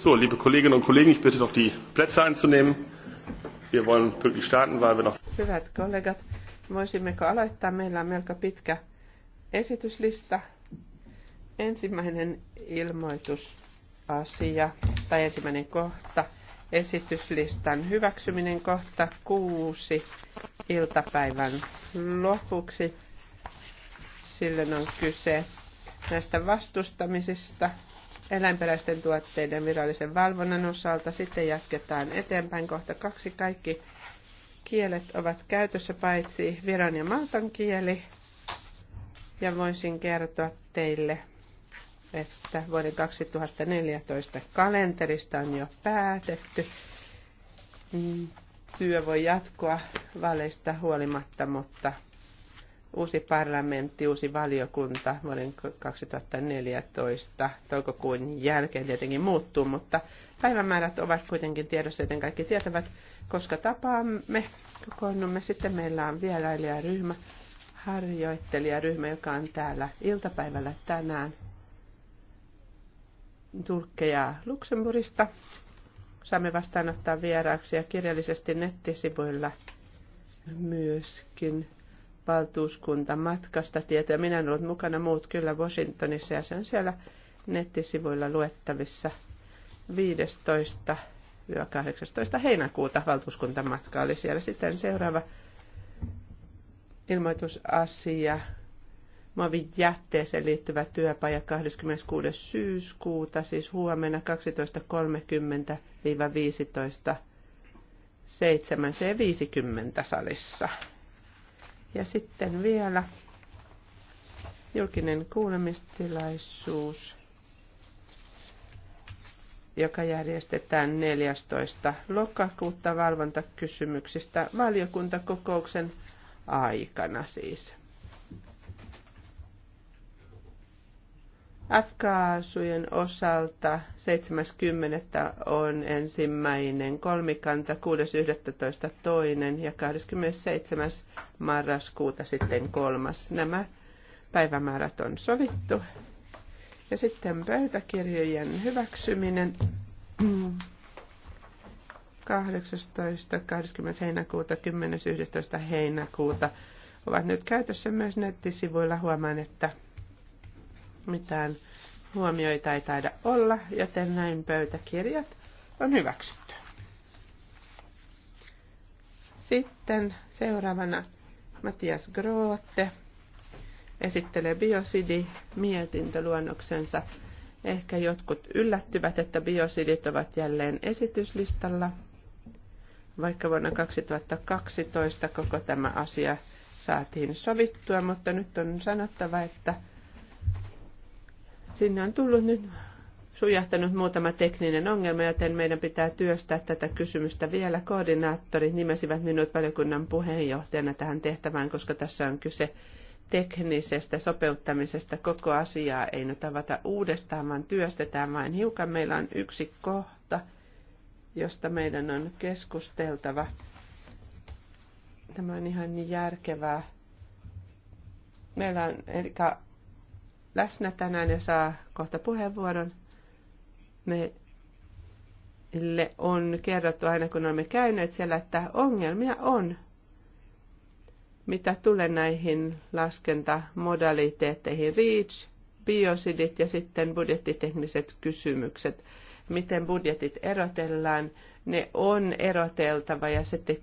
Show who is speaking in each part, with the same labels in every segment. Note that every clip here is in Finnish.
Speaker 1: So, liebe Kolleginnen und Kollegen, ich bitte doch die Plätze einzunehmen. Wir wollen pünktlich starten, weil wir noch...
Speaker 2: Hyvät kollegat, voisimmeko aloittaa? Meillä on melko pitkä esityslista. Ensimmäinen ilmoitusasia tai ensimmäinen kohta. Esityslistan hyväksyminen kohta kuusi iltapäivän lopuksi. Sille on kyse näistä vastustamisista eläinperäisten tuotteiden virallisen valvonnan osalta. Sitten jatketaan eteenpäin kohta kaksi. Kaikki kielet ovat käytössä paitsi viran ja maltan kieli. Ja voisin kertoa teille, että vuoden 2014 kalenterista on jo päätetty. Mm, Työ voi jatkoa valeista huolimatta, mutta uusi parlamentti, uusi valiokunta vuoden 2014 toukokuun jälkeen tietenkin muuttuu, mutta päivämäärät ovat kuitenkin tiedossa, joten kaikki tietävät, koska tapaamme, kokoonnumme. Sitten meillä on vierailijaryhmä, harjoittelijaryhmä, joka on täällä iltapäivällä tänään. Tulkkeja Luxemburista. Saamme vastaanottaa vieraaksi ja kirjallisesti nettisivuilla myöskin valtuuskunta matkasta tietoja. Minä en ollut mukana, muut kyllä Washingtonissa ja se on siellä nettisivuilla luettavissa 15 18. heinäkuuta valtuuskunta matka oli siellä. Sitten seuraava ilmoitusasia. jätteeseen liittyvä työpaja 26. syyskuuta, siis huomenna 12.30-15.7.50 salissa. Ja sitten vielä julkinen kuulemistilaisuus, joka järjestetään 14. lokakuuta valvontakysymyksistä valiokuntakokouksen aikana siis. F-kaasujen osalta 70. on ensimmäinen kolmikanta, 6.11. toinen ja 27. marraskuuta sitten kolmas. Nämä päivämäärät on sovittu. Ja sitten pöytäkirjojen hyväksyminen 18. 20. heinäkuuta, 10. 11. heinäkuuta ovat nyt käytössä myös nettisivuilla. Huomaan, että mitään huomioita ei taida olla, joten näin pöytäkirjat on hyväksytty. Sitten seuraavana Matias Groote esittelee biosidi-mietintöluonnoksensa. Ehkä jotkut yllättyvät, että biosidit ovat jälleen esityslistalla, vaikka vuonna 2012 koko tämä asia saatiin sovittua, mutta nyt on sanottava, että Sinne on tullut nyt sujahtanut muutama tekninen ongelma, joten meidän pitää työstää tätä kysymystä vielä. Koordinaattorit nimesivät minut valiokunnan puheenjohtajana tähän tehtävään, koska tässä on kyse teknisestä sopeuttamisesta. Koko asiaa ei nyt avata uudestaan, vaan työstetään vain hiukan. Meillä on yksi kohta, josta meidän on keskusteltava. Tämä on ihan niin järkevää. Meillä on, eli läsnä tänään ja saa kohta puheenvuoron. Meille on kerrottu aina, kun olemme käyneet siellä, että ongelmia on, mitä tulee näihin laskentamodaliteetteihin, REACH, biosidit ja sitten budjettitekniset kysymykset. Miten budjetit erotellaan, ne on eroteltava ja se te-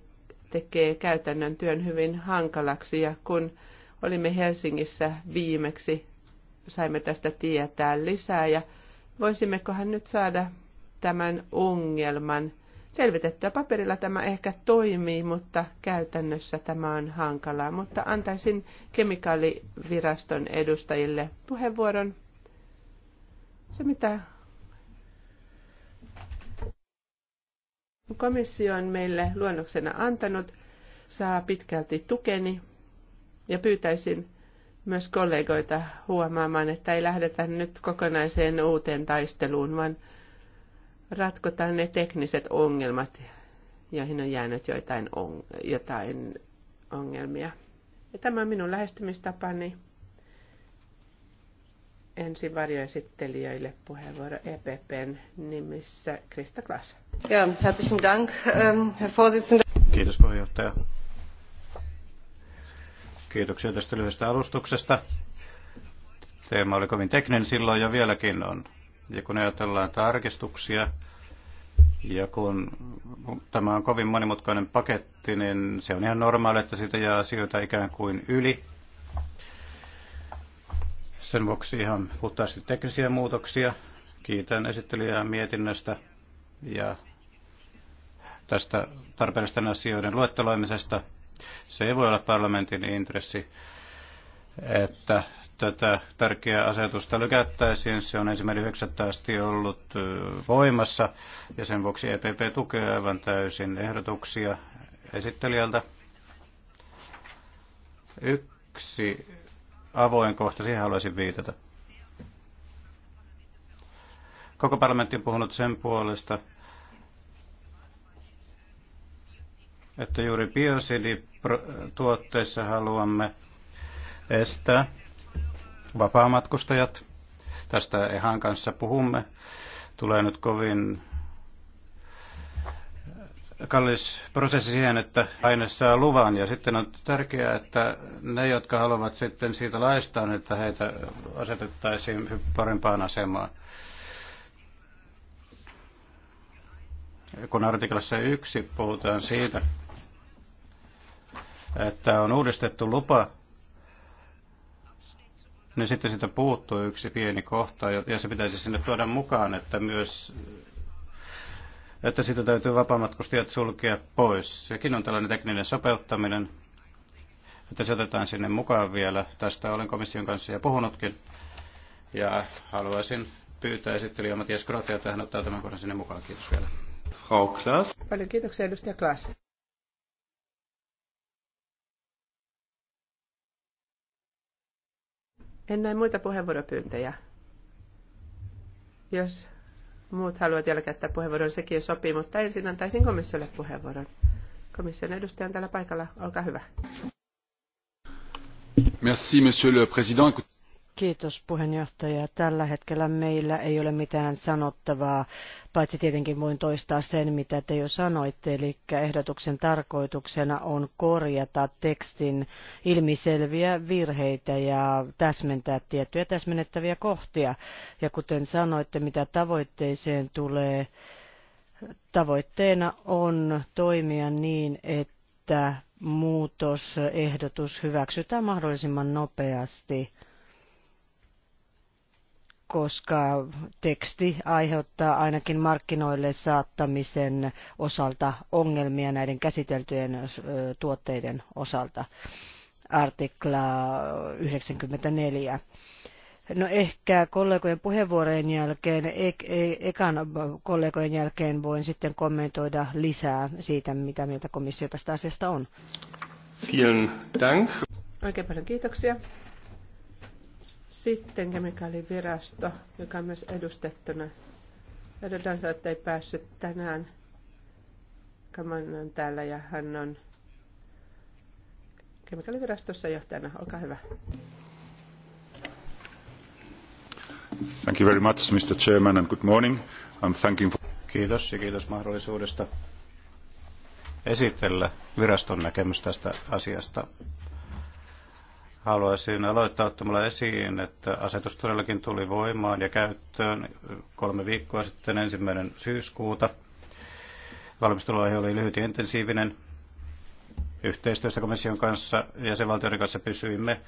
Speaker 2: tekee käytännön työn hyvin hankalaksi. Ja kun olimme Helsingissä viimeksi saimme tästä tietää lisää ja voisimmekohan nyt saada tämän ongelman selvitettyä. Paperilla tämä ehkä toimii, mutta käytännössä tämä on hankalaa. Mutta antaisin kemikaaliviraston edustajille puheenvuoron. Se mitä komissio on meille luonnoksena antanut, saa pitkälti tukeni ja pyytäisin myös kollegoita huomaamaan, että ei lähdetä nyt kokonaiseen uuteen taisteluun, vaan ratkotaan ne tekniset ongelmat, joihin on jäänyt joitain, on, jotain ongelmia. Ja tämä on minun lähestymistapani. Ensin varjoesittelijöille puheenvuoro EPPn nimissä Krista Klaas.
Speaker 3: Ja, herzlichen Dank, ähm, Herr Vorsitzender.
Speaker 4: Kiitos puheenjohtaja Kiitoksia tästä lyhyestä alustuksesta. Teema oli kovin tekninen silloin ja vieläkin on. Ja kun ajatellaan tarkistuksia, ja kun tämä on kovin monimutkainen paketti, niin se on ihan normaali, että siitä jää asioita ikään kuin yli. Sen vuoksi ihan puhtaasti teknisiä muutoksia. Kiitän esittelijää mietinnöstä ja tästä tarpeellisten asioiden luetteloimisesta. Se ei voi olla parlamentin intressi, että tätä tärkeää asetusta lykättäisiin. Se on ensimmäinen 9. asti ollut voimassa ja sen vuoksi EPP tukee aivan täysin ehdotuksia esittelijältä. Yksi avoin kohta, siihen haluaisin viitata. Koko parlamentti on puhunut sen puolesta, että juuri biosidituotteissa haluamme estää vapaamatkustajat. Tästä Ehan kanssa puhumme. Tulee nyt kovin kallis prosessi siihen, että aine saa luvan. Ja sitten on tärkeää, että ne, jotka haluavat sitten siitä laistaan, niin että heitä asetettaisiin parempaan asemaan. Kun artiklassa yksi puhutaan siitä, että on uudistettu lupa, niin sitten siitä puuttuu yksi pieni kohta, ja se pitäisi sinne tuoda mukaan, että myös että siitä täytyy vapaamatkustajat sulkea pois. Sekin on tällainen tekninen sopeuttaminen, että se otetaan sinne mukaan vielä. Tästä olen komission kanssa ja puhunutkin. Ja haluaisin pyytää esittelijä Matias Krotia, että hän ottaa tämän kohdan sinne mukaan. Kiitos vielä. Frau Klaas.
Speaker 2: Paljon kiitoksia edustaja Klaas. En näe muita puheenvuoropyyntöjä. Jos muut haluavat vielä käyttää puheenvuoron, sekin jo sopii, mutta ensin antaisin komissiolle puheenvuoron. Komission edustaja on täällä paikalla, olkaa hyvä.
Speaker 1: Merci, monsieur le président.
Speaker 3: Kiitos puheenjohtaja. Tällä hetkellä meillä ei ole mitään sanottavaa, paitsi tietenkin voin toistaa sen, mitä te jo sanoitte, eli ehdotuksen tarkoituksena on korjata tekstin ilmiselviä virheitä ja täsmentää tiettyjä täsmennettäviä kohtia. Ja kuten sanoitte, mitä tavoitteeseen tulee, tavoitteena on toimia niin, että muutosehdotus hyväksytään mahdollisimman nopeasti koska teksti aiheuttaa ainakin markkinoille saattamisen osalta ongelmia näiden käsiteltyjen tuotteiden osalta. Artikla 94. No ehkä kollegojen puheenvuorojen jälkeen, e e ekan kollegojen jälkeen voin sitten kommentoida lisää siitä, mitä mieltä komissio tästä asiasta on.
Speaker 1: Vielen dank.
Speaker 2: Oikein paljon kiitoksia. Sitten kemikaalivirasto, joka on myös edustettuna. että ei päässyt tänään. Kaman on täällä ja hän on kemikaalivirastossa johtajana. Olkaa hyvä.
Speaker 4: Thank you very much, Mr. Chairman, and good morning. I'm thanking for... Kiitos ja kiitos mahdollisuudesta esitellä viraston näkemys tästä asiasta Haluaisin aloittaa ottamalla esiin, että asetus todellakin tuli voimaan ja käyttöön kolme viikkoa sitten ensimmäinen syyskuuta. Valmisteluaihe oli lyhyt ja intensiivinen. Yhteistyössä komission kanssa ja valtioiden kanssa pysyimme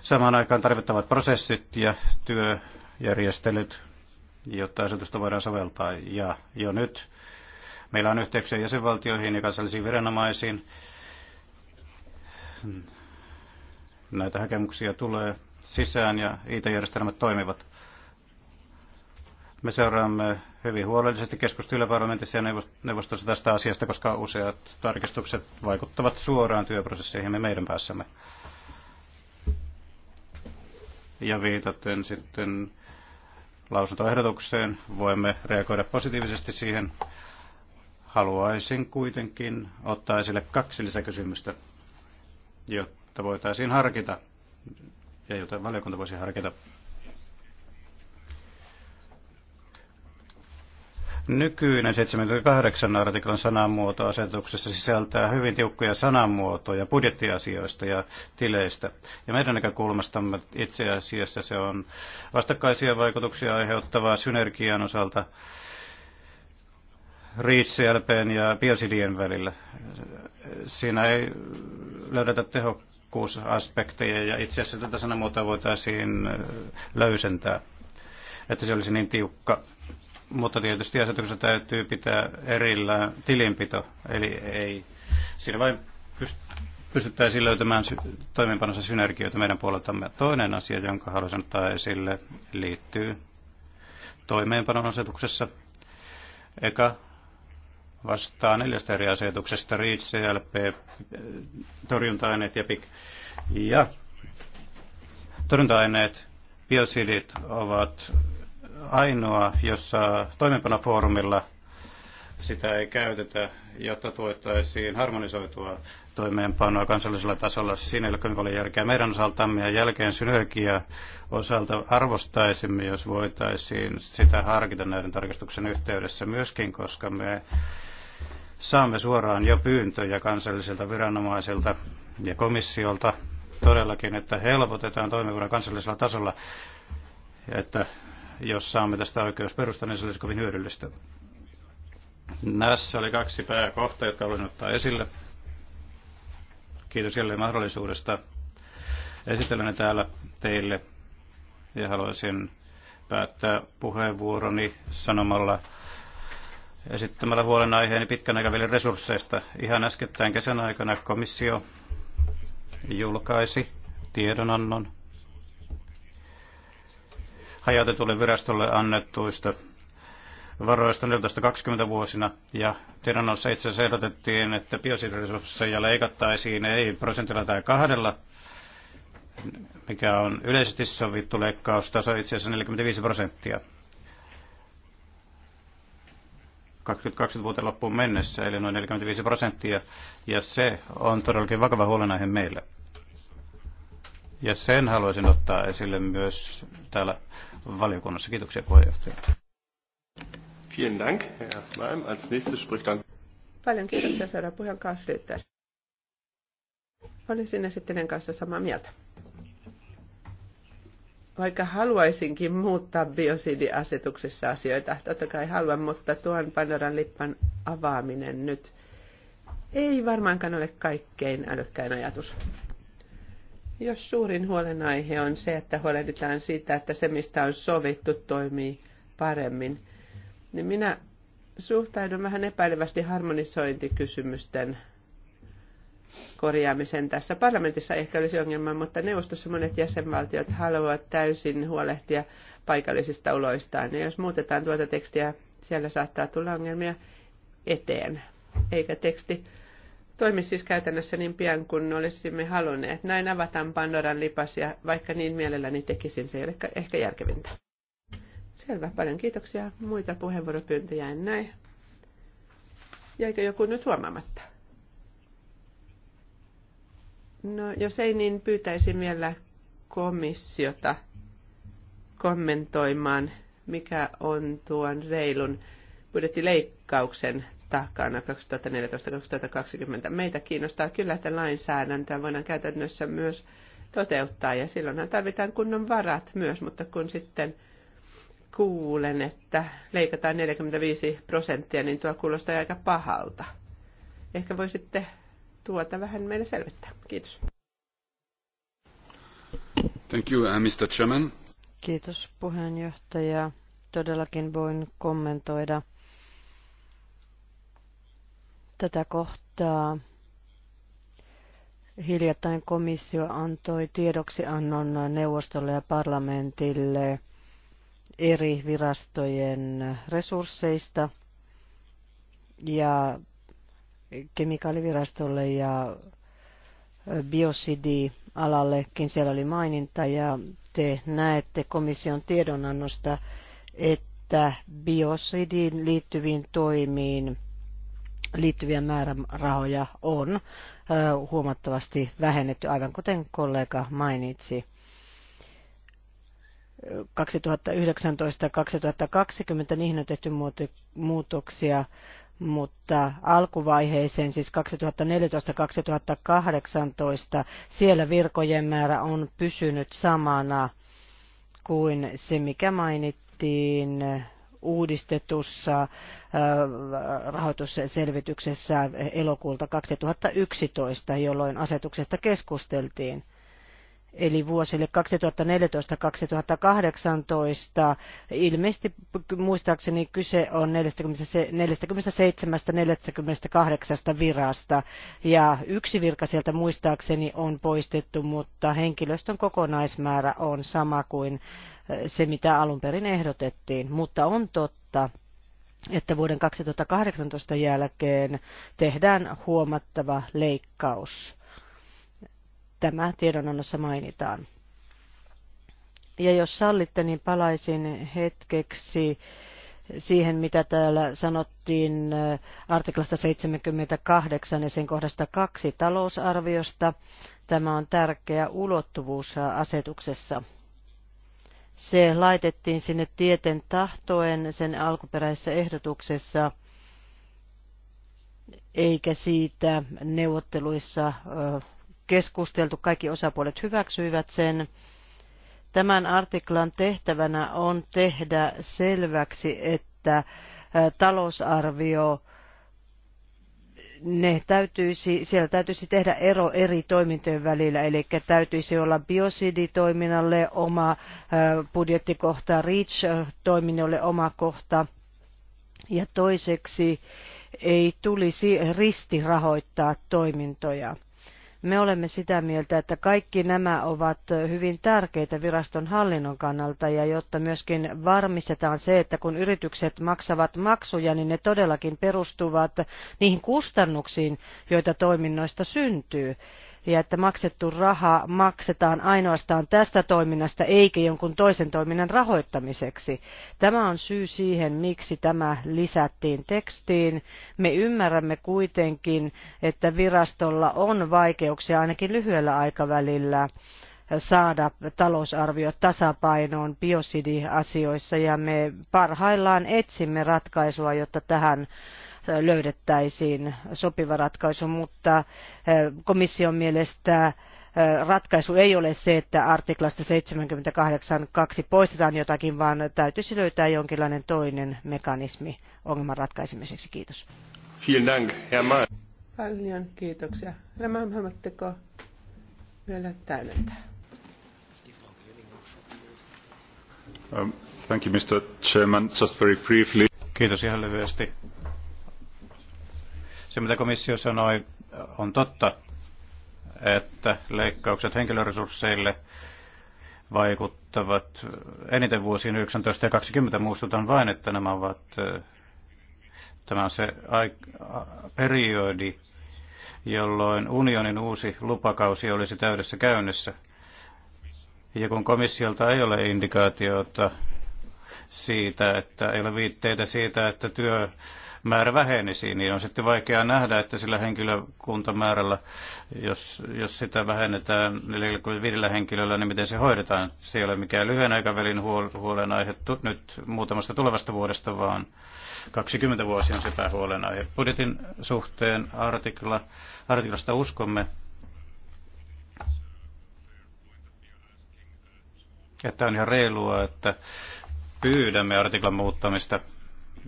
Speaker 4: samaan aikaan tarvittavat prosessit ja työjärjestelyt, jotta asetusta voidaan soveltaa. Ja jo nyt meillä on yhteyksiä jäsenvaltioihin ja kansallisiin viranomaisiin näitä hakemuksia tulee sisään ja IT-järjestelmät toimivat. Me seuraamme hyvin huolellisesti keskustelua parlamentissa ja neuvostossa tästä asiasta, koska useat tarkistukset vaikuttavat suoraan me meidän päässämme. Ja viitaten sitten lausuntoehdotukseen voimme reagoida positiivisesti siihen. Haluaisin kuitenkin ottaa esille kaksi lisäkysymystä, jotta että voitaisiin harkita ja jota valiokunta voisi harkita. Nykyinen 78 artiklan sanamuoto asetuksessa sisältää hyvin tiukkoja sanamuotoja budjettiasioista ja tileistä. Ja meidän näkökulmastamme itse asiassa se on vastakkaisia vaikutuksia aiheuttavaa synergian osalta REACH-CLPn ja biosidien välillä. Siinä ei löydetä tehokkaita tehokkuusaspekteja ja itse asiassa tätä sanamuotoa voitaisiin löysentää, että se olisi niin tiukka. Mutta tietysti asetuksessa täytyy pitää erillään tilinpito, eli ei, siinä vain pystyttäisiin löytämään toimeenpanossa synergioita meidän puoleltamme. Toinen asia, jonka haluaisin ottaa esille, liittyy toimeenpanon asetuksessa. Eka vastaa neljästä eri asetuksesta, REACH, CLP, torjunta-aineet ja PIC. Ja torjunta-aineet, biosidit ovat ainoa, jossa toimenpanofoorumilla sitä ei käytetä, jotta tuettaisiin harmonisoitua toimeenpanoa kansallisella tasolla. Siinä ei ole kovin paljon järkeä meidän osaltamme ja jälkeen synergia osalta arvostaisimme, jos voitaisiin sitä harkita näiden tarkastuksen yhteydessä myöskin, koska me saamme suoraan jo pyyntöjä kansallisilta viranomaisilta ja komissiolta todellakin, että helpotetaan toimivuuden kansallisella tasolla, ja että jos saamme tästä oikeusperusta, niin se olisi kovin hyödyllistä. Näissä oli kaksi pääkohtaa, jotka haluaisin ottaa esille. Kiitos jälleen mahdollisuudesta esitellä ne täällä teille. Ja haluaisin päättää puheenvuoroni sanomalla esittämällä huolenaiheeni pitkän aikavälin resursseista. Ihan äskettäin kesän aikana komissio julkaisi tiedonannon hajautetulle virastolle annettuista varoista 14-20 vuosina ja tiedonannossa itse asiassa ehdotettiin, että biosidiresursseja leikattaisiin ei prosentilla tai kahdella, mikä on yleisesti sovittu leikkaustaso itse asiassa 45 prosenttia. 2020 vuoteen loppuun mennessä, eli noin 45 prosenttia, ja se on todellakin vakava huolenaihe meille. Ja sen haluaisin ottaa esille myös täällä valiokunnassa. Kiitoksia puheenjohtaja. Vielen Dank, Herr Als nächstes spricht dann...
Speaker 2: Paljon kiitoksia, saada puheenjohtaja Schlüter. Olisin esittelen kanssa samaa mieltä vaikka haluaisinkin muuttaa biosidiasetuksessa asioita, totta kai haluan, mutta tuon Pandoran lippan avaaminen nyt ei varmaankaan ole kaikkein älykkäin ajatus. Jos suurin huolenaihe on se, että huolehditaan siitä, että se mistä on sovittu toimii paremmin, niin minä suhtaudun vähän epäilevästi harmonisointikysymysten korjaamisen tässä parlamentissa ehkä olisi ongelma, mutta neuvostossa monet jäsenvaltiot haluavat täysin huolehtia paikallisista uloistaan. Ja jos muutetaan tuota tekstiä, siellä saattaa tulla ongelmia eteen, eikä teksti toimi siis käytännössä niin pian kuin olisimme halunneet. Näin avataan Pandoran lipas ja vaikka niin mielelläni tekisin, se ei ole ehkä järkevintä. Selvä, paljon kiitoksia. Muita puheenvuoropyyntöjä en näe. Jäikö joku nyt huomaamatta? No, jos ei, niin pyytäisin vielä komissiota kommentoimaan, mikä on tuon reilun budjettileikkauksen takana 2014-2020. Meitä kiinnostaa kyllä, että lainsäädäntöä voidaan käytännössä myös toteuttaa, ja silloinhan tarvitaan kunnon varat myös, mutta kun sitten kuulen, että leikataan 45 prosenttia, niin tuo kuulostaa aika pahalta. Ehkä voisitte tuota vähän meille selvittää. Kiitos.
Speaker 4: Thank you, uh, Mr. Chairman. Kiitos
Speaker 3: puheenjohtaja. Todellakin voin kommentoida tätä kohtaa. Hiljattain komissio antoi tiedoksiannon neuvostolle ja parlamentille eri virastojen resursseista ja kemikaalivirastolle ja biosidialallekin alallekin Siellä oli maininta ja te näette komission tiedonannosta, että biosidiin liittyviin toimiin liittyviä määrärahoja on huomattavasti vähennetty, aivan kuten kollega mainitsi. 2019-2020 niihin on tehty muutoksia mutta alkuvaiheeseen, siis 2014-2018, siellä virkojen määrä on pysynyt samana kuin se, mikä mainittiin uudistetussa äh, rahoitusselvityksessä elokuulta 2011, jolloin asetuksesta keskusteltiin eli vuosille 2014-2018. Ilmeisesti muistaakseni kyse on 47-48 virasta ja yksi virka sieltä muistaakseni on poistettu, mutta henkilöstön kokonaismäärä on sama kuin äh, se, mitä alun perin ehdotettiin. Mutta on totta, että vuoden 2018 jälkeen tehdään huomattava leikkaus tämä tiedonannossa mainitaan. Ja jos sallitte, niin palaisin hetkeksi siihen, mitä täällä sanottiin äh, artiklasta 78 ja sen kohdasta kaksi talousarviosta. Tämä on tärkeä ulottuvuus asetuksessa. Se laitettiin sinne tieten tahtoen sen alkuperäisessä ehdotuksessa, eikä siitä neuvotteluissa keskusteltu, kaikki osapuolet hyväksyivät sen. Tämän artiklan tehtävänä on tehdä selväksi, että talousarvio ne täytyisi, siellä täytyisi tehdä ero eri toimintojen välillä, eli täytyisi olla biosiditoiminnalle oma budjettikohta, reach toiminnalle oma kohta, ja toiseksi ei tulisi ristirahoittaa toimintoja. Me olemme sitä mieltä, että kaikki nämä ovat hyvin tärkeitä viraston hallinnon kannalta ja jotta myöskin varmistetaan se, että kun yritykset maksavat maksuja, niin ne todellakin perustuvat niihin kustannuksiin, joita toiminnoista syntyy ja että maksettu raha maksetaan ainoastaan tästä toiminnasta eikä jonkun toisen toiminnan rahoittamiseksi. Tämä on syy siihen, miksi tämä lisättiin tekstiin. Me ymmärrämme kuitenkin, että virastolla on vaikeuksia ainakin lyhyellä aikavälillä saada talousarvio tasapainoon biosidiasioissa ja me parhaillaan etsimme ratkaisua, jotta tähän löydettäisiin sopiva ratkaisu, mutta eh, komission mielestä eh, ratkaisu ei ole se, että artiklasta 782 kaksi poistetaan jotakin, vaan täytyisi löytää jonkinlainen toinen mekanismi ongelman ratkaisemiseksi. Kiitos.
Speaker 1: Dank, Herr
Speaker 2: Paljon kiitoksia. haluatteko vielä täydentää?
Speaker 4: Um, thank you, Mr. Chairman. Just very briefly. Kiitos ihan lyhyesti. Se, mitä komissio sanoi, on totta, että leikkaukset henkilöresursseille vaikuttavat eniten vuosiin 19 ja 20. Muistutan vain, että nämä ovat, tämä on se periodi, jolloin unionin uusi lupakausi olisi täydessä käynnissä. Ja kun komissiolta ei ole indikaatiota siitä, että ei ole viitteitä siitä, että työ määrä vähenisi, niin on sitten vaikea nähdä, että sillä henkilökuntamäärällä, jos, jos sitä vähennetään 45 henkilöllä, niin miten se hoidetaan. Se ei ole mikään lyhyen aikavälin huol- huolenaihe nyt muutamasta tulevasta vuodesta, vaan 20 vuosi on se päähuolenaihe. Budjetin suhteen artikla, artiklasta uskomme, että on ihan reilua, että pyydämme artiklan muuttamista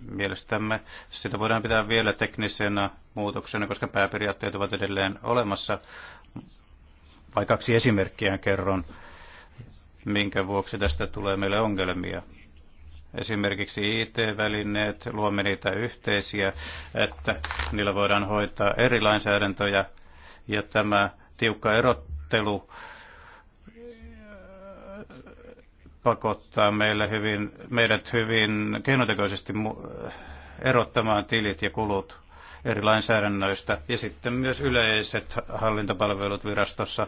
Speaker 4: Mielestämme sitä voidaan pitää vielä teknisenä muutoksena, koska pääperiaatteet ovat edelleen olemassa. Vai kaksi esimerkkiä kerron, minkä vuoksi tästä tulee meille ongelmia. Esimerkiksi IT-välineet, luomme niitä yhteisiä, että niillä voidaan hoitaa eri lainsäädäntöjä, ja tämä tiukka erottelu pakottaa meille hyvin, meidät hyvin keinotekoisesti erottamaan tilit ja kulut eri lainsäädännöistä. Ja sitten myös yleiset hallintopalvelut virastossa,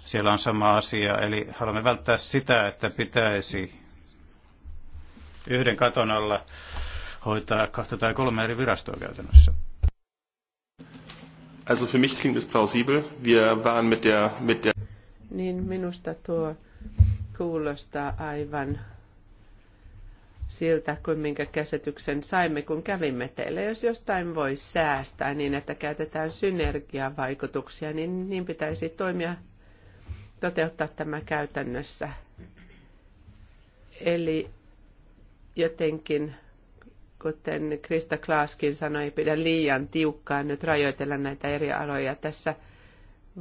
Speaker 4: siellä on sama asia. Eli haluamme välttää sitä, että pitäisi yhden katon alla hoitaa kahta tai kolme eri virastoa käytännössä.
Speaker 1: Also für mich klingt es plausibel. Wir waren mit der, mit der...
Speaker 2: Niin minusta tuo kuulostaa aivan siltä kuin minkä käsityksen saimme, kun kävimme teille. Jos jostain voi säästää niin, että käytetään synergiavaikutuksia, niin, niin pitäisi toimia, toteuttaa tämä käytännössä. Eli jotenkin, kuten Krista Klaaskin sanoi, ei pidä liian tiukkaan nyt rajoitella näitä eri aloja tässä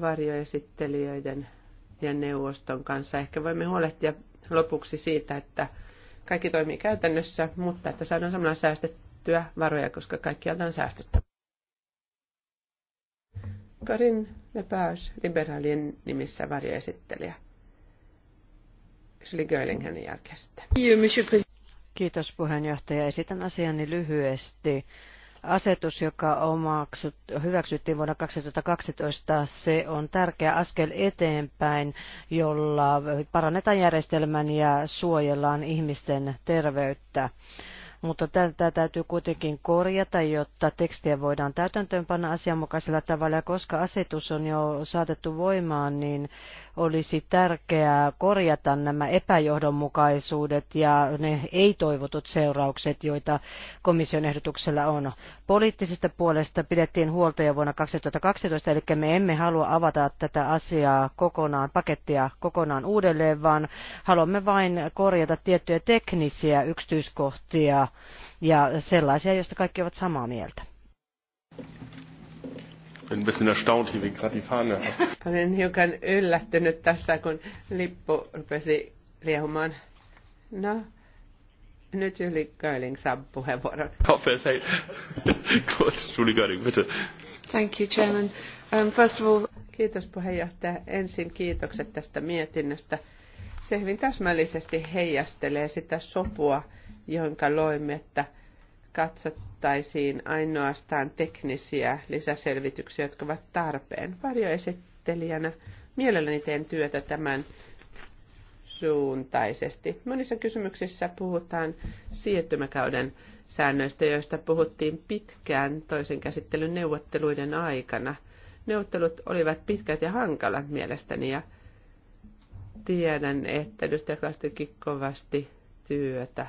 Speaker 2: varjoesittelijöiden ja neuvoston kanssa. Ehkä voimme huolehtia lopuksi siitä, että kaikki toimii käytännössä, mutta että saadaan samalla säästettyä varoja, koska kaikkialta on säästettävä. Karin Lepäys, liberaalien nimissä varjoesittelijä. Shirley Görlinghenin jälkeen sitten.
Speaker 3: Kiitos puheenjohtaja. Esitän asiani lyhyesti asetus, joka omaksut, hyväksyttiin vuonna 2012, se on tärkeä askel eteenpäin, jolla parannetaan järjestelmän ja suojellaan ihmisten terveyttä. Mutta tätä täytyy kuitenkin korjata, jotta tekstiä voidaan täytäntöönpanna asianmukaisella tavalla. Ja koska asetus on jo saatettu voimaan, niin olisi tärkeää korjata nämä epäjohdonmukaisuudet ja ne ei-toivotut seuraukset, joita komission ehdotuksella on. Poliittisesta puolesta pidettiin huolta jo vuonna 2012, eli me emme halua avata tätä asiaa kokonaan, pakettia kokonaan uudelleen, vaan haluamme vain korjata tiettyjä teknisiä yksityiskohtia ja sellaisia, joista kaikki ovat samaa mieltä.
Speaker 1: Olen ein bisschen erstaunt hier gerade die Fahne.
Speaker 2: Olen hiukan yllättynyt tässä, kun lippu rupesi liehumaan. No, nyt Jyli Görling saa puheenvuoron. Hoffes, hei.
Speaker 1: Kurz, Juli Görling, bitte.
Speaker 2: Thank you, Chairman. Um, first of all... Kiitos puheenjohtaja. Ensin kiitokset tästä mietinnöstä. Se hyvin täsmällisesti heijastelee sitä sopua, jonka loimme, että katsottaisiin ainoastaan teknisiä lisäselvityksiä, jotka ovat tarpeen. Varjoesittelijänä mielelläni teen työtä tämän suuntaisesti. Monissa kysymyksissä puhutaan siirtymäkauden säännöistä, joista puhuttiin pitkään toisen käsittelyn neuvotteluiden aikana. Neuvottelut olivat pitkät ja hankalat mielestäni ja tiedän, että edustaja kovasti työtä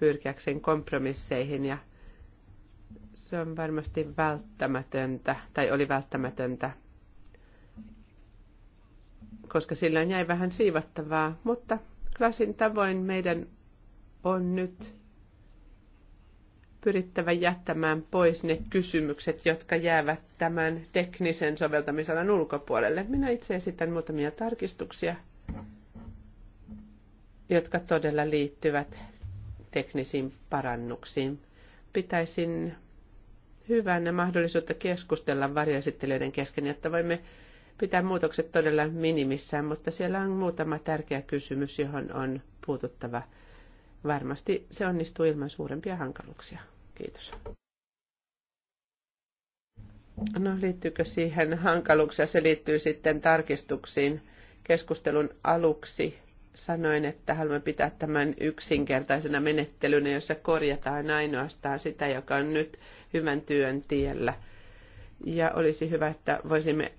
Speaker 2: pyrkiäkseen kompromisseihin ja se on varmasti välttämätöntä, tai oli välttämätöntä, koska sillä jäi vähän siivattavaa, mutta klassin tavoin meidän on nyt pyrittävä jättämään pois ne kysymykset, jotka jäävät tämän teknisen soveltamisalan ulkopuolelle. Minä itse esitän muutamia tarkistuksia, jotka todella liittyvät teknisiin parannuksiin. Pitäisin hyvänä mahdollisuutta keskustella varjoesittelijöiden kesken, jotta voimme pitää muutokset todella minimissään, mutta siellä on muutama tärkeä kysymys, johon on puututtava. Varmasti se onnistuu ilman suurempia hankaluuksia. Kiitos. No liittyykö siihen hankaluuksia? Se liittyy sitten tarkistuksiin. Keskustelun aluksi sanoin, että haluan pitää tämän yksinkertaisena menettelynä, jossa korjataan ainoastaan sitä, joka on nyt hyvän työn tiellä. Ja olisi hyvä, että voisimme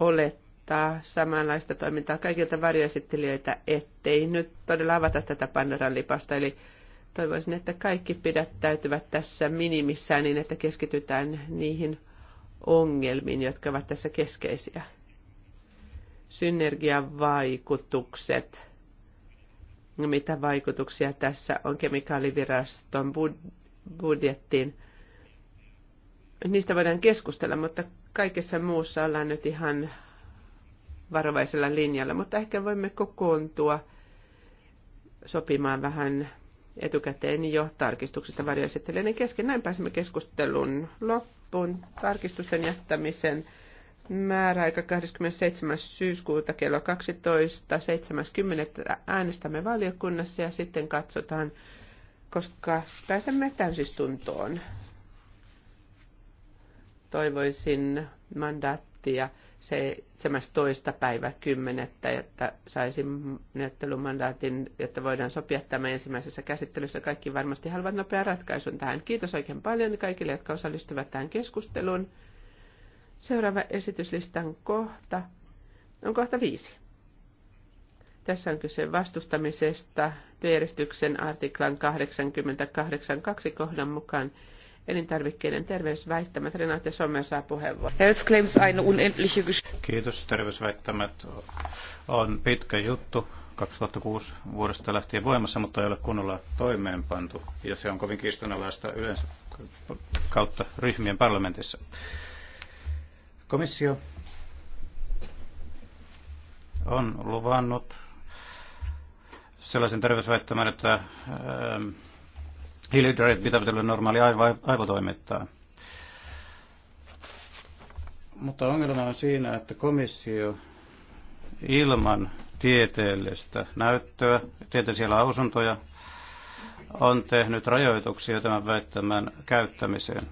Speaker 2: olettaa samanlaista toimintaa kaikilta varjoesittelijöitä, ettei nyt todella avata tätä Pandoran lipasta. Eli toivoisin, että kaikki pidättäytyvät tässä minimissään niin, että keskitytään niihin ongelmiin, jotka ovat tässä keskeisiä synergiavaikutukset mitä vaikutuksia tässä on kemikaaliviraston budjettiin. Niistä voidaan keskustella, mutta kaikessa muussa ollaan nyt ihan varovaisella linjalla, mutta ehkä voimme kokoontua sopimaan vähän etukäteen jo tarkistuksesta varjoesittelijöiden kesken. Näin pääsemme keskustelun loppuun. Tarkistusten jättämisen määräaika 27. syyskuuta kello 12. äänestämme valiokunnassa ja sitten katsotaan, koska pääsemme täysistuntoon. Toivoisin mandaattia 17. päivä 10. että saisin neuvottelumandaatin, että voidaan sopia tämä ensimmäisessä käsittelyssä. Kaikki varmasti haluavat nopean ratkaisun tähän. Kiitos oikein paljon kaikille, jotka osallistuvat tähän keskusteluun. Seuraava esityslistan kohta on kohta viisi. Tässä on kyse vastustamisesta työjärjestyksen artiklan 88.2 kohdan mukaan elintarvikkeiden terveysväittämät. Renate Sommer saa puheenvuoron.
Speaker 4: Kiitos. Terveysväittämät on pitkä juttu. 2006 vuodesta lähtien voimassa, mutta ei ole kunnolla toimeenpantu. Ja se on kovin kiistanalaista yleensä kautta ryhmien parlamentissa. Komissio on luvannut sellaisen terveysväittämän, että ähm, hiilihydraatit pitävät olla normaali aivotoimittaa. Mutta ongelma on siinä, että komissio ilman tieteellistä näyttöä, tieteellisiä lausuntoja, on tehnyt rajoituksia tämän väittämän käyttämiseen,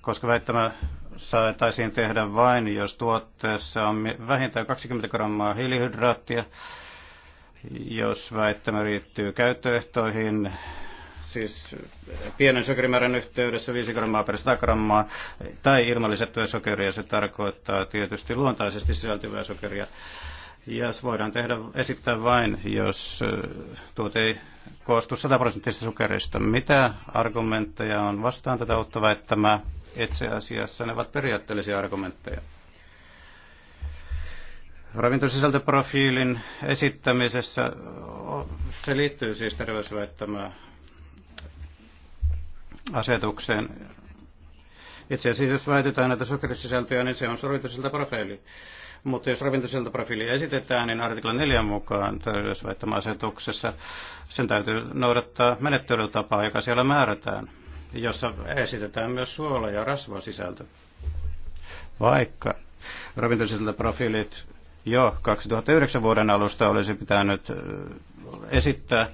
Speaker 4: koska väittämä saataisiin tehdä vain, jos tuotteessa on vähintään 20 grammaa hiilihydraattia, jos väittämä riittyy käyttöehtoihin, siis pienen sokerimäärän yhteydessä 5 grammaa per 100 grammaa, tai ilman lisättyä sokeria, se tarkoittaa tietysti luontaisesti sisältyvää sokeria. Ja se voidaan tehdä, esittää vain, jos äh, tuote ei koostu 100 prosenttista sokerista. Mitä argumentteja on vastaan tätä uutta väittämää? Itse asiassa ne ovat periaatteellisia argumentteja. Ravintosisältöprofiilin esittämisessä se liittyy siis terveysväittämään asetukseen. Itse asiassa jos väitetään näitä sokerisisältöjä, niin se on ravintosisältöprofiili. Mutta jos ravintosisältöprofiili esitetään, niin artikla 4 mukaan terveysväittämä asetuksessa sen täytyy noudattaa menettelytapaa, joka siellä määrätään jossa esitetään myös suola- ja rasvasisältö. Vaikka ravintosisältöprofiilit jo 2009 vuoden alusta olisi pitänyt esittää,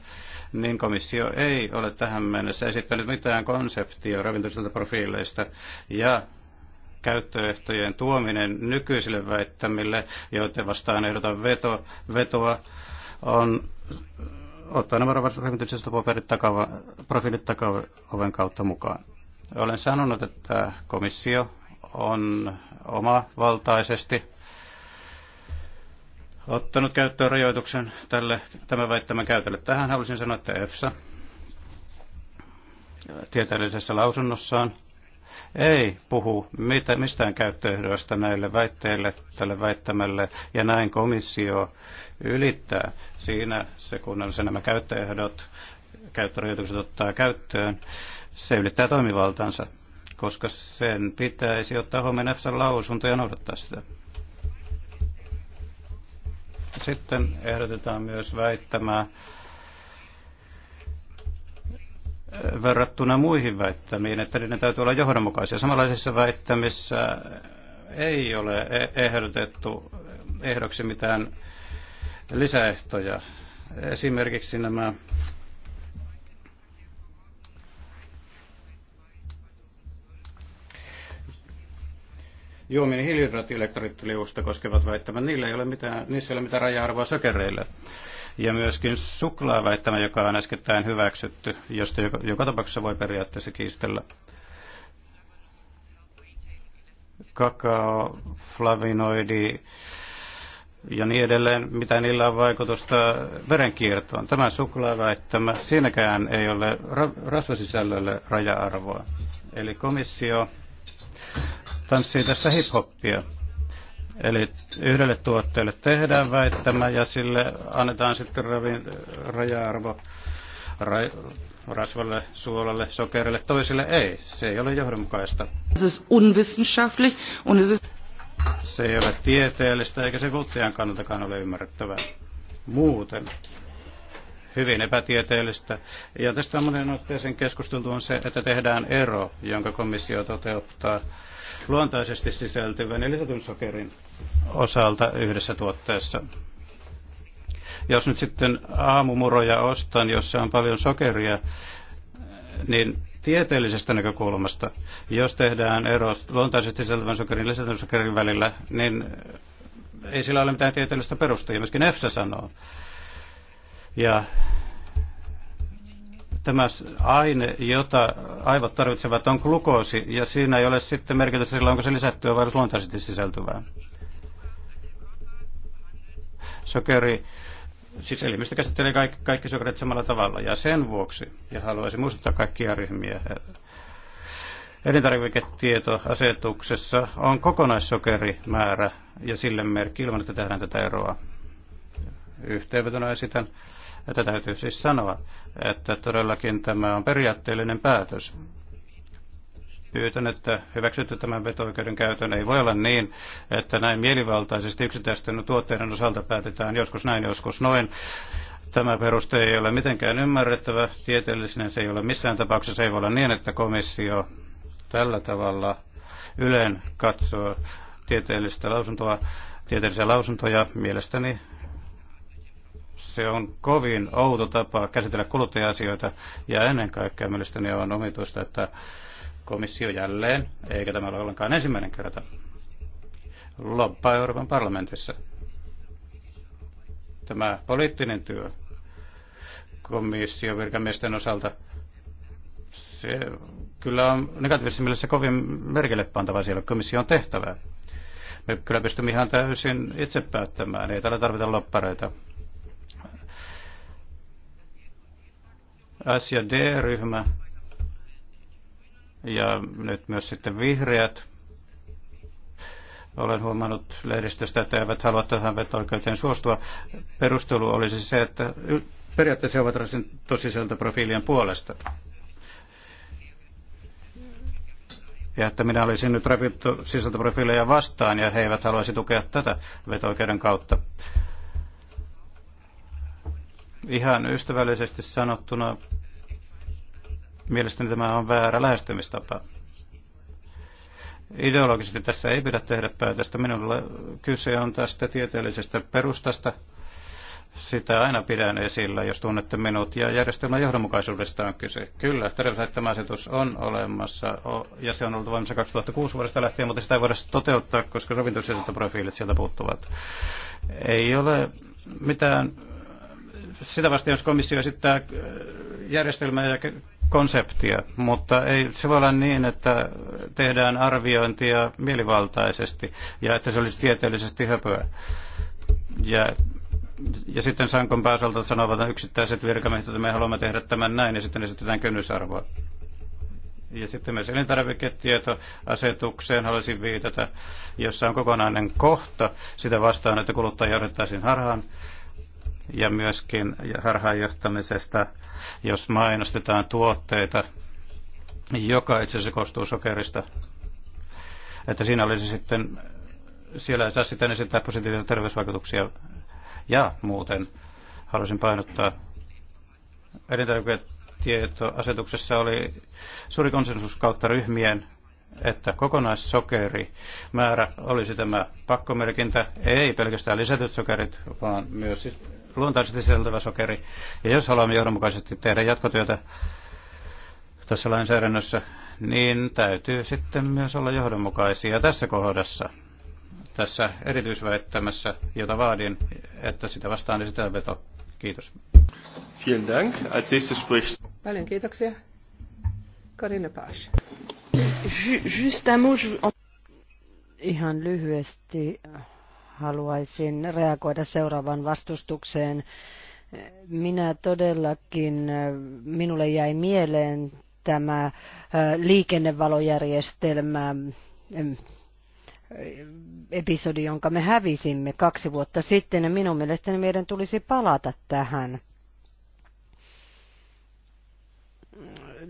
Speaker 4: niin komissio ei ole tähän mennessä esittänyt mitään konseptia ravintosisältöprofiileista ja käyttöehtojen tuominen nykyisille väittämille, joiden vastaan ehdotan veto, vetoa, on ottaa nämä rahoitusrakenteellisesta paperit takava, profiilit oven kautta mukaan. Olen sanonut, että komissio on omavaltaisesti ottanut käyttöön rajoituksen tälle, tämän väittämän käytölle. Tähän haluaisin sanoa, että EFSA tieteellisessä lausunnossaan ei puhu mitä, mistään käyttöehdoista näille väitteille, tälle väittämälle, ja näin komissio ylittää siinä se, kun se nämä käyttöehdot, käyttörajoitukset ottaa käyttöön, se ylittää toimivaltansa, koska sen pitäisi ottaa huomioon EFSAn lausunto ja noudattaa sitä. Sitten ehdotetaan myös väittämää, verrattuna muihin väittämiin, että niiden täytyy olla johdonmukaisia. Samanlaisissa väittämissä ei ole e- ehdotettu ehdoksi mitään lisäehtoja. Esimerkiksi nämä juomien hiilihydraattielektrolyyttiliuusta koskevat väittämät, niillä ei ole mitään, niissä ei ole mitään raja-arvoa sokereille ja myöskin suklaaväittämä, joka on äskettäin hyväksytty, josta joka, joka tapauksessa voi periaatteessa kiistellä. Kakao, flavinoidi ja niin edelleen, mitä niillä on vaikutusta verenkiertoon. Tämä suklaaväittämä, siinäkään ei ole ra- rasvasisällölle raja-arvoa. Eli komissio tanssii tässä hiphoppia Eli yhdelle tuotteelle tehdään väittämä ja sille annetaan sitten ravin, raja-arvo ra, rasvalle, suolalle, sokerille, toisille ei. Se ei ole johdonmukaista. Se ei ole tieteellistä eikä se kuluttajan kannaltakaan ole ymmärrettävää. Muuten hyvin epätieteellistä. Ja tästä monen otteeseen keskusteltu on se, että tehdään ero, jonka komissio toteuttaa luontaisesti sisältyvän ja lisätyn sokerin osalta yhdessä tuotteessa. Jos nyt sitten aamumuroja ostan, jossa on paljon sokeria, niin tieteellisestä näkökulmasta, jos tehdään ero luontaisesti sisältyvän sokerin ja lisätyn sokerin välillä, niin ei sillä ole mitään tieteellistä perusta, Ja myöskin EFSA sanoo, ja tämä aine, jota aivot tarvitsevat, on glukoosi, ja siinä ei ole sitten merkitystä sillä, onko se lisättyä vai luontaisesti sisältyvää. Sokeri, siis elimistö käsittelee kaikki, kaikki sokerit samalla tavalla, ja sen vuoksi, ja haluaisin muistuttaa kaikkia ryhmiä, elintarviketietoasetuksessa on kokonaissokerimäärä, ja sille merkki ilman, että tehdään tätä eroa. Yhteenvetona esitän että täytyy siis sanoa, että todellakin tämä on periaatteellinen päätös. Pyytän, että hyväksytte tämän veto käytön. Ei voi olla niin, että näin mielivaltaisesti yksittäisten tuotteiden osalta päätetään joskus näin, joskus noin. Tämä peruste ei ole mitenkään ymmärrettävä, tieteellisinen, se ei ole missään tapauksessa. Ei voi olla niin, että komissio tällä tavalla yleen katsoo tieteellistä lausuntoa, tieteellisiä lausuntoja. Mielestäni se on kovin outo tapa käsitellä kuluttaja-asioita ja ennen kaikkea mielestäni on omituista, että komissio jälleen, eikä tämä ole ollenkaan ensimmäinen kerta, loppaa Euroopan parlamentissa. Tämä poliittinen työ komission virkamiesten osalta se kyllä on negatiivisessa mielessä kovin merkille pantava siellä komission tehtävää. Me kyllä pystymme ihan täysin itse päättämään, ei täällä tarvita loppareita. S- ja D-ryhmä ja nyt myös sitten vihreät. Olen huomannut lehdistöstä, että eivät halua tähän veto-oikeuteen suostua. Perustelu olisi se, että periaatteessa he ovat tosiselta profiilien puolesta. ja että minä olisin nyt revitty sisältöprofiileja vastaan ja he eivät haluaisi tukea tätä veto kautta. Ihan ystävällisesti sanottuna mielestäni tämä on väärä lähestymistapa. Ideologisesti tässä ei pidä tehdä päätöstä. Minulla kyse on tästä tieteellisestä perustasta. Sitä aina pidän esillä, jos tunnette minut, ja järjestelmän johdonmukaisuudesta on kyse. Kyllä, terveyshaittama asetus on olemassa, ja se on ollut voimassa 2006 vuodesta lähtien, mutta sitä ei voida toteuttaa, koska ravintosisäistöprofiilit sieltä puuttuvat. Ei ole mitään sitä vasta, jos komissio esittää äh, järjestelmää ja konseptia, mutta ei se voi olla niin, että tehdään arviointia mielivaltaisesti ja että se olisi tieteellisesti höpöä. Ja, ja sitten Sankon pääosalta sanovat yksittäiset virkamiehet, että me haluamme tehdä tämän näin ja sitten esitetään kynnysarvoa. Ja sitten myös elintarviketietoasetukseen haluaisin viitata, jossa on kokonainen kohta sitä vastaan, että kuluttaja johdettaisiin harhaan ja myöskin harhaanjohtamisesta, jos mainostetaan tuotteita, joka itse asiassa koostuu sokerista. Että siinä olisi sitten, siellä ei saa sitten esittää positiivisia terveysvaikutuksia. Ja muuten haluaisin painottaa, elintarviketietoasetuksessa oli suuri konsensus kautta ryhmien, että kokonaissokerimäärä olisi tämä pakkomerkintä, ei pelkästään lisätyt sokerit, vaan myös luontaisesti sisältävä sokeri. Ja jos haluamme johdonmukaisesti tehdä jatkotyötä tässä lainsäädännössä, niin täytyy sitten myös olla johdonmukaisia tässä kohdassa, tässä erityisväittämässä, jota vaadin, että sitä vastaan esitetään veto. Kiitos. Vielen Dank. Als nächstes spricht.
Speaker 2: Paljon kiitoksia. Karine Pasch. Just un mot. Ihan lyhyesti
Speaker 3: haluaisin reagoida seuraavan vastustukseen. Minä todellakin, minulle jäi mieleen tämä äh, liikennevalojärjestelmä ähm, episodi, jonka me hävisimme kaksi vuotta sitten, ja minun mielestäni meidän tulisi palata tähän.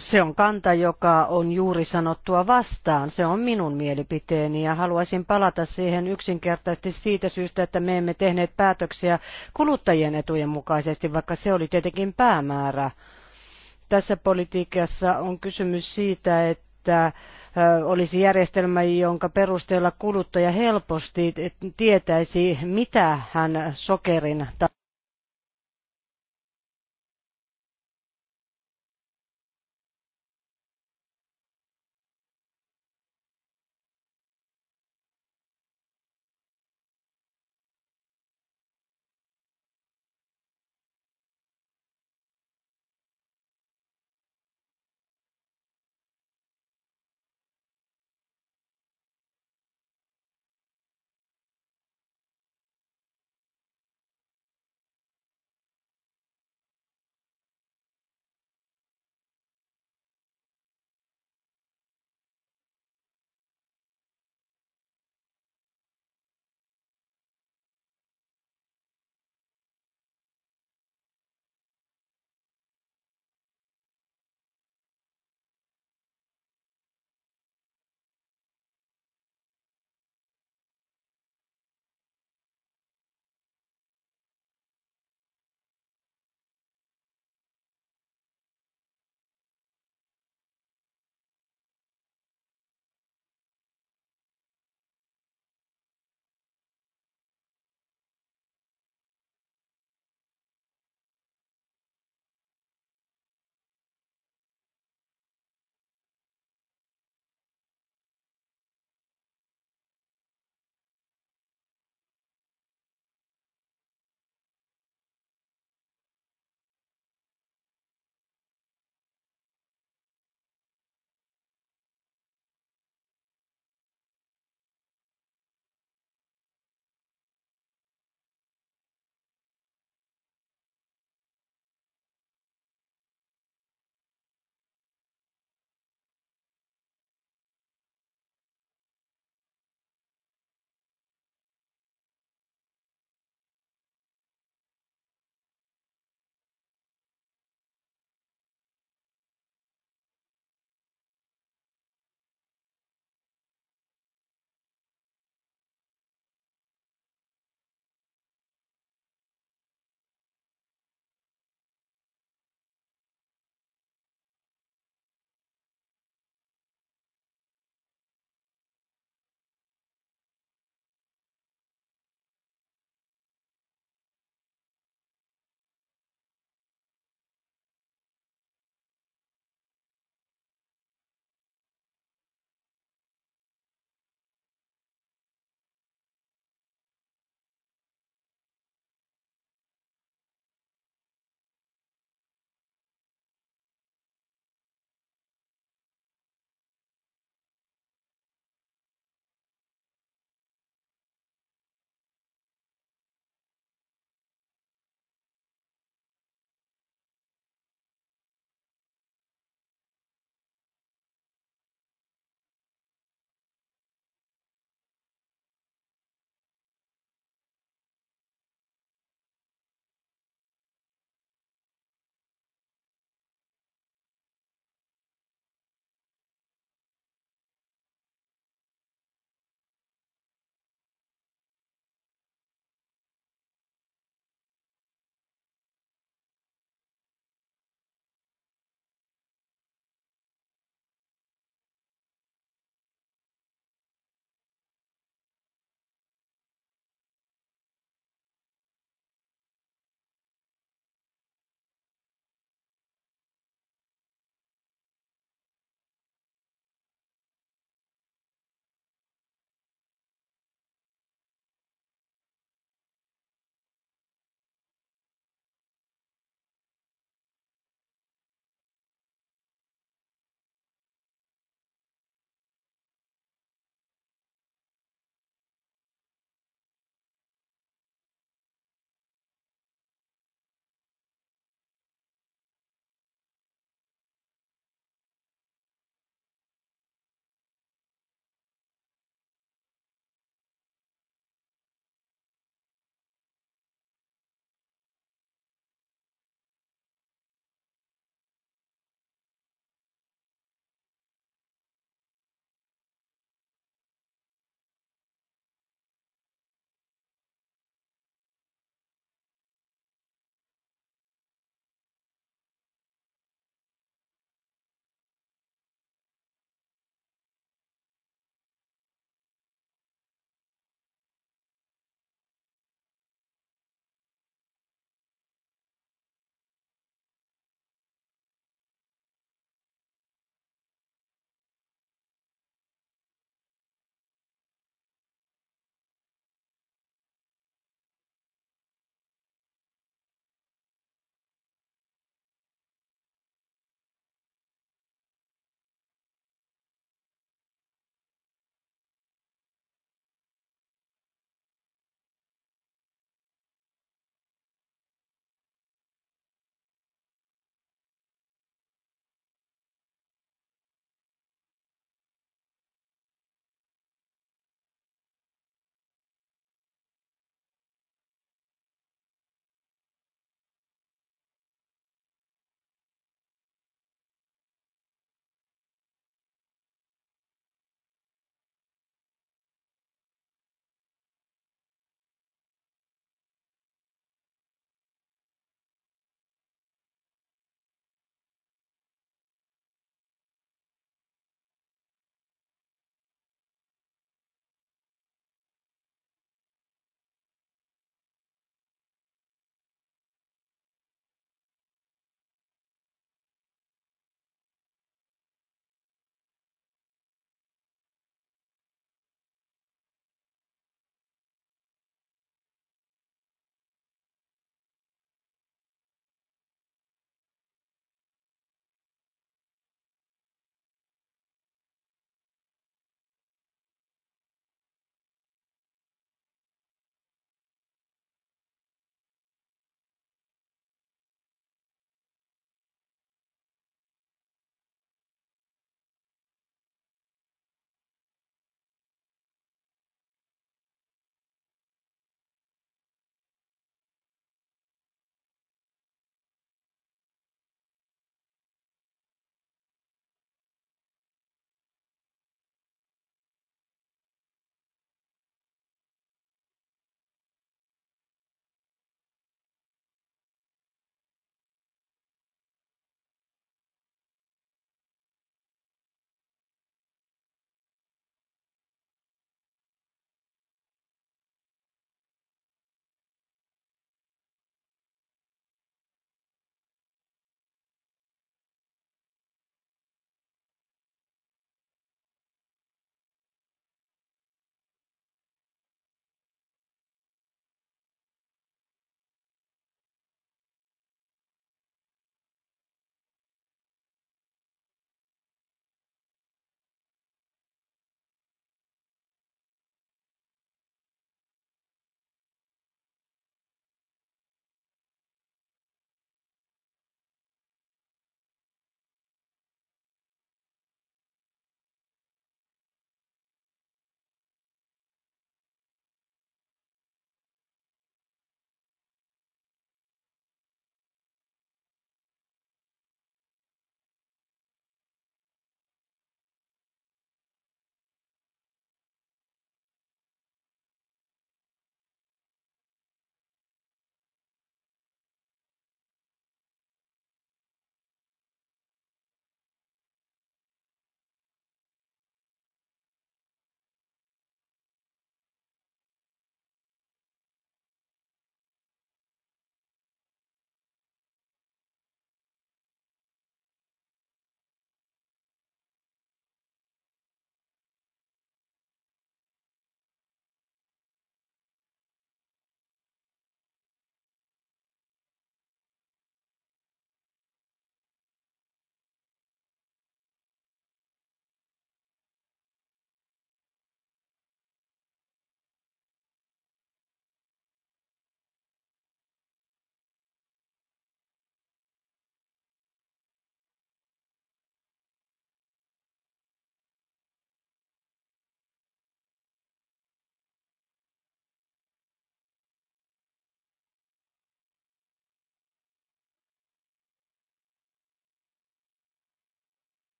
Speaker 3: se on kanta, joka on juuri sanottua vastaan. Se on minun mielipiteeni ja haluaisin palata siihen yksinkertaisesti siitä syystä, että me emme tehneet päätöksiä kuluttajien etujen mukaisesti, vaikka se oli tietenkin päämäärä. Tässä politiikassa on kysymys siitä, että olisi järjestelmä, jonka perusteella kuluttaja helposti tietäisi, mitä hän sokerin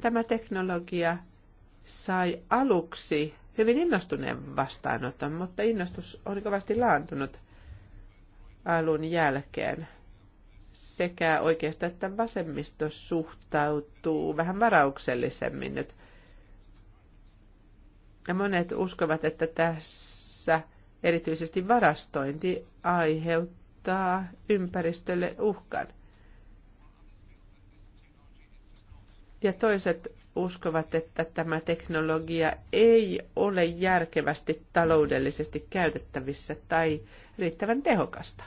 Speaker 2: Tämä teknologia sai aluksi hyvin innostuneen vastaanoton, mutta innostus oli kovasti laantunut alun jälkeen. Sekä oikeasta että vasemmisto suhtautuu vähän varauksellisemmin nyt. Ja monet uskovat, että tässä erityisesti varastointi aiheuttaa ympäristölle uhkan. Ja toiset uskovat, että tämä teknologia ei ole järkevästi taloudellisesti käytettävissä tai riittävän tehokasta.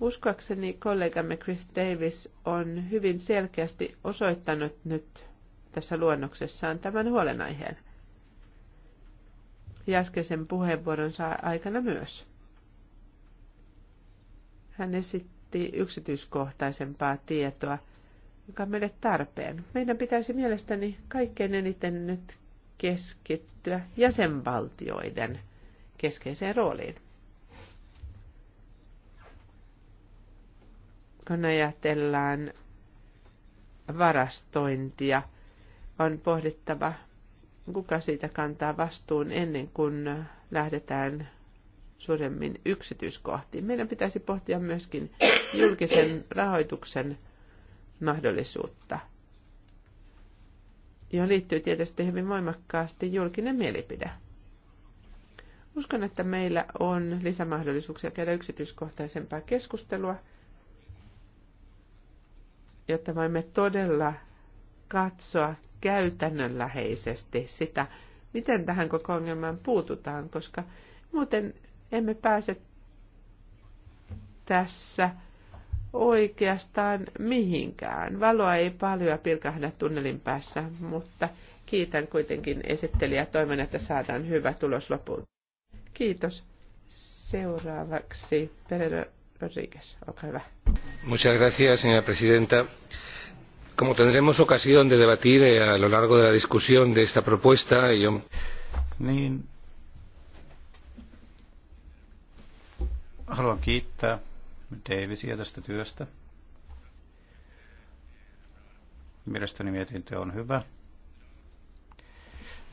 Speaker 2: Uskoakseni kollegamme Chris Davis on hyvin selkeästi osoittanut nyt tässä luonnoksessaan tämän huolenaiheen. Ja puheenvuoron puheenvuoronsa aikana myös. Hän esitti yksityiskohtaisempaa tietoa – joka on meille tarpeen. Meidän pitäisi mielestäni kaikkein eniten nyt keskittyä jäsenvaltioiden keskeiseen rooliin. Kun ajatellaan varastointia, on pohdittava, kuka siitä kantaa vastuun ennen kuin lähdetään suuremmin yksityiskohtiin. Meidän pitäisi pohtia myöskin julkisen rahoituksen mahdollisuutta, johon liittyy tietysti hyvin voimakkaasti julkinen mielipide. Uskon, että meillä on lisämahdollisuuksia käydä yksityiskohtaisempaa keskustelua, jotta voimme todella katsoa käytännönläheisesti sitä, miten tähän koko ongelmaan puututaan, koska muuten emme pääse tässä oikeastaan mihinkään. Valoa ei paljon pilkahda tunnelin päässä, mutta kiitän kuitenkin esittelijä ja toivon, että saadaan hyvä tulos lopulta. Kiitos. Seuraavaksi Pereira Rodríguez, olkaa hyvä.
Speaker 4: Muchas gracias, señora presidenta. Como tendremos ocasión de debatir eh, a lo largo de la discusión de esta propuesta, eh, yo... Niin. Haluan kiittää Davisia tästä työstä. Mielestäni mietintö on hyvä,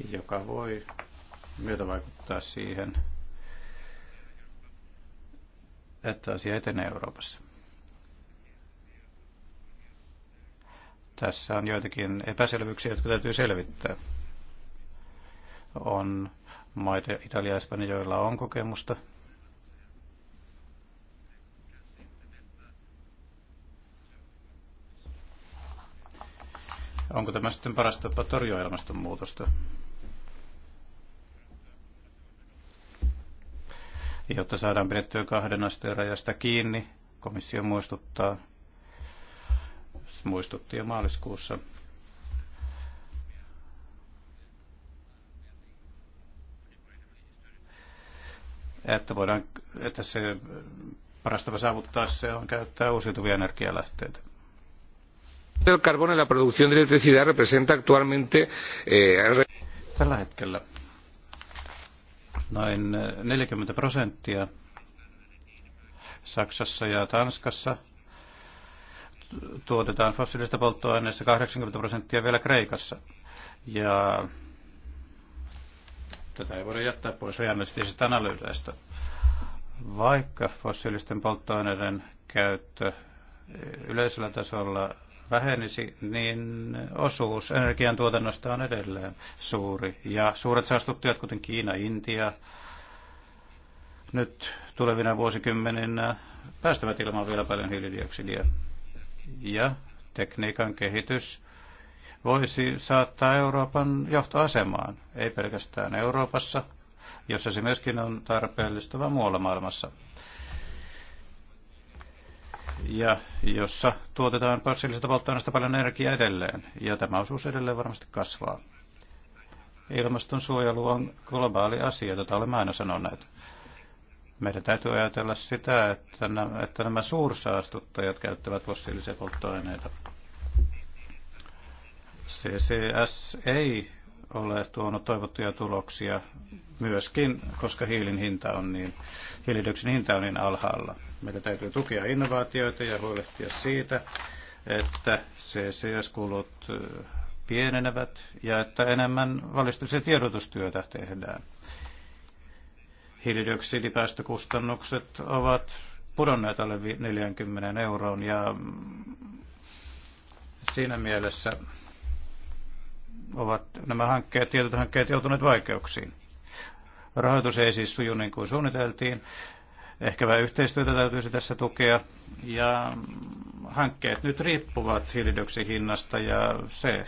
Speaker 4: joka voi myötä vaikuttaa siihen, että asia etenee Euroopassa. Tässä on joitakin epäselvyyksiä, jotka täytyy selvittää. On maita Italia ja Espanja, joilla on kokemusta Onko tämä sitten paras tapa torjua ilmastonmuutosta? Jotta saadaan pidettyä kahden asteen rajasta kiinni, komissio muistuttaa, muistutti jo maaliskuussa että, voidaan, että se paras tapa saavuttaa se on käyttää uusiutuvia energialähteitä. El carbón en la producción de electricidad representa actualmente... Eh... Tällä hetkellä noin 40 eh, prosenttia Saksassa ja Tanskassa tuotetaan fossiilista polttoaineista 80 prosenttia vielä Kreikassa. Ja tätä ei voida jättää pois realistisista analyyteista. Vaikka fossiilisten polttoaineiden käyttö yleisellä tasolla vähenisi, niin osuus energiantuotannosta on edelleen suuri. Ja suuret saastuttajat, kuten Kiina, Intia, nyt tulevina vuosikymmeninä päästävät ilmaan vielä paljon hiilidioksidia. Ja tekniikan kehitys voisi saattaa Euroopan johtoasemaan, ei pelkästään Euroopassa, jossa se myöskin on tarpeellista, vaan muualla maailmassa ja jossa tuotetaan fossiilisesta polttoaineesta paljon energiaa edelleen, ja tämä osuus edelleen varmasti kasvaa. Ilmastonsuojelu on globaali asia, jota olemme aina sanoneet. Meidän täytyy ajatella sitä, että nämä, että nämä suursaastuttajat käyttävät fossiilisia polttoaineita. CCS ei ole tuonut toivottuja tuloksia myöskin, koska hiilin hinta on niin, hiilidioksidin hinta on niin alhaalla. Meidän täytyy tukea innovaatioita ja huolehtia siitä, että CCS-kulut pienenevät ja että enemmän valistus- ja tiedotustyötä tehdään. Hiilidioksidipäästökustannukset ovat pudonneet alle 40 euroon ja siinä mielessä ovat nämä hankkeet, tietyt hankkeet joutuneet vaikeuksiin. Rahoitus ei siis suju niin kuin suunniteltiin. Ehkä vähän yhteistyötä täytyisi tässä tukea. Ja hankkeet nyt riippuvat hiilidioksihinnasta ja se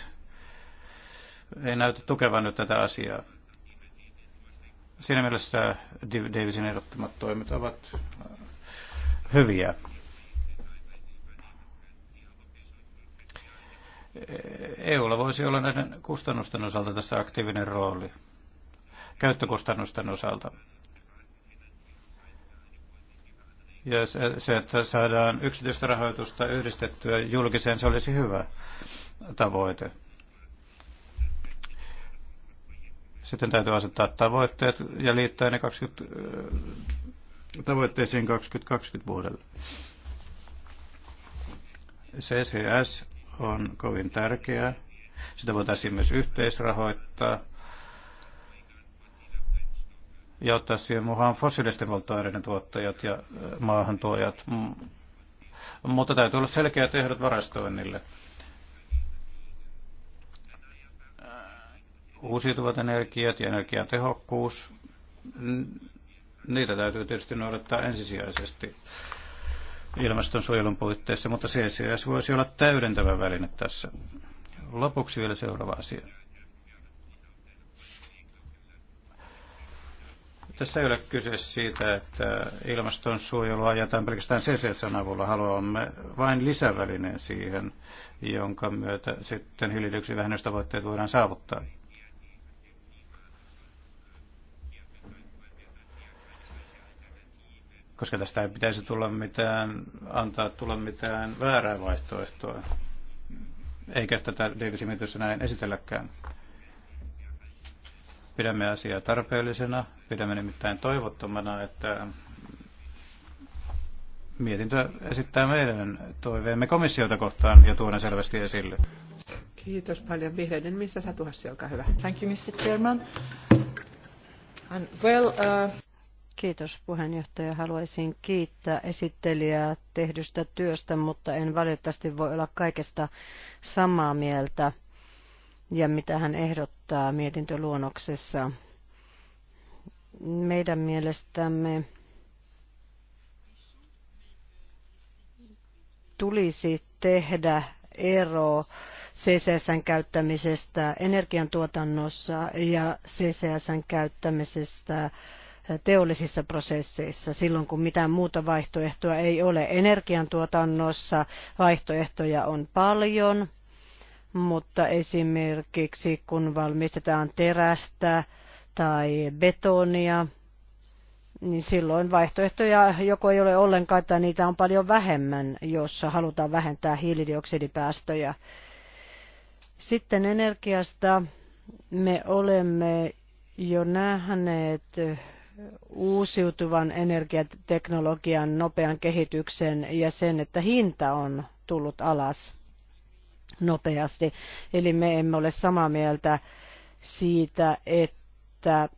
Speaker 4: ei näytä tukevan nyt tätä asiaa. Siinä mielessä Davisin ehdottamat toimet ovat hyviä. EUlla voisi olla näiden kustannusten osalta tässä aktiivinen rooli, käyttökustannusten osalta. Ja se, että saadaan yksityistä rahoitusta yhdistettyä julkiseen, se olisi hyvä tavoite. Sitten täytyy asettaa tavoitteet ja liittää ne 20, tavoitteisiin 2020 vuodelle. CCS on kovin tärkeää. Sitä voitaisiin myös yhteisrahoittaa ja ottaa siihen mukaan fossiilisten polttoaineiden tuottajat ja äh, maahantuojat. Mm, mutta täytyy olla selkeät ehdot varastoinnille. Äh, uusiutuvat energiat ja energiatehokkuus, niitä täytyy tietysti noudattaa ensisijaisesti ilmastonsuojelun puitteissa, mutta CCS voisi olla täydentävä väline tässä. Lopuksi vielä seuraava asia. Tässä ei ole kyse siitä, että ilmastonsuojelua ajetaan pelkästään CCSn avulla. Haluamme vain lisävälineen siihen, jonka myötä sitten hiilidioksidivähennystavoitteet vähennystavoitteet voidaan saavuttaa. koska tästä ei pitäisi tulla mitään, antaa tulla mitään väärää vaihtoehtoa, eikä tätä diivisimitystä näin esitelläkään. Pidämme asiaa tarpeellisena, pidämme nimittäin toivottomana, että mietintö esittää meidän toiveemme komissiota kohtaan ja tuona selvästi esille.
Speaker 2: Kiitos paljon vihreiden. Missä Satuhassi, olkaa hyvä. Thank you, Mr. Chairman. And well, uh...
Speaker 3: Kiitos puheenjohtaja. Haluaisin kiittää esittelijää tehdystä työstä, mutta en valitettavasti voi olla kaikesta samaa mieltä ja mitä hän ehdottaa mietintöluonnoksessa. Meidän mielestämme tulisi tehdä ero CCSn käyttämisestä energiantuotannossa ja CCSn käyttämisestä teollisissa prosesseissa silloin, kun mitään muuta vaihtoehtoa ei ole. Energiantuotannossa vaihtoehtoja on paljon, mutta esimerkiksi kun valmistetaan terästä tai betonia, niin silloin vaihtoehtoja joko ei ole ollenkaan tai niitä on paljon vähemmän, jos halutaan vähentää hiilidioksidipäästöjä. Sitten energiasta me olemme jo nähneet uusiutuvan energiateknologian nopean kehityksen ja sen, että hinta on tullut alas nopeasti. Eli me emme ole samaa mieltä siitä, että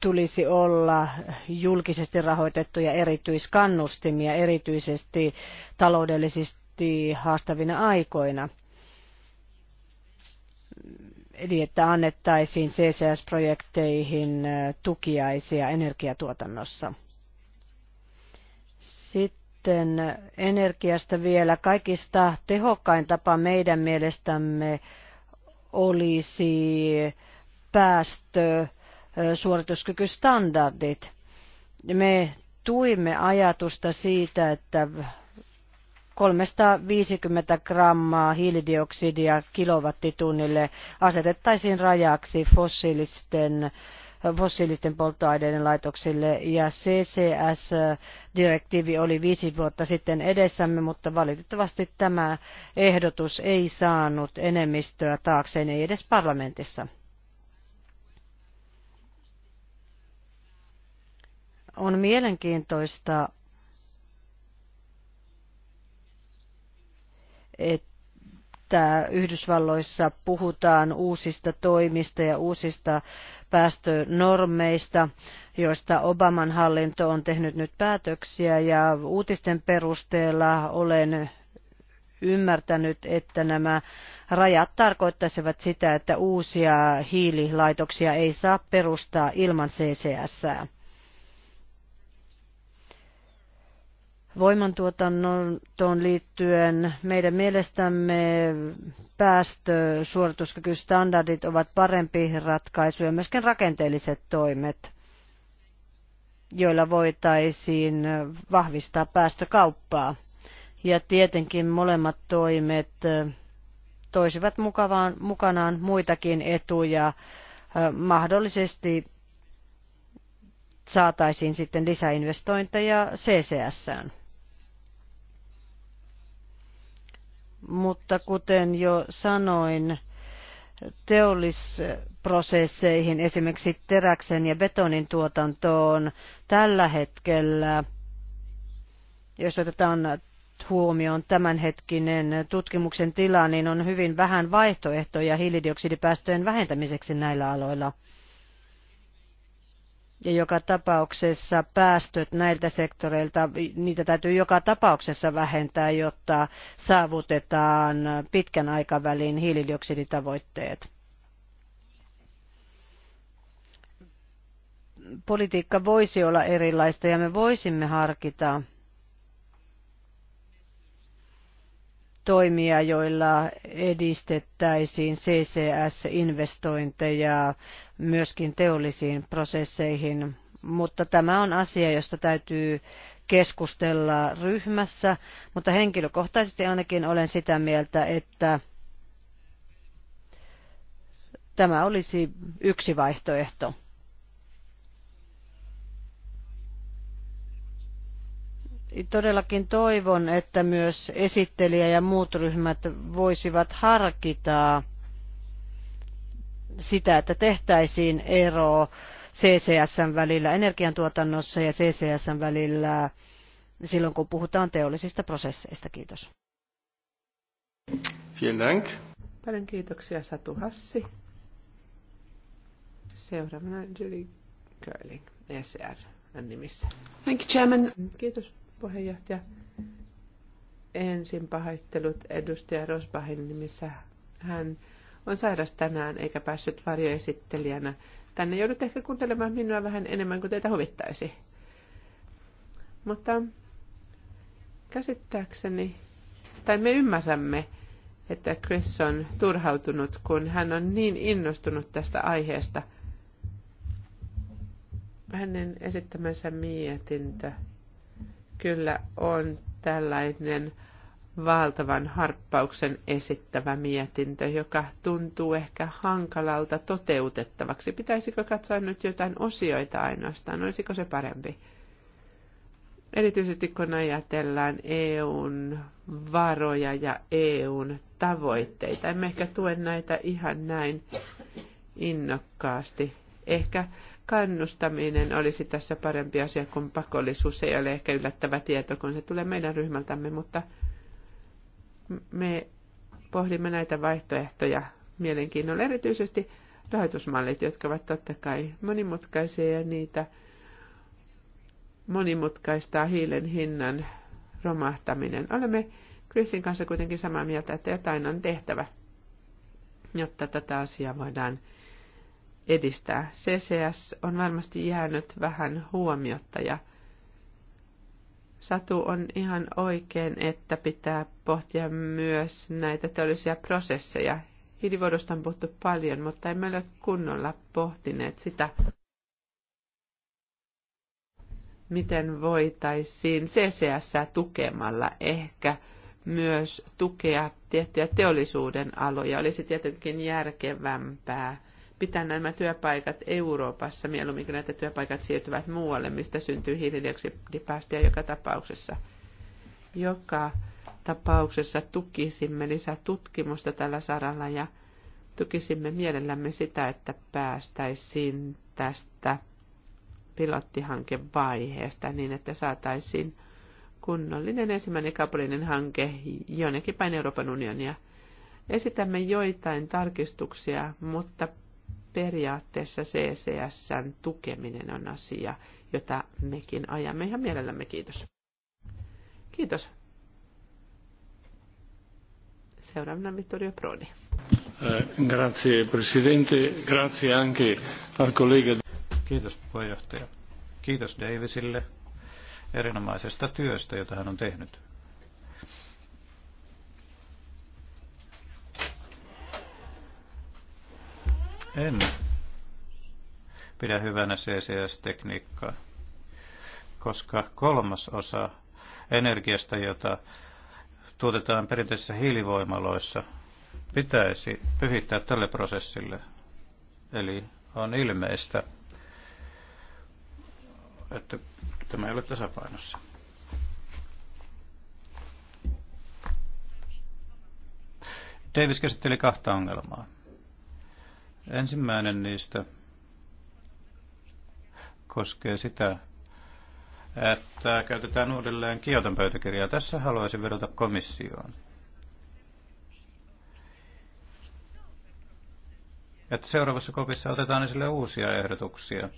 Speaker 3: tulisi olla julkisesti rahoitettuja erityiskannustimia, erityisesti taloudellisesti haastavina aikoina eli että annettaisiin CCS-projekteihin tukiaisia energiatuotannossa. Sitten energiasta vielä kaikista tehokkain tapa meidän mielestämme olisi päästö suorituskykystandardit. Me tuimme ajatusta siitä, että 350 grammaa hiilidioksidia kilowattitunnille asetettaisiin rajaksi fossiilisten fossiilisten polttoaineiden laitoksille ja CCS-direktiivi oli viisi vuotta sitten edessämme, mutta valitettavasti tämä ehdotus ei saanut enemmistöä taakseen, ei edes parlamentissa. On mielenkiintoista että Yhdysvalloissa puhutaan uusista toimista ja uusista päästönormeista, joista Obaman hallinto on tehnyt nyt päätöksiä ja uutisten perusteella olen ymmärtänyt, että nämä rajat tarkoittaisivat sitä, että uusia hiililaitoksia ei saa perustaa ilman CCS. voimantuotantoon liittyen. Meidän mielestämme päästösuorituskykystandardit ovat parempi ratkaisu ja myöskin rakenteelliset toimet, joilla voitaisiin vahvistaa päästökauppaa. Ja tietenkin molemmat toimet toisivat mukavaan, mukanaan muitakin etuja, mahdollisesti saataisiin sitten lisäinvestointeja CCS. mutta kuten jo sanoin, teollisprosesseihin, esimerkiksi teräksen ja betonin tuotantoon tällä hetkellä, jos otetaan huomioon tämänhetkinen tutkimuksen tila, niin on hyvin vähän vaihtoehtoja hiilidioksidipäästöjen vähentämiseksi näillä aloilla. Ja joka tapauksessa päästöt näiltä sektoreilta, niitä täytyy joka tapauksessa vähentää, jotta saavutetaan pitkän aikavälin hiilidioksiditavoitteet. Politiikka voisi olla erilaista ja me voisimme harkita toimia, joilla edistettäisiin CCS-investointeja myöskin teollisiin prosesseihin, mutta tämä on asia, josta täytyy keskustella ryhmässä, mutta henkilökohtaisesti ainakin olen sitä mieltä, että tämä olisi yksi vaihtoehto. Todellakin toivon, että myös esittelijä ja muut ryhmät voisivat harkita sitä, että tehtäisiin ero CCSn välillä energiantuotannossa ja CCSn välillä silloin, kun puhutaan teollisista prosesseista. Kiitos.
Speaker 1: Vielen Dank.
Speaker 2: Paljon kiitoksia Satu Hassi. Seuraavana Julie Curling, ECR nimissä. Thank you, Chairman. Kiitos puheenjohtaja. Ensin pahoittelut edustaja Rosbahin nimissä. Hän on sairas tänään eikä päässyt varjoesittelijänä. Tänne joudut ehkä kuuntelemaan minua vähän enemmän kuin teitä huvittaisi. Mutta käsittääkseni, tai me ymmärrämme, että Chris on turhautunut, kun hän on niin innostunut tästä aiheesta. Hänen esittämänsä mietintö kyllä on tällainen valtavan harppauksen esittävä mietintö, joka tuntuu ehkä hankalalta toteutettavaksi. Pitäisikö katsoa nyt jotain osioita ainoastaan? Olisiko se parempi? Erityisesti kun ajatellaan EUn varoja ja EUn tavoitteita. Emme ehkä tue näitä ihan näin innokkaasti. Ehkä kannustaminen olisi tässä parempi asia kuin pakollisuus. Se ei ole ehkä yllättävä tieto, kun se tulee meidän ryhmältämme, mutta me pohdimme näitä vaihtoehtoja mielenkiinnolla. Erityisesti rahoitusmallit, jotka ovat totta kai monimutkaisia ja niitä monimutkaistaa hiilen hinnan romahtaminen. Olemme Chrisin kanssa kuitenkin samaa mieltä, että jotain on tehtävä, jotta tätä asiaa voidaan edistää. CCS on varmasti jäänyt vähän huomiotta ja Satu on ihan oikein, että pitää pohtia myös näitä teollisia prosesseja. Hiilivuodosta on puhuttu paljon, mutta emme ole kunnolla pohtineet sitä, miten voitaisiin CCS tukemalla ehkä myös tukea tiettyjä teollisuuden aloja. Olisi tietenkin järkevämpää pitää nämä työpaikat Euroopassa mieluummin kuin näitä työpaikat siirtyvät muualle, mistä syntyy hiilidioksidipäästöjä joka tapauksessa. Joka tapauksessa tukisimme lisää tutkimusta tällä saralla ja tukisimme mielellämme sitä, että päästäisiin tästä pilottihankevaiheesta niin, että saataisiin kunnollinen ensimmäinen kaupallinen hanke jonnekin päin Euroopan unionia. Esitämme joitain tarkistuksia, mutta periaatteessa CCSn tukeminen on asia, jota mekin ajamme ihan mielellämme. Kiitos. Kiitos. Seuraavana Vittorio
Speaker 1: Prodi.
Speaker 4: Eh, grazie Presidente, grazie anche al collega. Kiitos puheenjohtaja. Kiitos Davisille erinomaisesta työstä, jota hän on tehnyt. En pidä hyvänä CCS-tekniikkaa, koska kolmas osa energiasta, jota tuotetaan perinteisissä hiilivoimaloissa, pitäisi pyhittää tälle prosessille. Eli on ilmeistä, että tämä ei ole tasapainossa. Davis käsitteli kahta ongelmaa. Ensimmäinen niistä koskee sitä, että käytetään uudelleen Kioton pöytäkirjaa. Tässä haluaisin vedota komissioon. Että seuraavassa kopissa otetaan esille uusia ehdotuksia.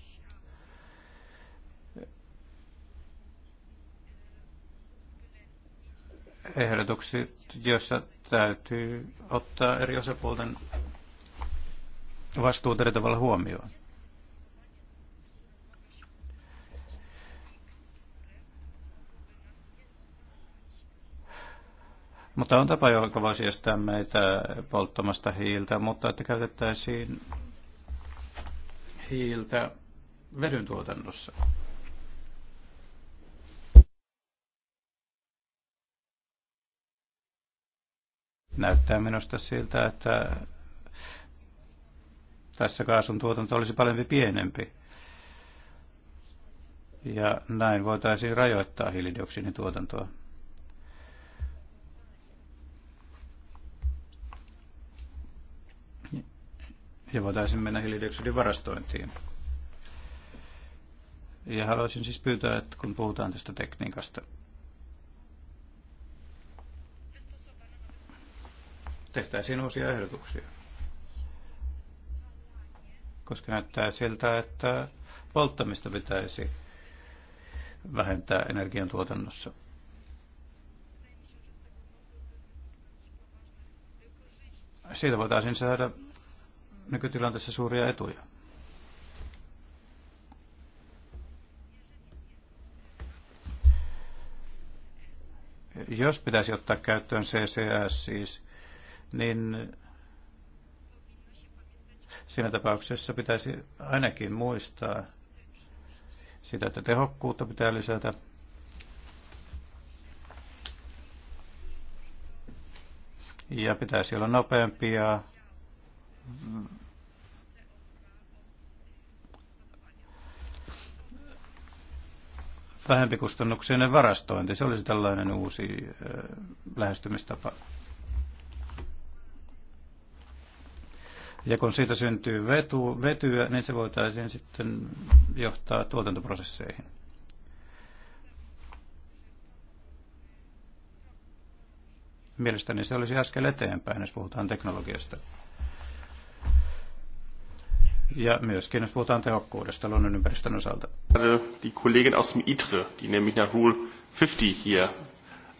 Speaker 4: Ehdotukset, joissa täytyy ottaa eri osapuolten vastuut eri tavalla huomioon. Mutta on tapa, joka voisi estää meitä polttamasta hiiltä, mutta että käytettäisiin hiiltä vedyn tuotannossa. Näyttää minusta siltä, että tässä kaasun tuotanto olisi paljon pienempi. Ja näin voitaisiin rajoittaa hiilidioksidin tuotantoa. Ja voitaisiin mennä hiilidioksidin varastointiin. Ja haluaisin siis pyytää, että kun puhutaan tästä tekniikasta, tehtäisiin uusia ehdotuksia koska näyttää siltä, että polttamista pitäisi vähentää energiantuotannossa. Siitä voitaisiin saada nykytilanteessa suuria etuja. Jos pitäisi ottaa käyttöön CCS siis, niin Siinä tapauksessa pitäisi ainakin muistaa sitä, että tehokkuutta pitää lisätä. Ja pitäisi olla nopeampia vähempikustannuksinen varastointi. Se olisi tällainen uusi lähestymistapa. Ja kun siitä syntyy vetu, vetyä, niin se voitaisiin sitten johtaa tuotantoprosesseihin. Mielestäni se olisi askel eteenpäin, jos puhutaan teknologiasta. Ja myöskin, jos puhutaan tehokkuudesta luonnon ympäristön osalta.
Speaker 1: Die Kollegin aus dem ITRE, die nämlich nach Rule 50 hier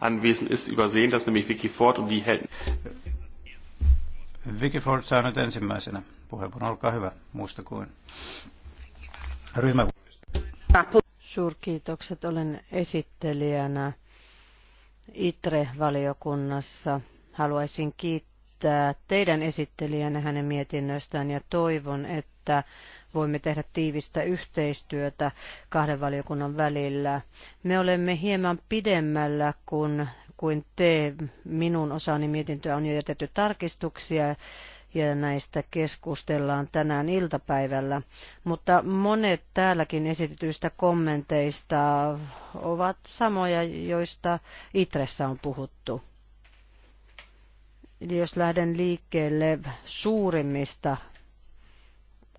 Speaker 1: anwesend ist, übersehen, dass nämlich Wikifort und die Helden.
Speaker 4: Vicky Ford saa nyt ensimmäisenä puheenvuoron. Olkaa hyvä muusta kuin ryhmä.
Speaker 3: Suurkiitokset. Olen esittelijänä ITRE-valiokunnassa. Haluaisin kiittää teidän esittelijänä hänen mietinnöstään ja toivon, että voimme tehdä tiivistä yhteistyötä kahden valiokunnan välillä. Me olemme hieman pidemmällä kuin kuin te. Minun osani mietintöä on jo jätetty tarkistuksia ja näistä keskustellaan tänään iltapäivällä. Mutta monet täälläkin esitetyistä kommenteista ovat samoja, joista Itressä on puhuttu. Eli jos lähden liikkeelle suurimmista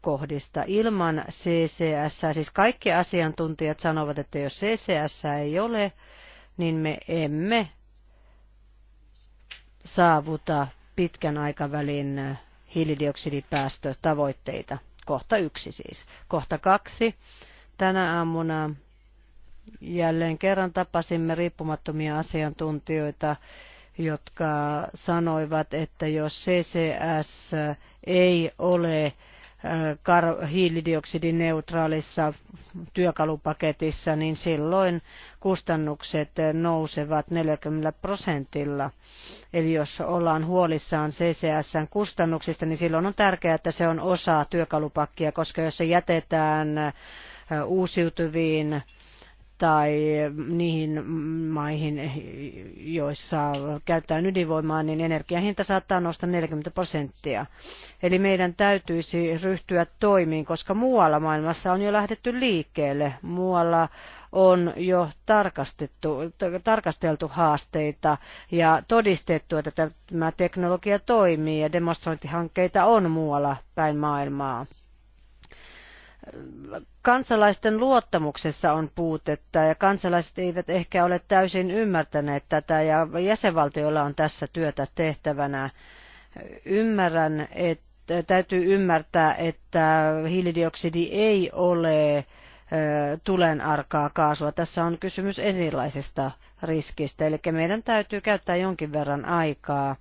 Speaker 3: kohdista ilman CCS, siis kaikki asiantuntijat sanovat, että jos CCS ei ole, niin me emme saavuta pitkän aikavälin hiilidioksidipäästötavoitteita. Kohta yksi siis. Kohta kaksi. Tänä aamuna jälleen kerran tapasimme riippumattomia asiantuntijoita, jotka sanoivat, että jos CCS ei ole hiilidioksidineutraalissa työkalupaketissa, niin silloin kustannukset nousevat 40 prosentilla. Eli jos ollaan huolissaan CCSn kustannuksista, niin silloin on tärkeää, että se on osa työkalupakkia, koska jos se jätetään uusiutuviin tai niihin maihin, joissa käytetään ydinvoimaa, niin energiahinta saattaa nousta 40 prosenttia. Eli meidän täytyisi ryhtyä toimiin, koska muualla maailmassa on jo lähdetty liikkeelle. Muualla on jo tarkastettu, tarkasteltu haasteita ja todistettu, että tämä teknologia toimii ja demonstrointihankkeita on muualla päin maailmaa kansalaisten luottamuksessa on puutetta ja kansalaiset eivät ehkä ole täysin ymmärtäneet tätä ja jäsenvaltioilla on tässä työtä tehtävänä. Ymmärrän, että täytyy ymmärtää, että hiilidioksidi ei ole tulen arkaa kaasua. Tässä on kysymys erilaisista riskistä, eli meidän täytyy käyttää jonkin verran aikaa,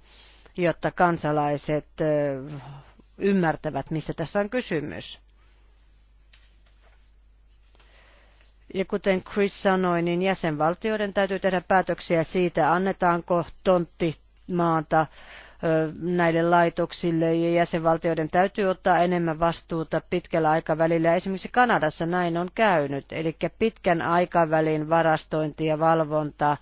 Speaker 3: jotta kansalaiset ymmärtävät, mistä tässä on kysymys. Ja kuten Chris sanoi, niin jäsenvaltioiden täytyy tehdä päätöksiä siitä, annetaanko tonttimaata näille laitoksille ja jäsenvaltioiden täytyy ottaa enemmän vastuuta pitkällä aikavälillä. Esimerkiksi Kanadassa näin on käynyt, eli pitkän aikavälin varastointi ja valvonta,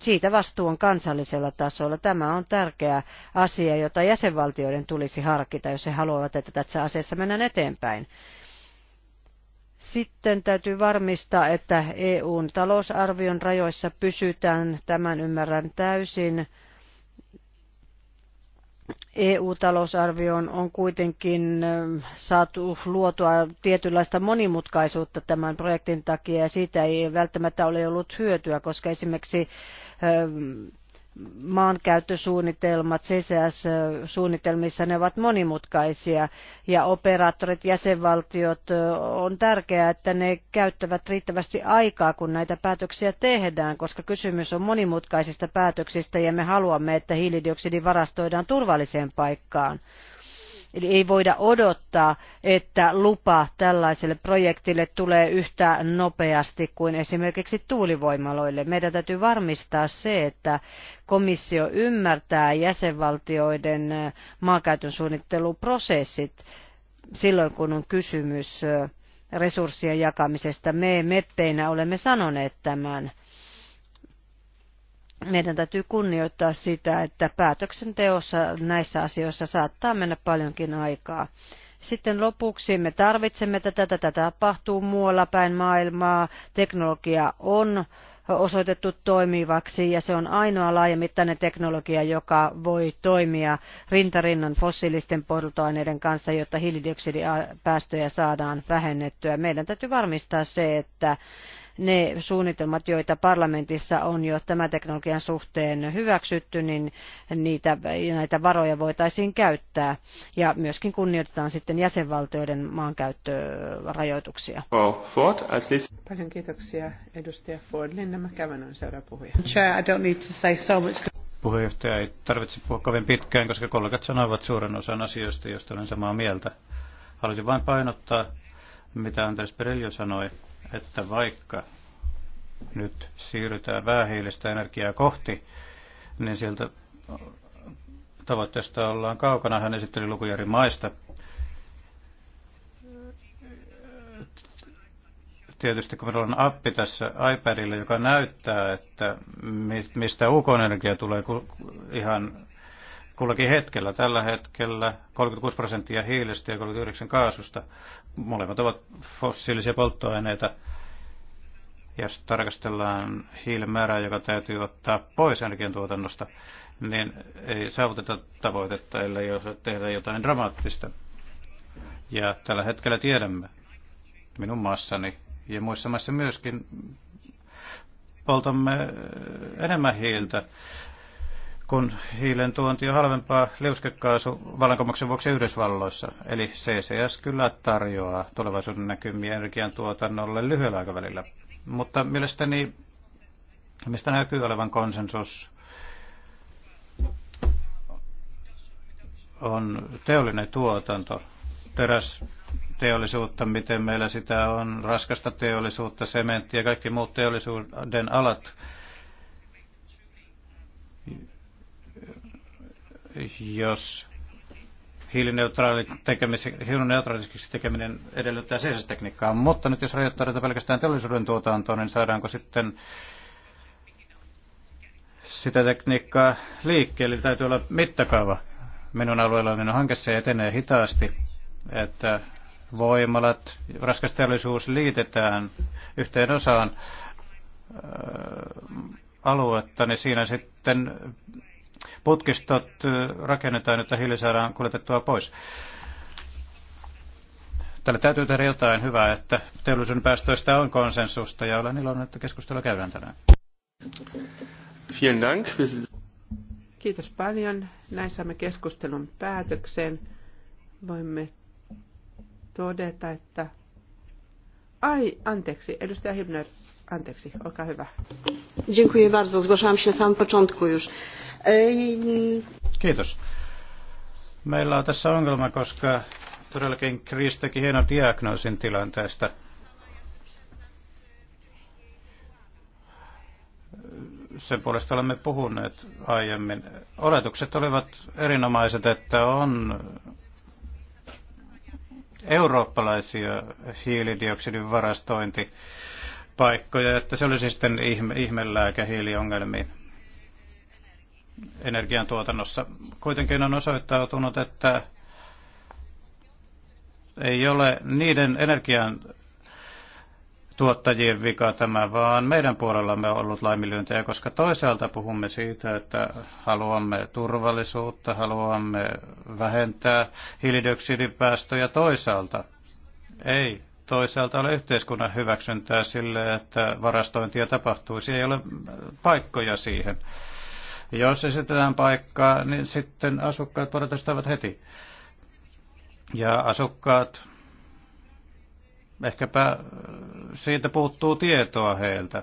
Speaker 3: siitä vastuu on kansallisella tasolla. Tämä on tärkeä asia, jota jäsenvaltioiden tulisi harkita, jos he haluavat, että tässä asiassa mennään eteenpäin. Sitten täytyy varmistaa, että EUn talousarvion rajoissa pysytään, tämän ymmärrän täysin. EU-talousarvioon on kuitenkin äh, saatu luotua tietynlaista monimutkaisuutta tämän projektin takia ja siitä ei välttämättä ole ollut hyötyä, koska esimerkiksi äh, maankäyttösuunnitelmat CCS-suunnitelmissa, ne ovat monimutkaisia ja operaattorit, jäsenvaltiot, on tärkeää, että ne käyttävät riittävästi aikaa, kun näitä päätöksiä tehdään, koska kysymys on monimutkaisista päätöksistä ja me haluamme, että hiilidioksidi varastoidaan turvalliseen paikkaan. Eli ei voida odottaa, että lupa tällaiselle projektille tulee yhtä nopeasti kuin esimerkiksi tuulivoimaloille. Meidän täytyy varmistaa se, että komissio ymmärtää jäsenvaltioiden maankäytön suunnitteluprosessit silloin, kun on kysymys resurssien jakamisesta. Me meppeinä olemme sanoneet tämän meidän täytyy kunnioittaa sitä, että päätöksenteossa näissä asioissa saattaa mennä paljonkin aikaa. Sitten lopuksi me tarvitsemme tätä, tätä tapahtuu muualla päin maailmaa, teknologia on osoitettu toimivaksi ja se on ainoa laajamittainen teknologia, joka voi toimia rintarinnan fossiilisten polttoaineiden kanssa, jotta hiilidioksidipäästöjä saadaan vähennettyä. Meidän täytyy varmistaa se, että ne suunnitelmat, joita parlamentissa on jo tämän teknologian suhteen hyväksytty, niin niitä, näitä varoja voitaisiin käyttää. Ja myöskin kunnioitetaan sitten jäsenvaltioiden maankäyttörajoituksia.
Speaker 2: Paljon kiitoksia edustaja Ford. Linna kävän on seuraava puhuja.
Speaker 4: puheenjohtaja ei tarvitse puhua kovin pitkään, koska kollegat sanoivat suuren osan asioista, joista olen samaa mieltä. Haluaisin vain painottaa, mitä Andres Perelio sanoi että vaikka nyt siirrytään vähähiilistä energiaa kohti, niin sieltä tavoitteesta ollaan kaukana. Hän esitteli lukuja eri maista. Tietysti kun meillä on appi tässä iPadilla, joka näyttää, että mistä UK-energia tulee ihan kullakin hetkellä. Tällä hetkellä 36 prosenttia hiilestä ja 39 kaasusta. Molemmat ovat fossiilisia polttoaineita. Ja jos tarkastellaan hiilen määrää, joka täytyy ottaa pois energiantuotannosta, niin ei saavuteta tavoitetta, ellei jos tehdä jotain dramaattista. Ja tällä hetkellä tiedämme, minun maassani ja muissa maissa myöskin, poltamme enemmän hiiltä kun hiilen tuonti on halvempaa liuskekaasu vallankumouksen vuoksi Yhdysvalloissa. Eli CCS kyllä tarjoaa tulevaisuuden näkymiä energiantuotannolle lyhyellä aikavälillä. Mutta mielestäni, mistä näkyy olevan konsensus, on teollinen tuotanto, teräs, teollisuutta, miten meillä sitä on, raskasta teollisuutta, sementtiä ja kaikki muut teollisuuden alat jos hiilineutraaliksi tekeminen edellyttää seisostekniikkaa. Mutta nyt jos rajoittaa pelkästään teollisuuden tuotantoon, niin saadaanko sitten sitä tekniikkaa liikkeelle? Eli täytyy olla mittakaava. Minun alueellani niin hanke se etenee hitaasti, että voimalat, raskas teollisuus liitetään yhteen osaan äh, aluetta, niin siinä sitten putkistot rakennetaan, jotta hiili saadaan kuljetettua pois. Tälle täytyy tehdä jotain hyvää, että teollisuuden päästöistä on konsensusta ja olen iloinen, että keskustelua käydään tänään. Vielen Dank.
Speaker 2: Kiitos paljon. Näin saamme keskustelun päätökseen. Voimme todeta, että... Ai, anteeksi, edustaja Hibner, anteeksi, olkaa hyvä. Dziękuję bardzo. Zgłaszałam się na
Speaker 3: samym
Speaker 4: początku już. Ei... Kiitos. Meillä on tässä ongelma, koska todellakin Chris teki hienon diagnoosin tilanteesta. Sen puolesta olemme puhuneet aiemmin. Oletukset olivat erinomaiset, että on eurooppalaisia hiilidioksidin varastointipaikkoja, että se olisi sitten ihme, ihmelääkä hiiliongelmiin energiantuotannossa. Kuitenkin on osoittautunut, että ei ole niiden energian tuottajien vika tämä, vaan meidän puolellamme on ollut laiminlyöntejä, koska toisaalta puhumme siitä, että haluamme turvallisuutta, haluamme vähentää hiilidioksidipäästöjä toisaalta. Ei toisaalta ole yhteiskunnan hyväksyntää sille, että varastointia tapahtuisi, ei ole paikkoja siihen. Jos esitetään paikkaa, niin sitten asukkaat protestoivat heti. Ja asukkaat, ehkäpä äh, siitä puuttuu tietoa heiltä.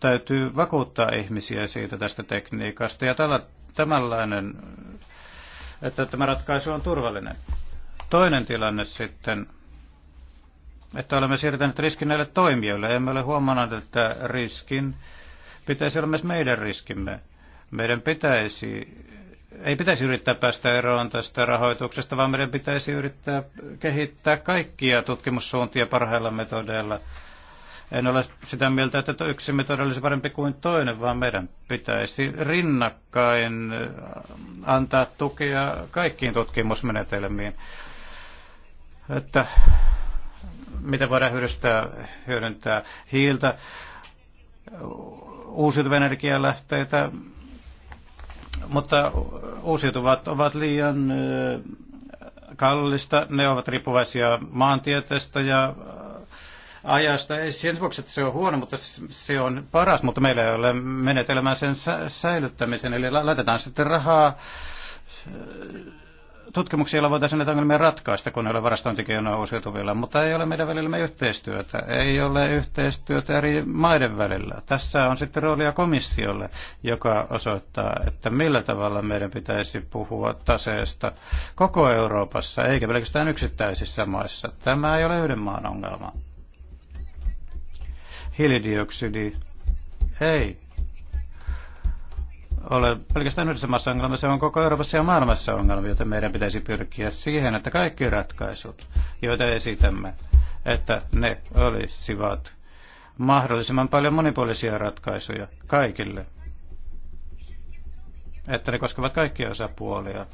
Speaker 4: Täytyy vakuuttaa ihmisiä siitä tästä tekniikasta ja tällä, tämänlainen, että tämä ratkaisu on turvallinen. Toinen tilanne sitten, että olemme siirtäneet riskin näille toimijoille. Emme ole huomanneet, että riskin pitäisi olla myös meidän riskimme. Meidän pitäisi, ei pitäisi yrittää päästä eroon tästä rahoituksesta, vaan meidän pitäisi yrittää kehittää kaikkia tutkimussuuntia parhailla metodeilla. En ole sitä mieltä, että yksi metodi olisi parempi kuin toinen, vaan meidän pitäisi rinnakkain äh, antaa tukea kaikkiin tutkimusmenetelmiin. Että miten voidaan hyödyntää, hyödyntää hiiltä, uusiutuvia energialähteitä, mutta uusiutuvat ovat liian kallista, ne ovat riippuvaisia maantieteestä ja ajasta. Ei sen vuoksi, että se on huono, mutta se on paras, mutta meillä ei ole menetelmää sen säilyttämiseen. Eli laitetaan sitten rahaa tutkimuksia, joilla voitaisiin näitä ongelmia ratkaista, kun ei ole varastointikeinoa uusiutuvilla, mutta ei ole meidän välillämme yhteistyötä, ei ole yhteistyötä eri maiden välillä. Tässä on sitten roolia komissiolle, joka osoittaa, että millä tavalla meidän pitäisi puhua taseesta koko Euroopassa, eikä pelkästään yksittäisissä maissa. Tämä ei ole yhden maan ongelma. Hiilidioksidi ei ole pelkästään yhdessä maassa ongelma, se on koko Euroopassa ja maailmassa ongelma, joten meidän pitäisi pyrkiä siihen, että kaikki ratkaisut, joita esitämme, että ne olisivat mahdollisimman paljon monipuolisia ratkaisuja kaikille, että ne koskevat kaikkia osapuolia,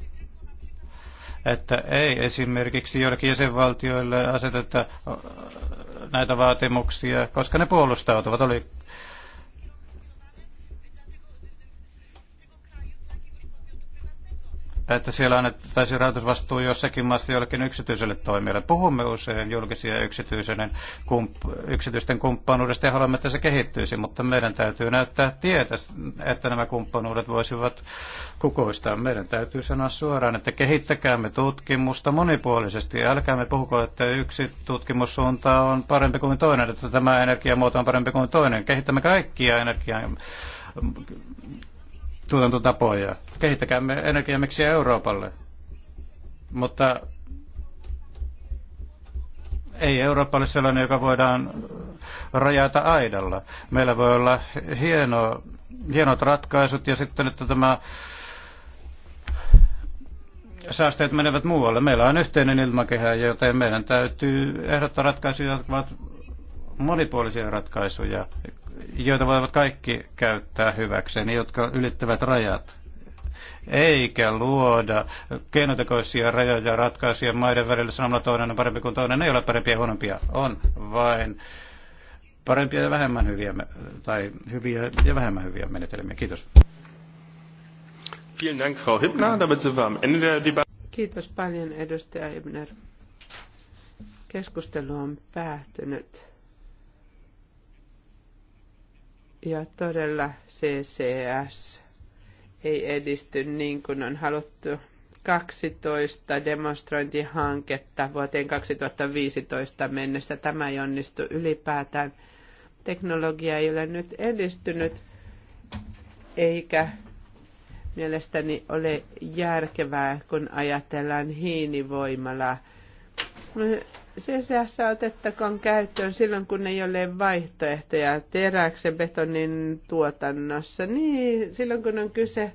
Speaker 4: että ei esimerkiksi joillekin jäsenvaltioille aseteta näitä vaatimuksia, koska ne puolustautuvat, oli tai että siellä annettaisiin rahoitusvastuu jossakin maassa jollekin yksityiselle toimijalle. Puhumme usein julkisia ja yksityisen, kump, yksityisten kumppanuudesta ja haluamme, että se kehittyisi, mutta meidän täytyy näyttää tietä, että nämä kumppanuudet voisivat kukoistaa. Meidän täytyy sanoa suoraan, että kehittäkäämme tutkimusta monipuolisesti. Älkäämme puhuko, että yksi tutkimussuunta on parempi kuin toinen, että tämä energiamuoto on parempi kuin toinen. Kehittämme kaikkia energiaa tuotantotapoja. Kehittäkäämme energiamiksiä Euroopalle. Mutta ei Eurooppa ole sellainen, joka voidaan rajata aidalla. Meillä voi olla hieno, hienot ratkaisut ja sitten, että tämä saasteet menevät muualle. Meillä on yhteinen ilmakehä, joten meidän täytyy ehdottaa ratkaisuja, jotka ovat monipuolisia ratkaisuja, joita voivat kaikki käyttää hyväkseen, jotka ylittävät rajat eikä luoda keinotekoisia rajoja ratkaisia maiden välillä sanomalla toinen on parempi kuin toinen. Ne ei ole parempia ja huonompia, on vain parempia ja vähemmän hyviä, tai hyviä ja vähemmän hyviä menetelmiä. Kiitos.
Speaker 2: Kiitos paljon, edustaja Hibner. Keskustelu on päättynyt. Ja todella CCS ei edisty niin kuin on haluttu. 12 demonstrointihanketta vuoteen 2015 mennessä. Tämä ei onnistu ylipäätään. Teknologia ei ole nyt edistynyt, eikä mielestäni ole järkevää, kun ajatellaan hiinivoimalaa se sijassa otettakoon käyttöön silloin, kun ei ole vaihtoehtoja teräksen betonin tuotannossa, niin silloin kun on kyse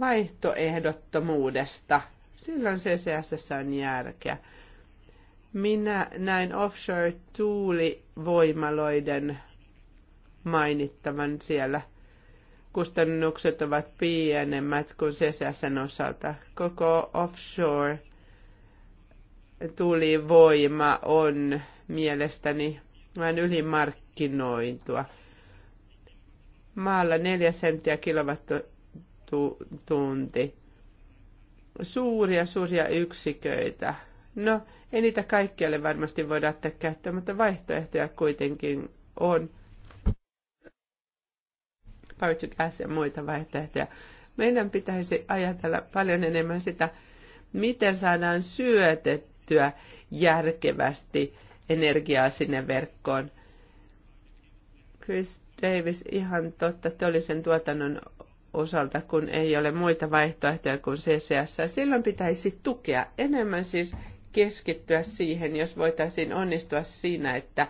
Speaker 2: vaihtoehdottomuudesta, silloin se CCS on järkeä. Minä näin offshore-tuulivoimaloiden mainittavan siellä. Kustannukset ovat pienemmät kuin CCSn osalta. Koko offshore tulivoima on mielestäni vain ylimarkkinointua. Maalla neljä senttiä kilowattotunti. Suuria, suuria yksiköitä. No, ei niitä kaikkialle varmasti voida ottaa käyttöön, mutta vaihtoehtoja kuitenkin on. Power ja muita vaihtoehtoja. Meidän pitäisi ajatella paljon enemmän sitä, miten saadaan syötettyä käytettyä järkevästi energiaa sinne verkkoon. Chris Davis, ihan totta sen tuotannon osalta, kun ei ole muita vaihtoehtoja kuin CCS. Silloin pitäisi tukea enemmän siis keskittyä siihen, jos voitaisiin onnistua siinä, että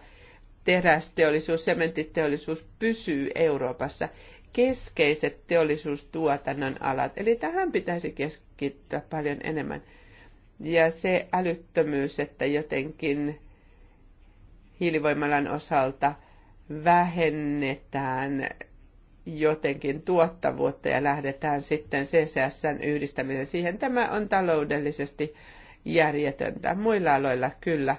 Speaker 2: terästeollisuus, sementiteollisuus pysyy Euroopassa keskeiset teollisuustuotannon alat. Eli tähän pitäisi keskittyä paljon enemmän. Ja se älyttömyys, että jotenkin hiilivoimalan osalta vähennetään jotenkin tuottavuutta ja lähdetään sitten CCSn yhdistämiseen siihen. Tämä on taloudellisesti järjetöntä. Muilla aloilla kyllä.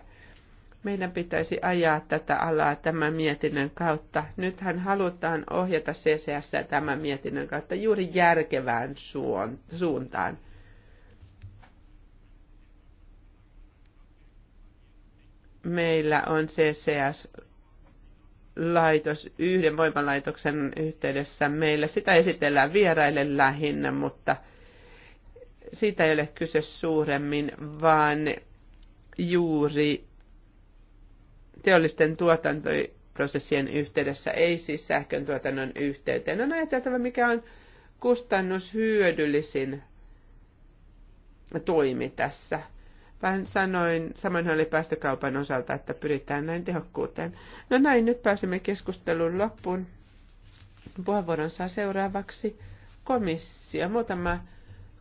Speaker 2: Meidän pitäisi ajaa tätä alaa tämän mietinnön kautta. Nythän halutaan ohjata CCS tämän mietinnön kautta juuri järkevään suuntaan. meillä on CCS-laitos yhden voimalaitoksen yhteydessä. Meillä sitä esitellään vieraille lähinnä, mutta siitä ei ole kyse suuremmin, vaan juuri teollisten tuotantoprosessien yhteydessä, ei siis sähkön tuotannon yhteyteen. On ajateltava, mikä on kustannushyödyllisin toimi tässä Vähän sanoin, samoin oli päästökaupan osalta, että pyritään näin tehokkuuteen. No näin, nyt pääsemme keskustelun loppuun. Puheenvuoron saa seuraavaksi komissio. Muutama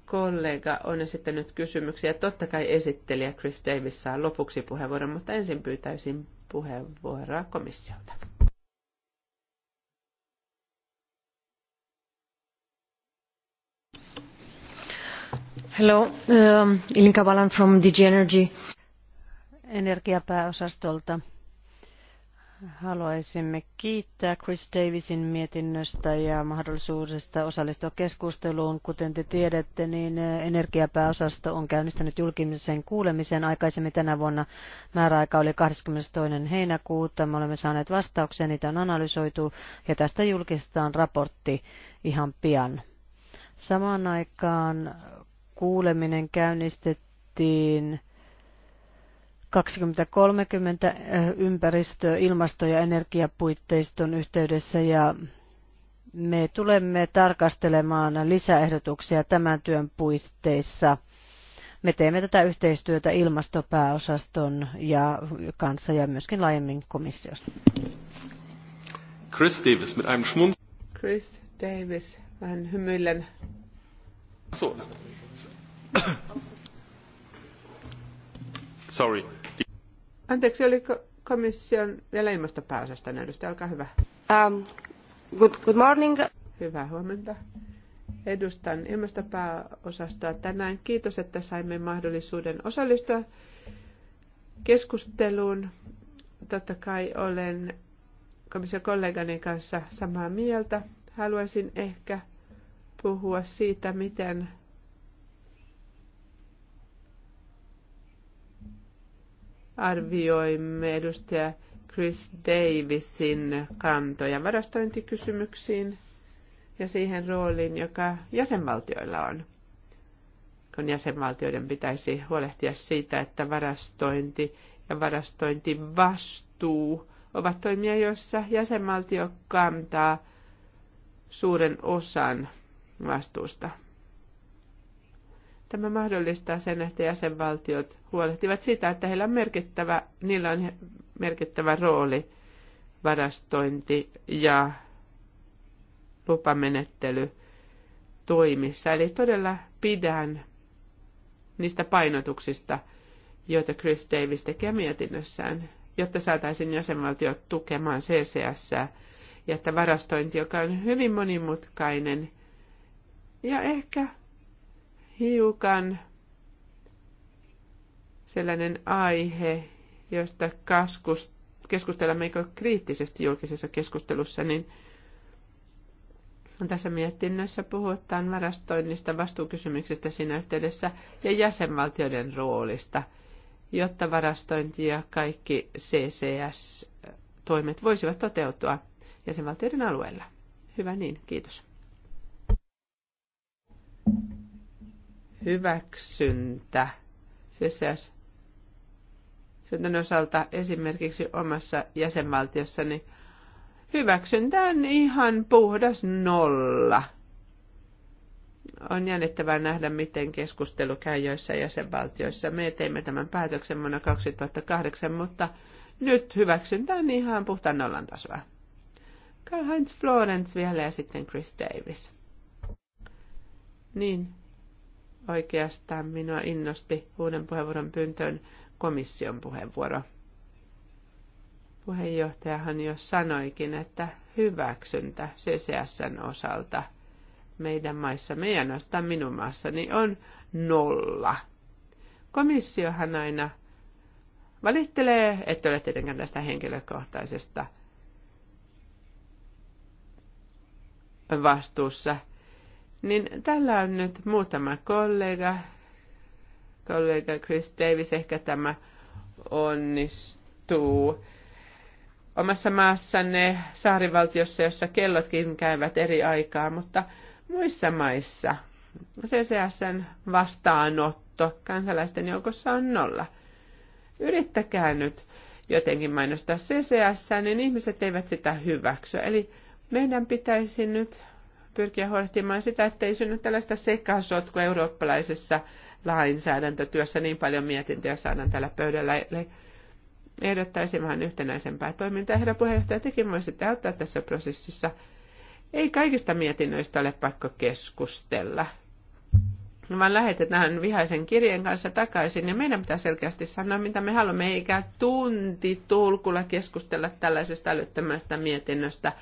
Speaker 2: kollega on esittänyt kysymyksiä. Totta kai esittelijä Chris Davis saa lopuksi puheenvuoron, mutta ensin pyytäisin puheenvuoroa komissiolta. Hello, um,
Speaker 3: Ilinka from DG Energy. Energiapääosastolta haluaisimme kiittää Chris Davisin mietinnöstä ja mahdollisuudesta osallistua keskusteluun. Kuten te tiedätte, niin energiapääosasto on käynnistänyt julkisen kuulemisen aikaisemmin tänä vuonna. Määräaika oli 22. heinäkuuta. Me olemme saaneet vastauksia, niitä on analysoitu ja tästä julkistetaan raportti ihan pian. Samaan aikaan kuuleminen käynnistettiin 2030 eh, ympäristö-, ilmasto- ja energiapuitteiston yhteydessä ja me tulemme tarkastelemaan lisäehdotuksia tämän työn puitteissa. Me teemme tätä yhteistyötä ilmastopääosaston ja kanssa ja myöskin laajemmin komissiosta.
Speaker 1: Chris Davis mit einem Schmunz.
Speaker 2: Chris Davis vähän hymyillen Anteeksi, oliko komission vielä ilmastopääosasta niin edustaja, olkaa hyvä. Um, good, good morning. Hyvää huomenta. Edustan ilmastopääosastoa tänään. Kiitos, että saimme mahdollisuuden osallistua keskusteluun. Totta kai olen komission kollegani kanssa samaa mieltä. Haluaisin ehkä puhua siitä, miten arvioimme edustaja Chris Davisin kantoja varastointikysymyksiin ja siihen rooliin, joka jäsenvaltioilla on. Kun jäsenvaltioiden pitäisi huolehtia siitä, että varastointi ja varastointivastuu ovat toimia, joissa jäsenvaltio kantaa suuren osan vastuusta. Tämä mahdollistaa sen, että jäsenvaltiot huolehtivat sitä, että heillä on merkittävä, niillä on merkittävä rooli varastointi- ja lupamenettely toimissa. Eli todella pidän niistä painotuksista, joita Chris Davis tekee mietinnössään, jotta saataisiin jäsenvaltiot tukemaan CCS ja että varastointi, joka on hyvin monimutkainen – ja ehkä hiukan sellainen aihe, josta keskustelemme kriittisesti julkisessa keskustelussa, niin tässä mietinnössä puhutaan varastoinnista, vastuukysymyksistä siinä yhteydessä ja jäsenvaltioiden roolista, jotta varastointi ja kaikki CCS-toimet voisivat toteutua jäsenvaltioiden alueella. Hyvä niin, kiitos hyväksyntä sisäis sen osalta esimerkiksi omassa jäsenvaltiossani hyväksyntä on ihan puhdas nolla. On jännittävää nähdä, miten keskustelu käy joissa jäsenvaltioissa. Me teimme tämän päätöksen vuonna 2008, mutta nyt hyväksyntä on ihan puhtaan nollan tasoa. Karl-Heinz Florence vielä ja sitten Chris Davis. Niin, oikeastaan minua innosti uuden puheenvuoron pyyntöön komission puheenvuoro. Puheenjohtajahan jo sanoikin, että hyväksyntä CCSn osalta meidän maissa, meidän osalta minun maassani, on nolla. Komissiohan aina valittelee, että ole tietenkään tästä henkilökohtaisesta vastuussa – niin täällä on nyt muutama kollega, kollega Chris Davis, ehkä tämä onnistuu. Omassa maassanne saarivaltiossa, jossa kellotkin käyvät eri aikaa, mutta muissa maissa CCSn vastaanotto kansalaisten joukossa on nolla. Yrittäkää nyt jotenkin mainostaa CCS, niin ihmiset eivät sitä hyväksy. Eli meidän pitäisi nyt pyrkiä huolehtimaan sitä, ettei synny tällaista sekasotkua eurooppalaisessa lainsäädäntötyössä. Niin paljon mietintöjä saadaan tällä pöydällä. Eli ehdottaisin vähän yhtenäisempää toimintaa. Herra puheenjohtaja, tekin voisitte auttaa tässä prosessissa. Ei kaikista mietinnöistä ole pakko keskustella, vaan lähetetään vihaisen kirjeen kanssa takaisin, ja meidän pitää selkeästi sanoa, mitä me haluamme, eikä tunti tulkulla keskustella tällaisesta älyttömästä mietinnöstä –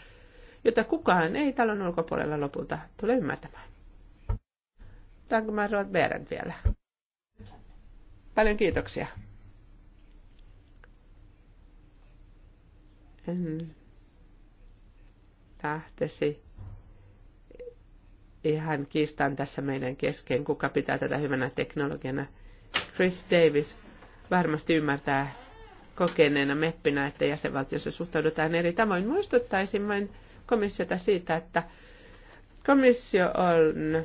Speaker 2: jota kukaan ei talon ulkopuolella lopulta tule ymmärtämään. mä Roth-Berend vielä. Paljon kiitoksia. En lähtesi ihan kiistan tässä meidän kesken, kuka pitää tätä hyvänä teknologiana. Chris Davis varmasti ymmärtää kokeneena meppinä, että jäsenvaltiossa suhtaudutaan eri tavoin. Muistuttaisin vain komissiota siitä, että komissio on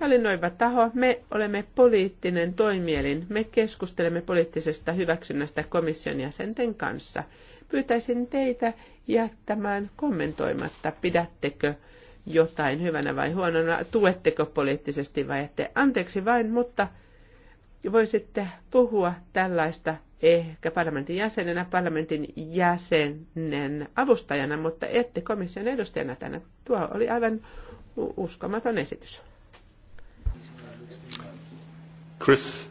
Speaker 2: hallinnoiva taho. Me olemme poliittinen toimielin. Me keskustelemme poliittisesta hyväksynnästä komission jäsenten kanssa. Pyytäisin teitä jättämään kommentoimatta, pidättekö jotain hyvänä vai huonona, tuetteko poliittisesti vai ette. Anteeksi vain, mutta voisitte puhua tällaista ehkä parlamentin jäsenenä, parlamentin jäsenen avustajana, mutta ette komission edustajana tänä. Tuo oli aivan uskomaton esitys.
Speaker 1: Chris,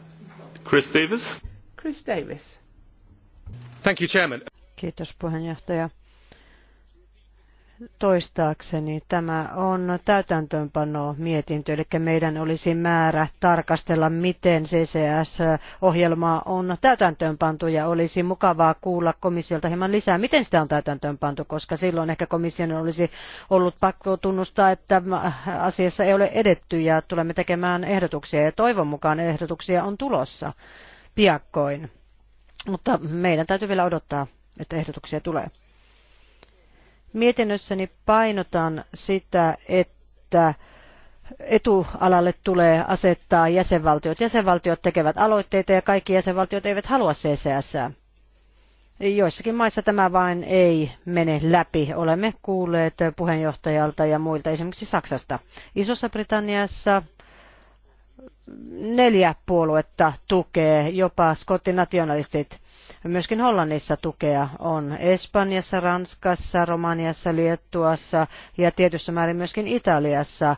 Speaker 1: Chris Davis.
Speaker 2: Chris Davis.
Speaker 1: Thank you, Chairman.
Speaker 2: Kiitos
Speaker 3: puheenjohtaja toistaakseni. Tämä on täytäntöönpano mietintö, eli meidän olisi määrä tarkastella, miten CCS-ohjelmaa on täytäntöönpantu ja olisi mukavaa kuulla komissiolta hieman lisää, miten sitä on täytäntöönpantu, koska silloin ehkä komission olisi ollut pakko tunnustaa, että asiassa ei ole edetty ja tulemme tekemään ehdotuksia ja toivon mukaan ehdotuksia on tulossa piakkoin. Mutta meidän täytyy vielä odottaa, että ehdotuksia tulee. Mietinnössäni painotan sitä, että etualalle tulee asettaa jäsenvaltiot. Jäsenvaltiot tekevät aloitteita ja kaikki jäsenvaltiot eivät halua CCS. Joissakin maissa tämä vain ei mene läpi. Olemme kuulleet puheenjohtajalta ja muilta, esimerkiksi Saksasta. Isossa Britanniassa neljä puoluetta tukee, jopa skottinationalistit. Myöskin Hollannissa tukea on Espanjassa, Ranskassa, Romaniassa, Liettuassa ja tietyssä määrin myöskin Italiassa.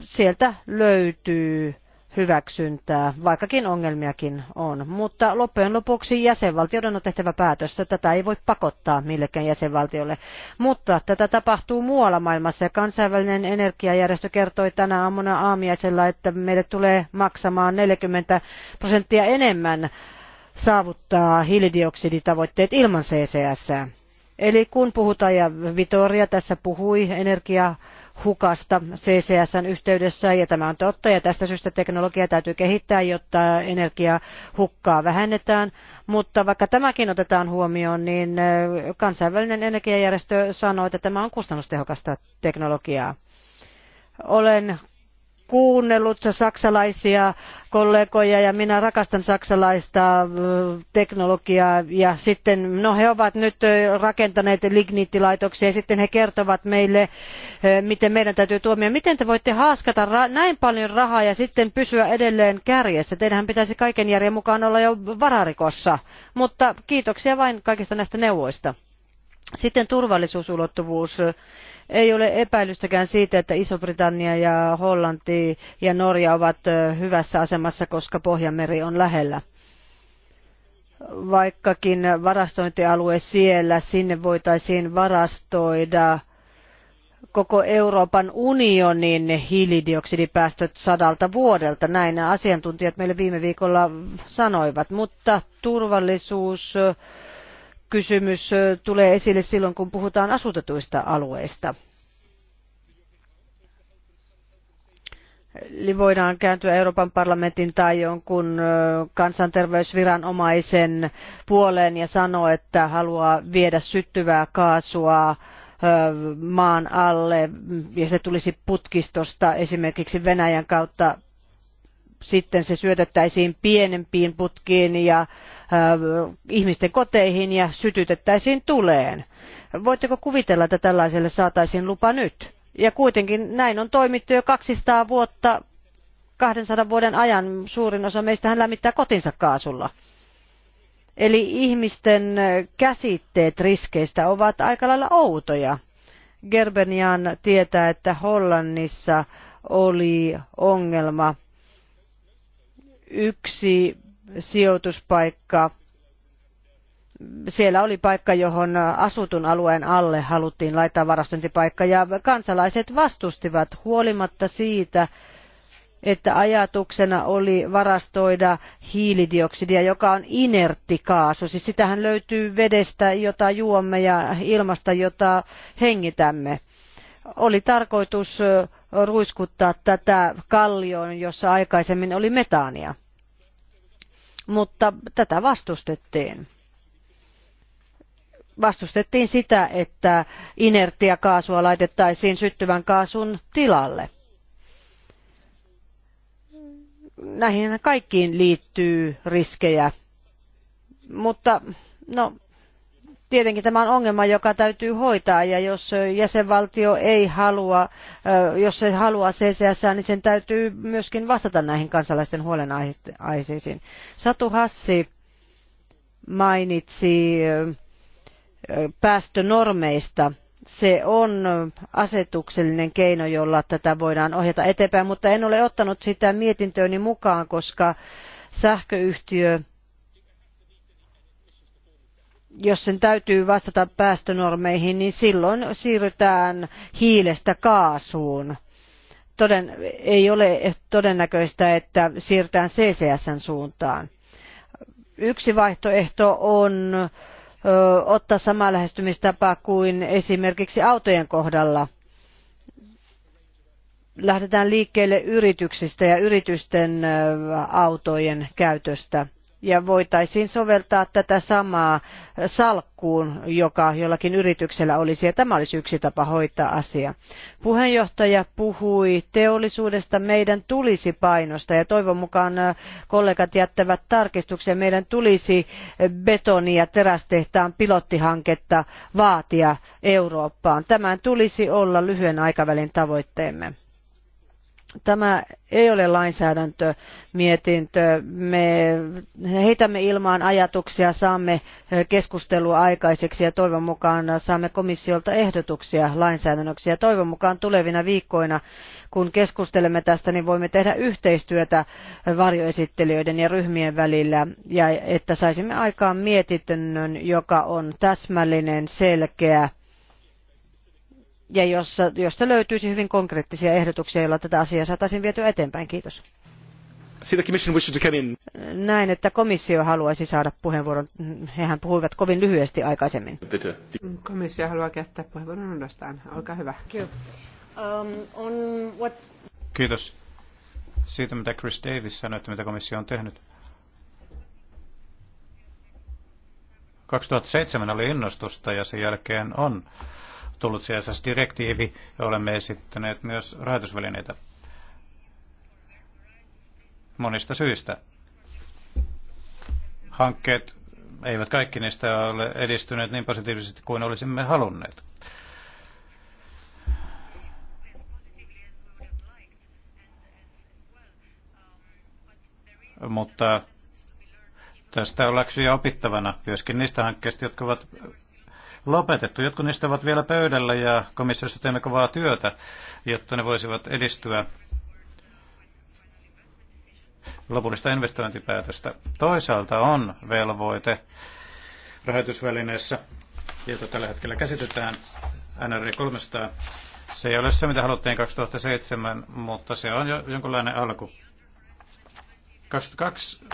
Speaker 3: Sieltä löytyy hyväksyntää, vaikkakin ongelmiakin on. Mutta loppujen lopuksi jäsenvaltioiden on tehtävä päätös, että tätä ei voi pakottaa millekään jäsenvaltiolle. Mutta tätä tapahtuu muualla maailmassa ja kansainvälinen energiajärjestö kertoi tänä aamuna aamiaisella, että meille tulee maksamaan 40 prosenttia enemmän saavuttaa hiilidioksiditavoitteet ilman CCS. Eli kun puhutaan, ja Vitoria tässä puhui energiahukasta CCSn yhteydessä, ja tämä on totta, ja tästä syystä teknologiaa täytyy kehittää, jotta energiahukkaa vähennetään. Mutta vaikka tämäkin otetaan huomioon, niin kansainvälinen energiajärjestö sanoo, että tämä on kustannustehokasta teknologiaa. Olen kuunnellut saksalaisia kollegoja ja minä rakastan saksalaista teknologiaa ja sitten no he ovat nyt rakentaneet ligniittilaitoksia ja sitten he kertovat meille miten meidän täytyy tuomia. Miten te voitte haaskata näin paljon rahaa ja sitten pysyä edelleen kärjessä? Teidähän pitäisi kaiken järjen mukaan olla jo vararikossa, mutta kiitoksia vain kaikista näistä neuvoista. Sitten turvallisuusulottuvuus. Ei ole epäilystäkään siitä, että Iso-Britannia ja Hollanti ja Norja ovat hyvässä asemassa, koska Pohjanmeri on lähellä vaikkakin varastointialue siellä, sinne voitaisiin varastoida koko Euroopan unionin hiilidioksidipäästöt sadalta vuodelta. Näin asiantuntijat meille viime viikolla sanoivat, mutta turvallisuus kysymys tulee esille silloin, kun puhutaan asutetuista alueista. Eli voidaan kääntyä Euroopan parlamentin tai jonkun kansanterveysviranomaisen puoleen ja sanoa, että haluaa viedä syttyvää kaasua maan alle ja se tulisi putkistosta esimerkiksi Venäjän kautta. Sitten se syötettäisiin pienempiin putkiin ja ihmisten koteihin ja sytytettäisiin tuleen. Voitteko kuvitella, että tällaiselle saataisiin lupa nyt? Ja kuitenkin näin on toimittu jo 200 vuotta, 200 vuoden ajan suurin osa meistähän lämmittää kotinsa kaasulla. Eli ihmisten käsitteet riskeistä ovat aika lailla outoja. Gerbenian tietää, että Hollannissa oli ongelma. Yksi sijoituspaikka. Siellä oli paikka, johon asutun alueen alle haluttiin laittaa varastointipaikka ja kansalaiset vastustivat huolimatta siitä, että ajatuksena oli varastoida hiilidioksidia, joka on inerttikaasu. Siis sitähän löytyy vedestä, jota juomme ja ilmasta, jota hengitämme. Oli tarkoitus ruiskuttaa tätä kallioon, jossa aikaisemmin oli metaania mutta tätä vastustettiin. Vastustettiin sitä, että inertiakaasua laitettaisiin syttyvän kaasun tilalle. Näihin kaikkiin liittyy riskejä, mutta no, tietenkin tämä on ongelma, joka täytyy hoitaa ja jos jäsenvaltio ei halua, jos se haluaa CCS, niin sen täytyy myöskin vastata näihin kansalaisten huolenaiheisiin. Satu Hassi mainitsi päästönormeista. Se on asetuksellinen keino, jolla tätä voidaan ohjata eteenpäin, mutta en ole ottanut sitä mietintööni mukaan, koska sähköyhtiö jos sen täytyy vastata päästönormeihin, niin silloin siirrytään hiilestä kaasuun. Toden, ei ole todennäköistä, että siirrytään CCSn suuntaan. Yksi vaihtoehto on ö, ottaa sama lähestymistapa kuin esimerkiksi autojen kohdalla. Lähdetään liikkeelle yrityksistä ja yritysten ö, autojen käytöstä ja voitaisiin soveltaa tätä samaa salkkuun, joka jollakin yrityksellä olisi, ja tämä olisi yksi tapa hoitaa asia. Puheenjohtaja puhui teollisuudesta, meidän tulisi painosta, ja toivon mukaan kollegat jättävät tarkistuksen, meidän tulisi betoni- ja terästehtaan pilottihanketta vaatia Eurooppaan. Tämän tulisi olla lyhyen aikavälin tavoitteemme. Tämä ei ole lainsäädäntömietintö. Me heitämme ilmaan ajatuksia, saamme keskustelua aikaiseksi ja toivon mukaan saamme komissiolta ehdotuksia lainsäädännöksi. Ja toivon mukaan tulevina viikkoina, kun keskustelemme tästä, niin voimme tehdä yhteistyötä varjoesittelijöiden ja ryhmien välillä ja että saisimme aikaan mietinnön, joka on täsmällinen, selkeä ja jos, josta löytyisi hyvin konkreettisia ehdotuksia, joilla tätä asiaa saataisiin vietyä eteenpäin. Kiitos. Näin, että komissio haluaisi saada puheenvuoron. Hehän puhuivat kovin lyhyesti aikaisemmin.
Speaker 2: Komissio haluaa käyttää puheenvuoron uudestaan. Olkaa hyvä. Um,
Speaker 4: Kiitos siitä, mitä Chris Davis sanoi, että mitä komissio on tehnyt. 2007 oli innostusta ja sen jälkeen on tullut CSS-direktiivi ja olemme esittäneet myös rahoitusvälineitä monista syistä. Hankkeet eivät kaikki niistä ole edistyneet niin positiivisesti kuin olisimme halunneet. Mutta tästä on läksyjä opittavana myöskin niistä hankkeista, jotka ovat lopetettu. Jotkut niistä ovat vielä pöydällä ja komissiossa teemme kovaa työtä, jotta ne voisivat edistyä lopullista investointipäätöstä. Toisaalta on velvoite rahoitusvälineessä, jota tällä hetkellä käsitetään, NRI 300. Se ei ole se, mitä haluttiin 2007, mutta se on jo jonkinlainen alku. 22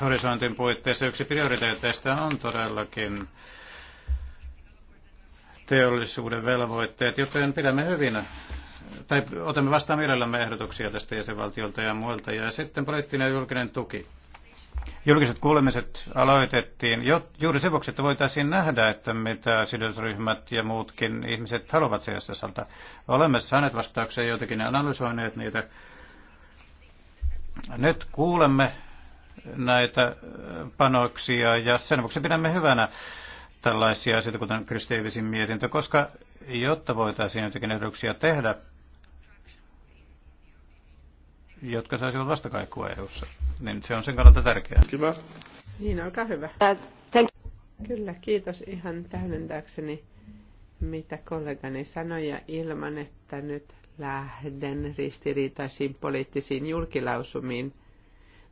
Speaker 4: horisontin puitteissa yksi prioriteeteista on todellakin teollisuuden velvoitteet, joten pidämme hyvin, tai otamme vastaan mielellämme ehdotuksia tästä jäsenvaltiolta ja muilta. Ja sitten poliittinen ja julkinen tuki. Julkiset kuulemiset aloitettiin jo, juuri sen vuoksi, että voitaisiin nähdä, että mitä sidosryhmät ja muutkin ihmiset haluavat CSSLta. Olemme saaneet vastauksia joitakin ja analysoineet niitä. Nyt kuulemme näitä äh, panoksia ja sen vuoksi pidämme hyvänä tällaisia asioita, kuten Kristiivisin mietintö, koska jotta voitaisiin jotakin ehdotuksia tehdä, jotka saisivat vastakaikua eu niin se on sen kannalta tärkeää. Kiva.
Speaker 2: Niin, olkaa hyvä. Äh, Kyllä, kiitos ihan täydentääkseni, mitä kollegani sanoi, ja ilman, että nyt lähden ristiriitaisiin poliittisiin julkilausumiin,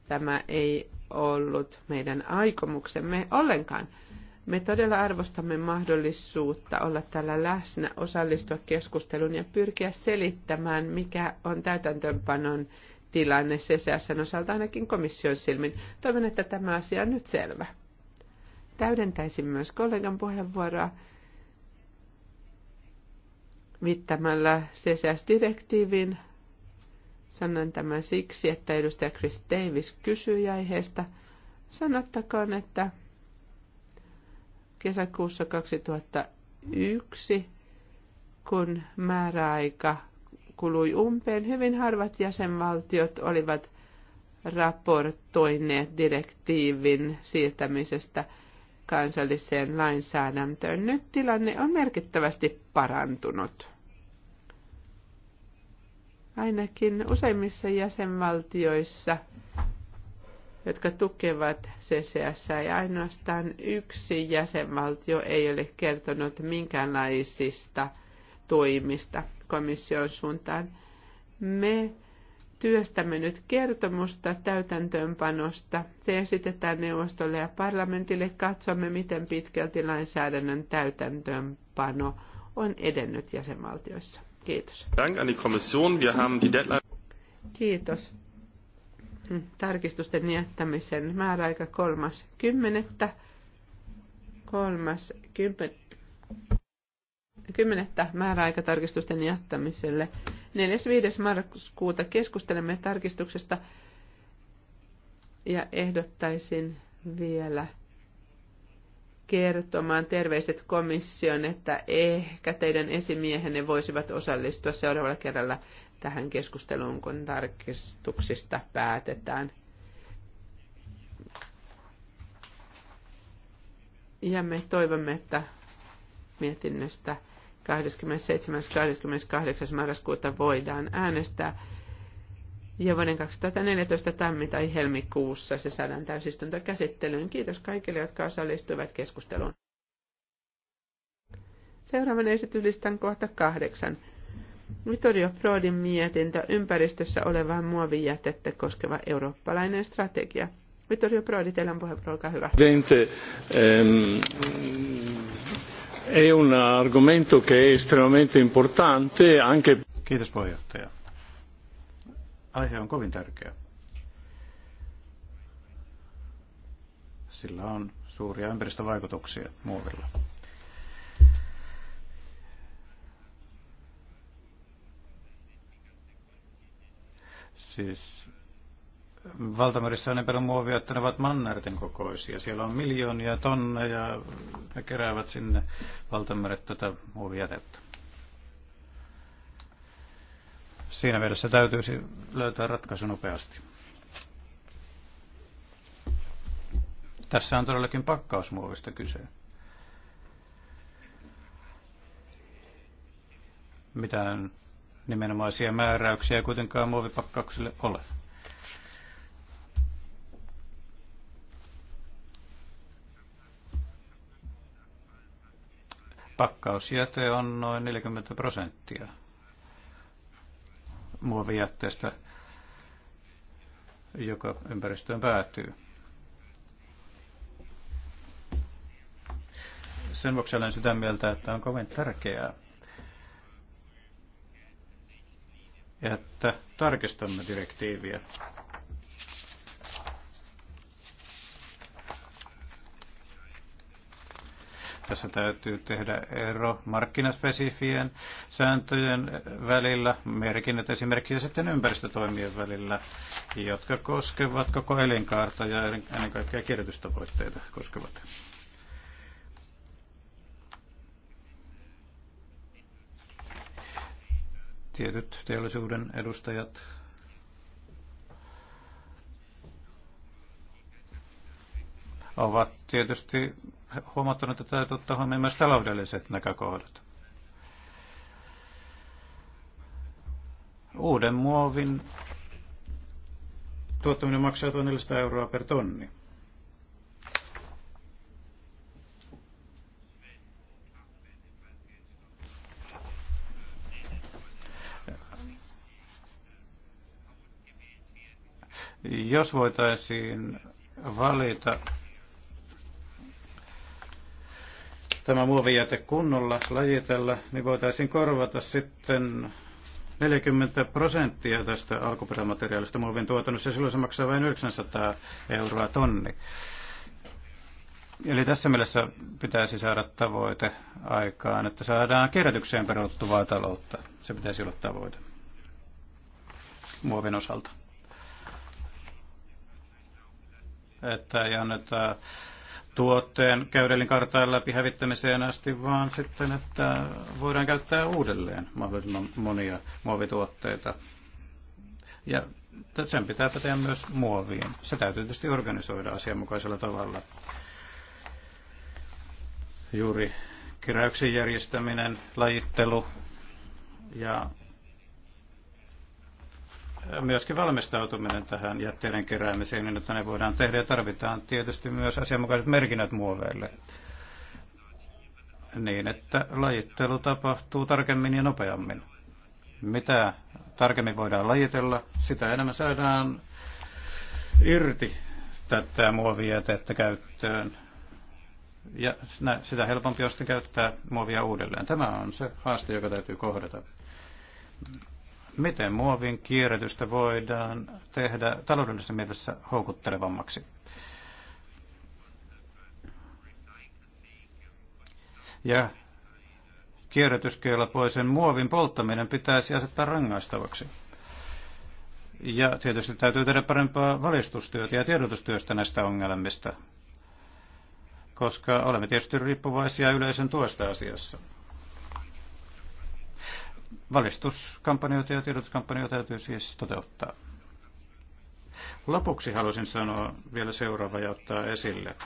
Speaker 2: Tämä ei ollut meidän aikomuksemme ollenkaan. Me todella arvostamme mahdollisuutta olla täällä läsnä, osallistua keskusteluun ja pyrkiä selittämään, mikä on täytäntöönpanon tilanne CCSn osalta ainakin komission silmin. Toivon, että tämä asia on nyt selvä. Täydentäisin myös kollegan puheenvuoroa viittämällä CCS-direktiivin Sanon tämän siksi, että edustaja Chris Davis kysyi aiheesta. Sanottakoon, että kesäkuussa 2001, kun määräaika kului umpeen, hyvin harvat jäsenvaltiot olivat raportoineet direktiivin siirtämisestä kansalliseen lainsäädäntöön. Nyt tilanne on merkittävästi parantunut. Ainakin useimmissa jäsenvaltioissa, jotka tukevat CCS, ja ainoastaan yksi jäsenvaltio ei ole kertonut minkäänlaisista toimista komission suuntaan. Me työstämme nyt kertomusta täytäntöönpanosta. Se esitetään neuvostolle ja parlamentille. Katsomme, miten pitkälti lainsäädännön täytäntöönpano on edennyt jäsenvaltioissa. Kiitos. Kiitos. Hm, tarkistusten jättämisen määräaika kolmas kymmenettä. Kolmas kymmenettä määräaika tarkistusten jättämiselle. 4.5. marraskuuta keskustelemme tarkistuksesta ja ehdottaisin vielä kertomaan terveiset komission, että ehkä teidän esimiehenne voisivat osallistua seuraavalla kerralla tähän keskusteluun, kun tarkistuksista päätetään. Ja me toivomme, että mietinnöstä 27.–28. marraskuuta voidaan äänestää ja vuoden 2014 tammi- tai helmikuussa se saadaan täysistuntokäsittelyyn. Kiitos kaikille, jotka osallistuivat keskusteluun. Seuraavan esityslistan kohta kahdeksan. Vittorio Prodin mietintö ympäristössä olevaa muovijätettä koskeva eurooppalainen strategia. Vittorio Prodi, teillä on puheenvuoro, olkaa hyvä.
Speaker 1: ehm, è un argomento che è estremamente importante
Speaker 4: anche... Kiitos puheenjohtaja Aihe on kovin tärkeä. Sillä on suuria ympäristövaikutuksia muovilla. Siis valtamerissä on niin muovia, että ne ovat mannerten kokoisia. Siellä on miljoonia tonneja, ne keräävät sinne valtameret tätä muovijätettä. Siinä mielessä täytyisi löytää ratkaisu nopeasti. Tässä on todellakin pakkausmuovista kyse. Mitään nimenomaisia määräyksiä ei kuitenkaan muovipakkauksille ole. Pakkausjäte on noin 40 prosenttia muovijätteestä, joka ympäristöön päätyy. Sen vuoksi olen sitä mieltä, että on kovin tärkeää, että tarkistamme direktiiviä Tässä täytyy tehdä ero markkinaspesifien sääntöjen välillä, merkinnät esimerkiksi ja sitten ympäristötoimien välillä, jotka koskevat koko elinkaarta ja ennen kaikkea kirjoitustavoitteita koskevat. tietyt teollisuuden edustajat ovat tietysti huomattuna, että täytyy ottaa huomioon myös taloudelliset näkökohdat. Uuden muovin tuottaminen maksaa 1400 euroa per tonni. Jos voitaisiin valita tämä muovijäte kunnolla lajitella, niin voitaisiin korvata sitten 40 prosenttia tästä alkuperämateriaalista muovin tuotannossa, ja silloin se maksaa vain 900 euroa tonni. Eli tässä mielessä pitäisi saada tavoite aikaan, että saadaan kierrätykseen peruuttuvaa taloutta. Se pitäisi olla tavoite muovin osalta. Että ei anneta tuotteen käydellin kartan läpi hävittämiseen asti, vaan sitten, että voidaan käyttää uudelleen mahdollisimman monia muovituotteita. Ja sen pitää päteä myös muoviin. Se täytyy tietysti organisoida asianmukaisella tavalla. Juuri keräyksen järjestäminen, lajittelu ja myöskin valmistautuminen tähän jätteiden keräämiseen, niin että ne voidaan tehdä ja tarvitaan tietysti myös asianmukaiset merkinnät muoveille niin, että lajittelu tapahtuu tarkemmin ja nopeammin. Mitä tarkemmin voidaan lajitella, sitä enemmän saadaan irti tätä muovijätettä käyttöön. Ja sitä helpompi on sitten käyttää muovia uudelleen. Tämä on se haaste, joka täytyy kohdata miten muovin kierrätystä voidaan tehdä taloudellisessa mielessä houkuttelevammaksi. Ja kierrätyskelpoisen muovin polttaminen pitäisi asettaa rangaistavaksi. Ja tietysti täytyy tehdä parempaa valistustyötä ja tiedotustyöstä näistä ongelmista, koska olemme tietysti riippuvaisia yleisen tuosta asiassa. Valistuskampanjoita ja tiedotuskampanjoita täytyy siis toteuttaa. Lopuksi halusin sanoa vielä seuraava ja ottaa esille.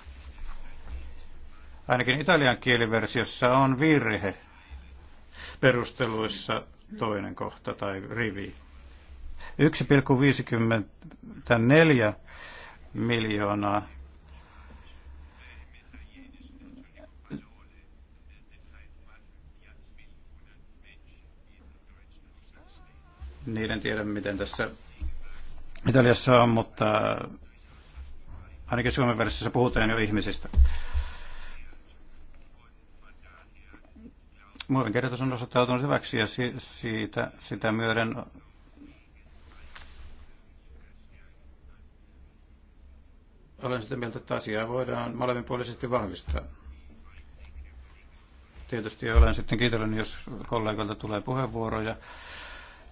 Speaker 4: Ainakin italian kieliversiossa on virhe perusteluissa toinen kohta tai rivi. 1,54 miljoonaa Niiden tiedä, miten tässä Italiassa on, mutta ainakin Suomen versiossa puhutaan jo ihmisistä. Muovin kertomus on osoittautunut hyväksi ja siitä, sitä myöden olen sitä mieltä, että asiaa voidaan molemminpuolisesti vahvistaa. Tietysti olen sitten kiitollinen, jos kollegalta tulee puheenvuoroja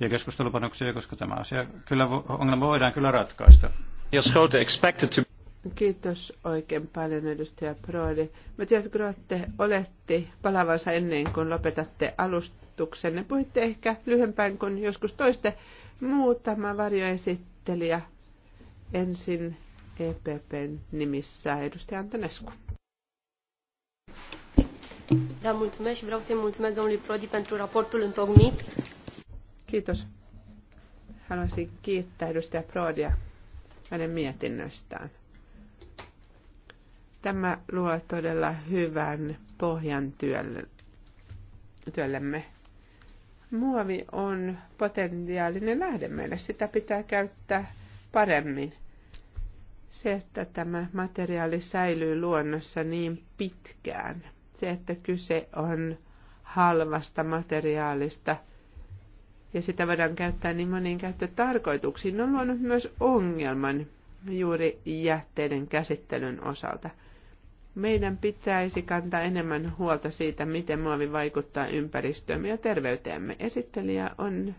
Speaker 4: ja keskustelupanoksia, koska tämä asia kyllä, ongelma voidaan kyllä ratkaista.
Speaker 2: Kiitos oikein paljon edustaja Proili. Matias Grotte, oletti palavansa ennen kuin lopetatte ne puhitte ehkä lyhyempään kuin joskus toiste. Muutama varjoesittelijä. Ensin EPPn nimissä edustaja Antonescu. Da, mulțumesc și vreau să-i mulțumesc domnului Prodi pentru raportul întocmit. Kiitos. Haluaisin kiittää edustaja Prodia hänen mietinnöstään. Tämä luo todella hyvän pohjan työlle, työllemme. Muovi on potentiaalinen lähde meille. Sitä pitää käyttää paremmin. Se, että tämä materiaali säilyy luonnossa niin pitkään. Se, että kyse on halvasta materiaalista – ja sitä voidaan käyttää niin moniin käyttötarkoituksiin, on luonut myös ongelman juuri jätteiden käsittelyn osalta. Meidän pitäisi kantaa enemmän huolta siitä, miten muovi vaikuttaa ympäristöömme ja terveyteemme. Esittelijä on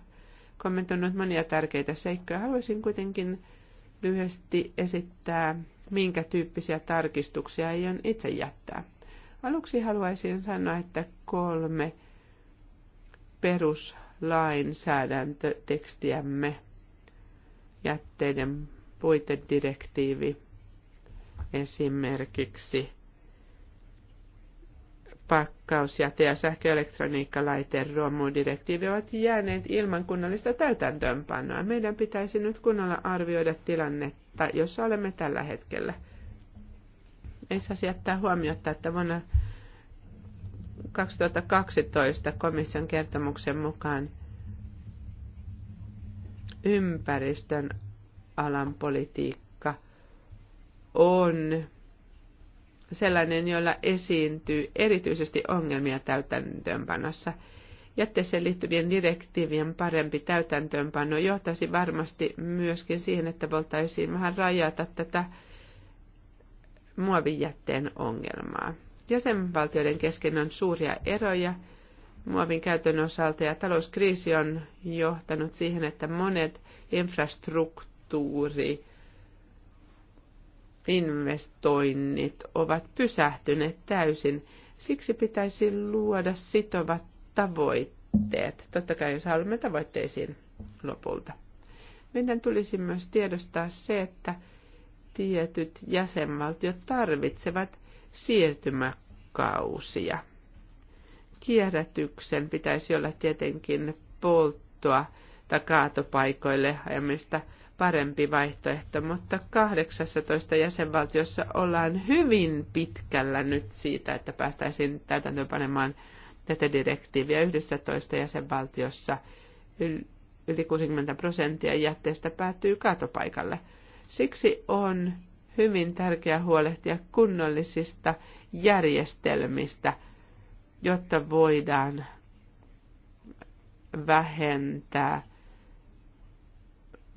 Speaker 2: kommentoinut monia tärkeitä seikkoja. Haluaisin kuitenkin lyhyesti esittää, minkä tyyppisiä tarkistuksia aion itse jättää. Aluksi haluaisin sanoa, että kolme perus lainsäädäntötekstiämme, jätteiden puitedirektiivi esimerkiksi, pakkausjäte ja sähköelektroniikkalaitteen romudirektiivi ovat jääneet ilman kunnallista täytäntöönpanoa. Meidän pitäisi nyt kunnolla arvioida tilannetta, jossa olemme tällä hetkellä. Ei saisi jättää huomiota, että vuonna 2012 komission kertomuksen mukaan ympäristön alan politiikka on sellainen, jolla esiintyy erityisesti ongelmia täytäntöönpanossa. Jätteeseen liittyvien direktiivien parempi täytäntöönpano johtaisi varmasti myöskin siihen, että voitaisiin vähän rajata tätä muovijätteen ongelmaa. Jäsenvaltioiden kesken on suuria eroja muovin käytön osalta ja talouskriisi on johtanut siihen, että monet infrastruktuuri investoinnit ovat pysähtyneet täysin. Siksi pitäisi luoda sitovat tavoitteet, totta kai jos haluamme tavoitteisiin lopulta. Meidän tulisi myös tiedostaa se, että tietyt jäsenvaltiot tarvitsevat siirtymäkausia. Kierrätyksen pitäisi olla tietenkin polttoa tai kaatopaikoille ajamista parempi vaihtoehto, mutta 18 jäsenvaltiossa ollaan hyvin pitkällä nyt siitä, että päästäisiin täytäntöönpanemaan tätä direktiiviä 11 jäsenvaltiossa yli 60 prosenttia jätteestä päätyy kaatopaikalle. Siksi on hyvin tärkeää huolehtia kunnollisista järjestelmistä, jotta voidaan vähentää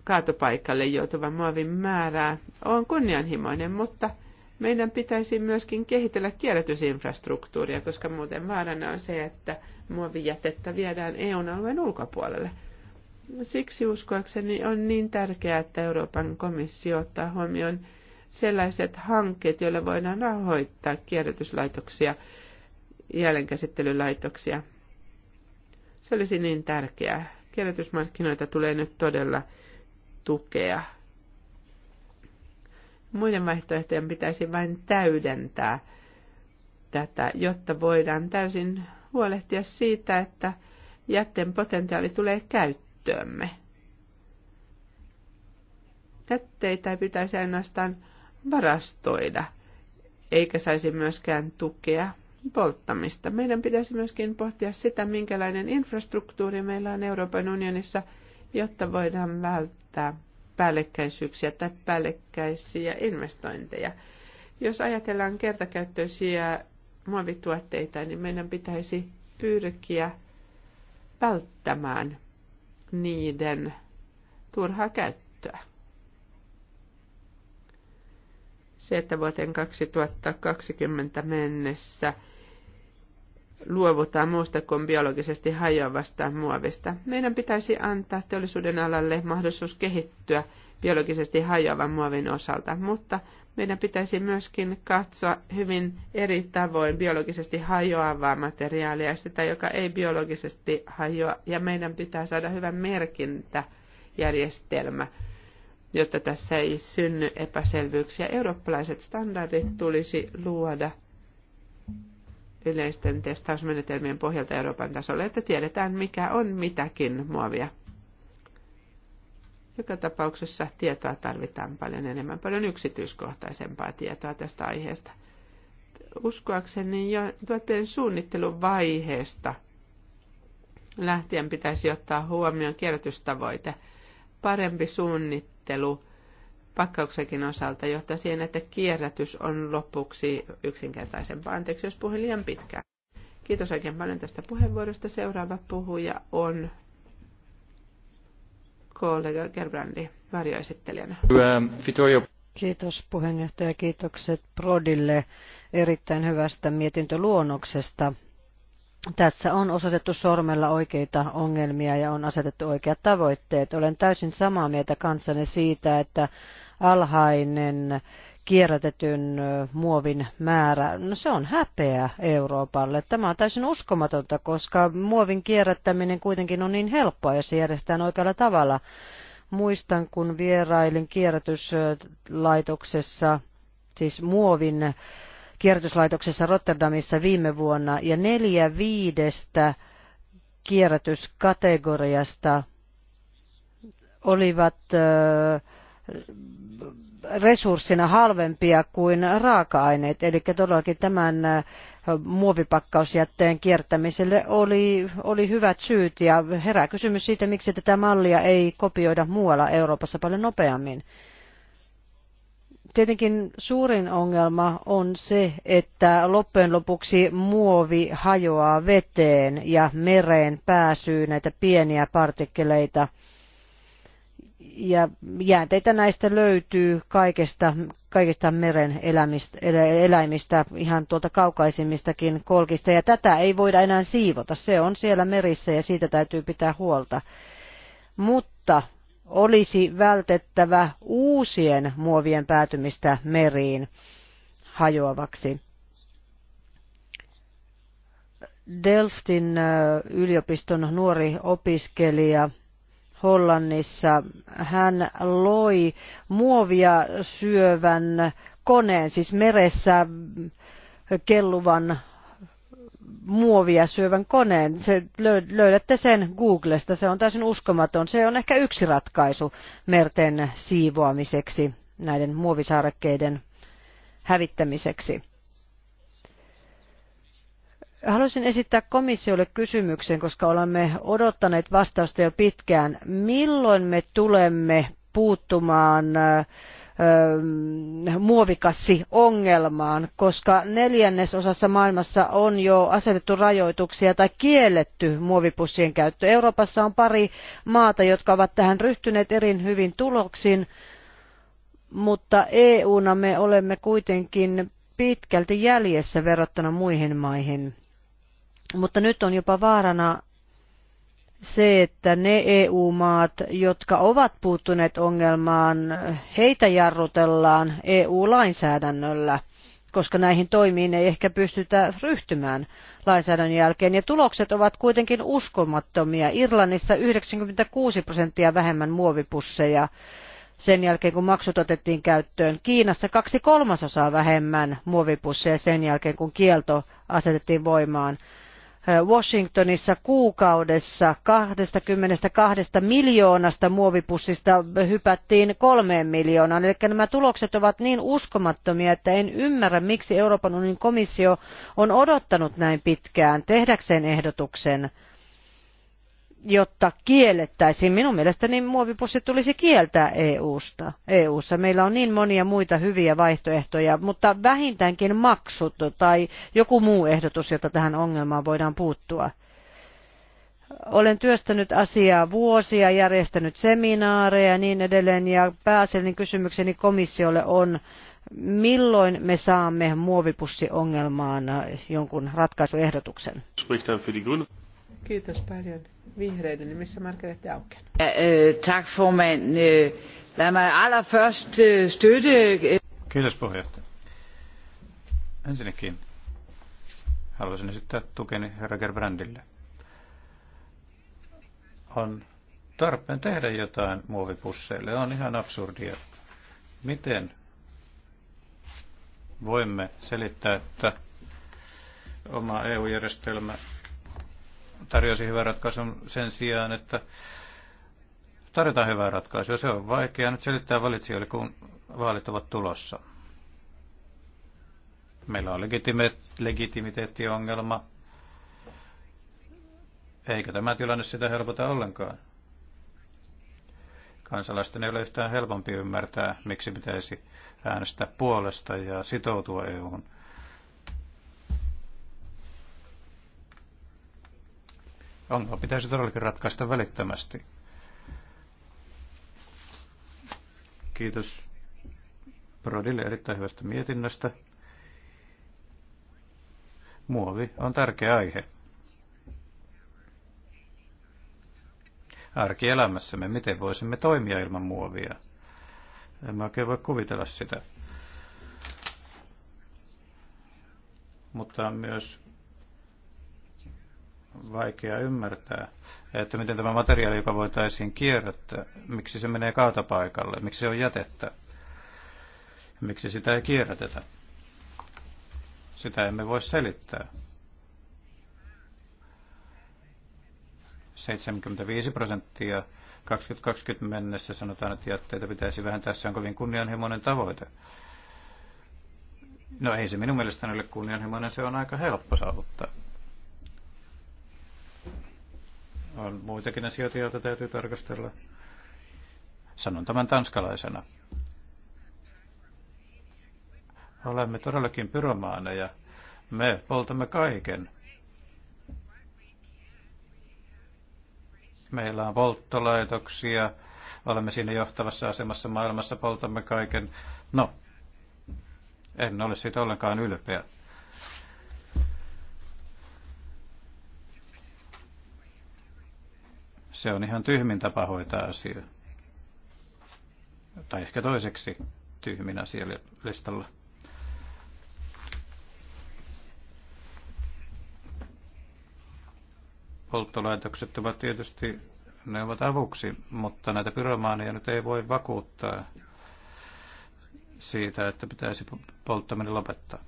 Speaker 2: kaatopaikalle joutuvan muovin määrää. On kunnianhimoinen, mutta meidän pitäisi myöskin kehitellä kierrätysinfrastruktuuria, koska muuten vaarana on se, että muovijätettä viedään EU-alueen ulkopuolelle. Siksi uskoakseni on niin tärkeää, että Euroopan komissio ottaa huomioon sellaiset hankkeet, joilla voidaan rahoittaa kierrätyslaitoksia, jäljenkäsittelylaitoksia. Se olisi niin tärkeää. Kierrätysmarkkinoita tulee nyt todella tukea. Muiden vaihtoehtojen pitäisi vain täydentää tätä, jotta voidaan täysin huolehtia siitä, että jätteen potentiaali tulee käyttöömme. Jätteitä ei pitäisi ainoastaan varastoida, eikä saisi myöskään tukea polttamista. Meidän pitäisi myöskin pohtia sitä, minkälainen infrastruktuuri meillä on Euroopan unionissa, jotta voidaan välttää päällekkäisyyksiä tai päällekkäisiä investointeja. Jos ajatellaan kertakäyttöisiä muovituotteita, niin meidän pitäisi pyrkiä välttämään niiden turhaa käyttöä. se, että vuoteen 2020 mennessä luovutaan muusta kuin biologisesti hajoavasta muovista. Meidän pitäisi antaa teollisuuden alalle mahdollisuus kehittyä biologisesti hajoavan muovin osalta, mutta meidän pitäisi myöskin katsoa hyvin eri tavoin biologisesti hajoavaa materiaalia ja sitä, joka ei biologisesti hajoa, ja meidän pitää saada hyvä merkintäjärjestelmä jotta tässä ei synny epäselvyyksiä. Eurooppalaiset standardit tulisi luoda yleisten testausmenetelmien pohjalta Euroopan tasolle, että tiedetään mikä on mitäkin muovia. Joka tapauksessa tietoa tarvitaan paljon enemmän, paljon yksityiskohtaisempaa tietoa tästä aiheesta. Uskoakseni jo tuotteen suunnittelun vaiheesta lähtien pitäisi ottaa huomioon kierrätystavoite – parempi suunnittelu pakkauksenkin osalta johtaa siihen, että kierrätys on lopuksi yksinkertaisempaa. Anteeksi, jos puhuin liian pitkään. Kiitos oikein paljon tästä puheenvuorosta. Seuraava puhuja on kollega Gerbrandi varjoesittelijänä.
Speaker 3: Kiitos puheenjohtaja, kiitokset Prodille erittäin hyvästä mietintöluonnoksesta tässä on osoitettu sormella oikeita ongelmia ja on asetettu oikeat tavoitteet. Olen täysin samaa mieltä kanssanne siitä, että alhainen kierrätetyn muovin määrä, no se on häpeä Euroopalle. Tämä on täysin uskomatonta, koska muovin kierrättäminen kuitenkin on niin helppoa, jos se järjestetään oikealla tavalla. Muistan, kun vierailin kierrätyslaitoksessa, siis muovin kierrätyslaitoksessa Rotterdamissa viime vuonna ja neljä viidestä kierrätyskategoriasta olivat resurssina halvempia kuin raaka-aineet. Eli todellakin tämän muovipakkausjätteen kiertämiselle oli, oli hyvät syyt ja herää kysymys siitä, miksi tätä mallia ei kopioida muualla Euroopassa paljon nopeammin. Tietenkin suurin ongelma on se, että loppujen lopuksi muovi hajoaa veteen ja mereen pääsyy näitä pieniä partikkeleita. Ja jäänteitä näistä löytyy kaikesta, kaikista meren elämistä, eläimistä, ihan tuolta kaukaisimmistakin kolkista. Ja tätä ei voida enää siivota, se on siellä merissä ja siitä täytyy pitää huolta. Mutta olisi vältettävä uusien muovien päätymistä meriin hajoavaksi. Delftin yliopiston nuori opiskelija Hollannissa, hän loi muovia syövän koneen, siis meressä kelluvan muovia syövän koneen. Se löydätte sen Googlesta, se on täysin uskomaton. Se on ehkä yksi ratkaisu merten siivoamiseksi, näiden muovisaarekkeiden hävittämiseksi. Haluaisin esittää komissiolle kysymyksen, koska olemme odottaneet vastausta jo pitkään. Milloin me tulemme puuttumaan Ähm, muovikassi ongelmaan, koska neljännesosassa maailmassa on jo asetettu rajoituksia tai kielletty muovipussien käyttö. Euroopassa on pari maata, jotka ovat tähän ryhtyneet erin hyvin tuloksiin, mutta EU-na me olemme kuitenkin pitkälti jäljessä verrattuna muihin maihin. Mutta nyt on jopa vaarana, se, että ne EU-maat, jotka ovat puuttuneet ongelmaan, heitä jarrutellaan EU-lainsäädännöllä, koska näihin toimiin ei ehkä pystytä ryhtymään lainsäädännön jälkeen. Ja tulokset ovat kuitenkin uskomattomia. Irlannissa 96 prosenttia vähemmän muovipusseja sen jälkeen, kun maksut otettiin käyttöön. Kiinassa kaksi kolmasosaa vähemmän muovipusseja sen jälkeen, kun kielto asetettiin voimaan. Washingtonissa kuukaudessa 22 miljoonasta muovipussista hypättiin kolmeen miljoonaan. Eli nämä tulokset ovat niin uskomattomia, että en ymmärrä, miksi Euroopan unionin komissio on odottanut näin pitkään tehdäkseen ehdotuksen jotta kiellettäisiin. Minun mielestäni muovipussit tulisi kieltää EU-sta. EU-ssa meillä on niin monia muita hyviä vaihtoehtoja, mutta vähintäänkin maksut tai joku muu ehdotus, jota tähän ongelmaan voidaan puuttua. Olen työstänyt asiaa vuosia, järjestänyt seminaareja ja niin edelleen, ja pääasiallinen kysymykseni komissiolle on, milloin me saamme muovipussiongelmaan jonkun
Speaker 2: ratkaisuehdotuksen? Kiitos paljon. Vihreiden nimissä Margaret Auken.
Speaker 1: Øh, Tack formand. Øh, lad mig allerførst øh, støtte...
Speaker 4: Kiitos puheenjohtaja. Ensinnäkin haluaisin esittää tukeni herra Gerbrandille. On tarpeen tehdä jotain muovipusseille. On ihan absurdia. Miten voimme selittää, että oma EU-järjestelmä tarjosi hyvän ratkaisun sen sijaan, että tarjotaan hyvää ratkaisua. Se on vaikea nyt selittää valitsijoille, kun vaalit ovat tulossa. Meillä on legitimiteettiongelma, eikä tämä tilanne sitä helpota ollenkaan. Kansalaisten ei ole yhtään helpompi ymmärtää, miksi pitäisi äänestää puolesta ja sitoutua EUhun. Ongelma pitäisi todellakin ratkaista välittömästi. Kiitos Prodille erittäin hyvästä mietinnöstä. Muovi on tärkeä aihe. Arkielämässämme, miten voisimme toimia ilman muovia? En mä oikein voi kuvitella sitä. Mutta myös vaikea ymmärtää, että miten tämä materiaali, joka voitaisiin kierrättää, miksi se menee kaatopaikalle, miksi se on jätettä, miksi sitä ei kierrätetä. Sitä emme voi selittää. 75 prosenttia 2020 mennessä sanotaan, että jätteitä pitäisi vähentää. Se on kovin kunnianhimoinen tavoite. No ei se minun mielestäni ole kunnianhimoinen, se on aika helppo saavuttaa. On muitakin asioita, joita täytyy tarkastella. Sanon tämän tanskalaisena. Olemme todellakin pyromaaneja. Me poltamme kaiken. Meillä on polttolaitoksia. Olemme siinä johtavassa asemassa maailmassa, poltamme kaiken. No, en ole siitä ollenkaan ylpeä. Se on ihan tyhmin tapa hoitaa asia. Tai ehkä toiseksi tyhmin asia listalla. Polttolaitokset ovat tietysti, ne ovat avuksi, mutta näitä pyromaaneja nyt ei voi vakuuttaa siitä, että pitäisi polttaminen lopettaa.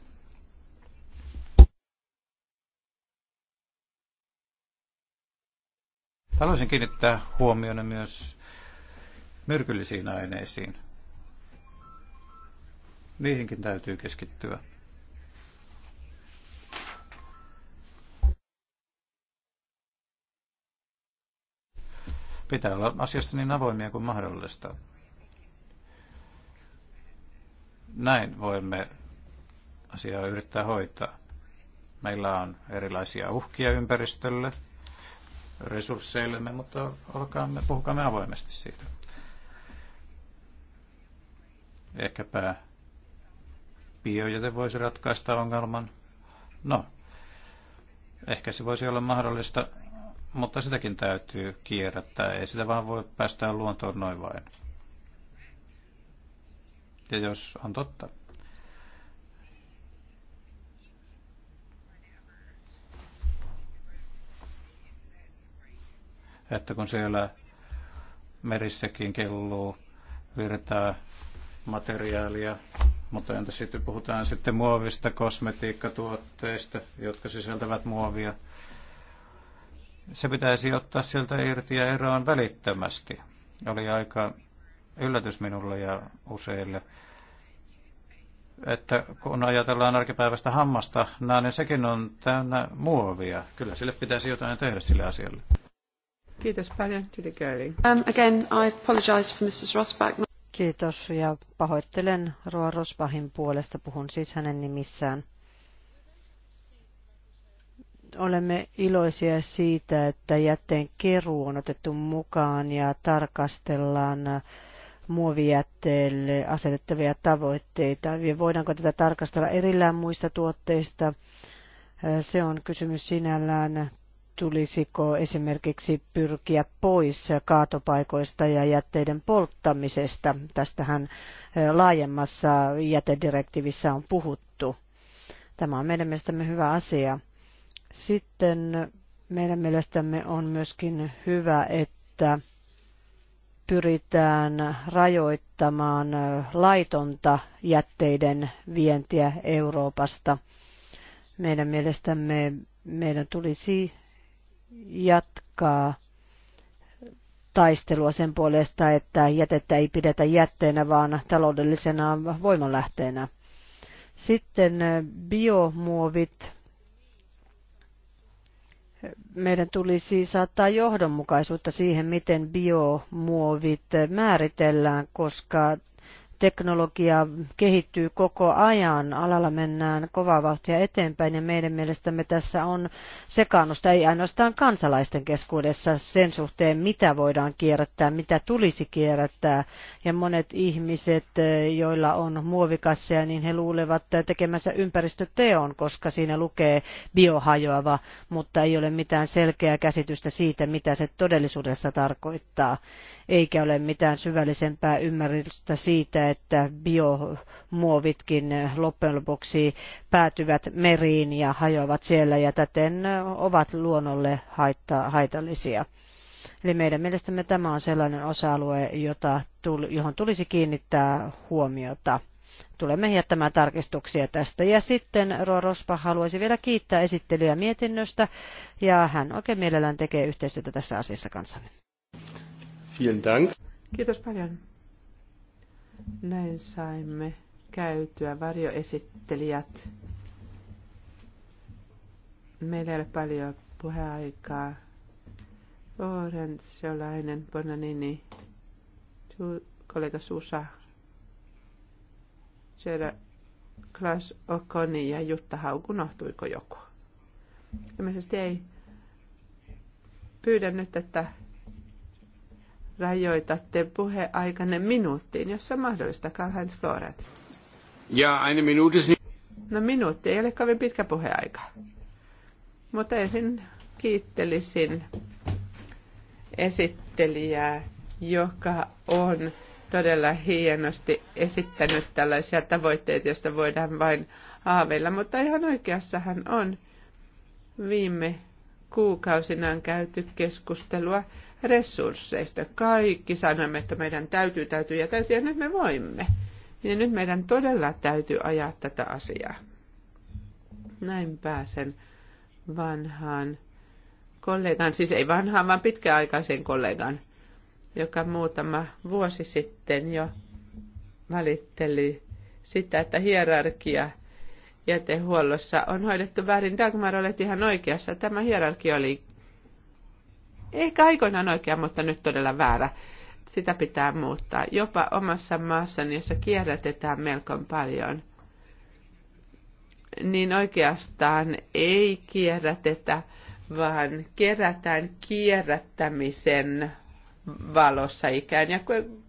Speaker 4: Haluaisin kiinnittää huomiona myös myrkyllisiin aineisiin. Niihinkin täytyy keskittyä. Pitää olla asiasta niin avoimia kuin mahdollista. Näin voimme asiaa yrittää hoitaa. Meillä on erilaisia uhkia ympäristölle – resursseillemme, mutta olkaamme, puhukaamme avoimesti siitä. Ehkäpä biojäte voisi ratkaista ongelman. No, ehkä se voisi olla mahdollista, mutta sitäkin täytyy kierrättää. Ei sitä vaan voi päästä luontoon noin vain. Ja jos on totta, että kun siellä merissäkin kelluu virtaa materiaalia, mutta entä sitten puhutaan sitten muovista, kosmetiikkatuotteista, jotka sisältävät muovia. Se pitäisi ottaa sieltä irti ja eroon välittömästi. Oli aika yllätys minulle ja useille, että kun ajatellaan arkipäiväistä hammasta, niin sekin on täynnä muovia. Kyllä sille pitäisi jotain tehdä sille asialle.
Speaker 2: Kiitos paljon, Judy Curling.
Speaker 3: Um, again, I apologize for Mrs. Rosbach. Kiitos ja pahoittelen Roa Rosbachin puolesta. Puhun siis hänen nimissään. Olemme iloisia siitä, että jätteen keruu on otettu mukaan ja tarkastellaan muovijätteelle asetettavia tavoitteita. Voidaanko tätä tarkastella erillään muista tuotteista? Se on kysymys sinällään tulisiko esimerkiksi pyrkiä pois kaatopaikoista ja jätteiden polttamisesta. Tästähän laajemmassa jätedirektiivissä on puhuttu. Tämä on meidän mielestämme hyvä asia. Sitten meidän mielestämme on myöskin hyvä, että pyritään rajoittamaan laitonta jätteiden vientiä Euroopasta. Meidän mielestämme meidän tulisi jatkaa taistelua sen puolesta, että jätettä ei pidetä jätteenä, vaan taloudellisena voimalähteenä. Sitten biomuovit. Meidän tulisi saattaa johdonmukaisuutta siihen, miten biomuovit määritellään, koska teknologia kehittyy koko ajan, alalla mennään kovaa vauhtia eteenpäin ja meidän mielestämme tässä on sekaannusta ei ainoastaan kansalaisten keskuudessa sen suhteen, mitä voidaan kierrättää, mitä tulisi kierrättää ja monet ihmiset, joilla on muovikasseja, niin he luulevat tekemänsä ympäristöteon, koska siinä lukee biohajoava, mutta ei ole mitään selkeää käsitystä siitä, mitä se todellisuudessa tarkoittaa eikä ole mitään syvällisempää ymmärrystä siitä, että biomuovitkin loppujen lopuksi päätyvät meriin ja hajoavat siellä ja täten ovat luonnolle haitta, haitallisia. Eli meidän mielestämme tämä on sellainen osa-alue, jota, johon tulisi kiinnittää huomiota. Tulemme jättämään tarkistuksia tästä. Ja sitten Roa Rospa haluaisi vielä kiittää esittelyä mietinnöstä, ja hän oikein mielellään tekee yhteistyötä tässä asiassa kanssamme.
Speaker 1: Vielen Dank.
Speaker 2: Kiitos paljon. Näin saimme käytyä varjoesittelijät. Meillä ei ole paljon puheaikaa. Lorenz, Jolainen, Bonanini, kollega Susa, Jera, Klaas Okoni ja Jutta Hauku, nohtuiko joku? Ilmeisesti ei. Pyydän nyt, että rajoitatte puheaikanne minuuttiin, jos on mahdollista, Karl-Heinz Florenz.
Speaker 4: Ja eine minuutti.
Speaker 2: No minuutti ei ole kovin pitkä puheaika. Mutta ensin kiittelisin esittelijää, joka on todella hienosti esittänyt tällaisia tavoitteita, joista voidaan vain haaveilla. Mutta ihan oikeassahan on. Viime kuukausina on käyty keskustelua resursseista. Kaikki sanomme, että meidän täytyy, täytyy ja täytyy, ja nyt me voimme. Ja nyt meidän todella täytyy ajaa tätä asiaa. Näin pääsen vanhaan kollegan, siis ei vanhaan, vaan pitkäaikaisen kollegan, joka muutama vuosi sitten jo valitteli sitä, että hierarkia jätehuollossa on hoidettu väärin. Dagmar olet ihan oikeassa. Tämä hierarkia oli ehkä aikoinaan oikea, mutta nyt todella väärä. Sitä pitää muuttaa. Jopa omassa maassani, jossa kierrätetään melko paljon, niin oikeastaan ei kierrätetä, vaan kerätään kierrättämisen valossa ikään ja,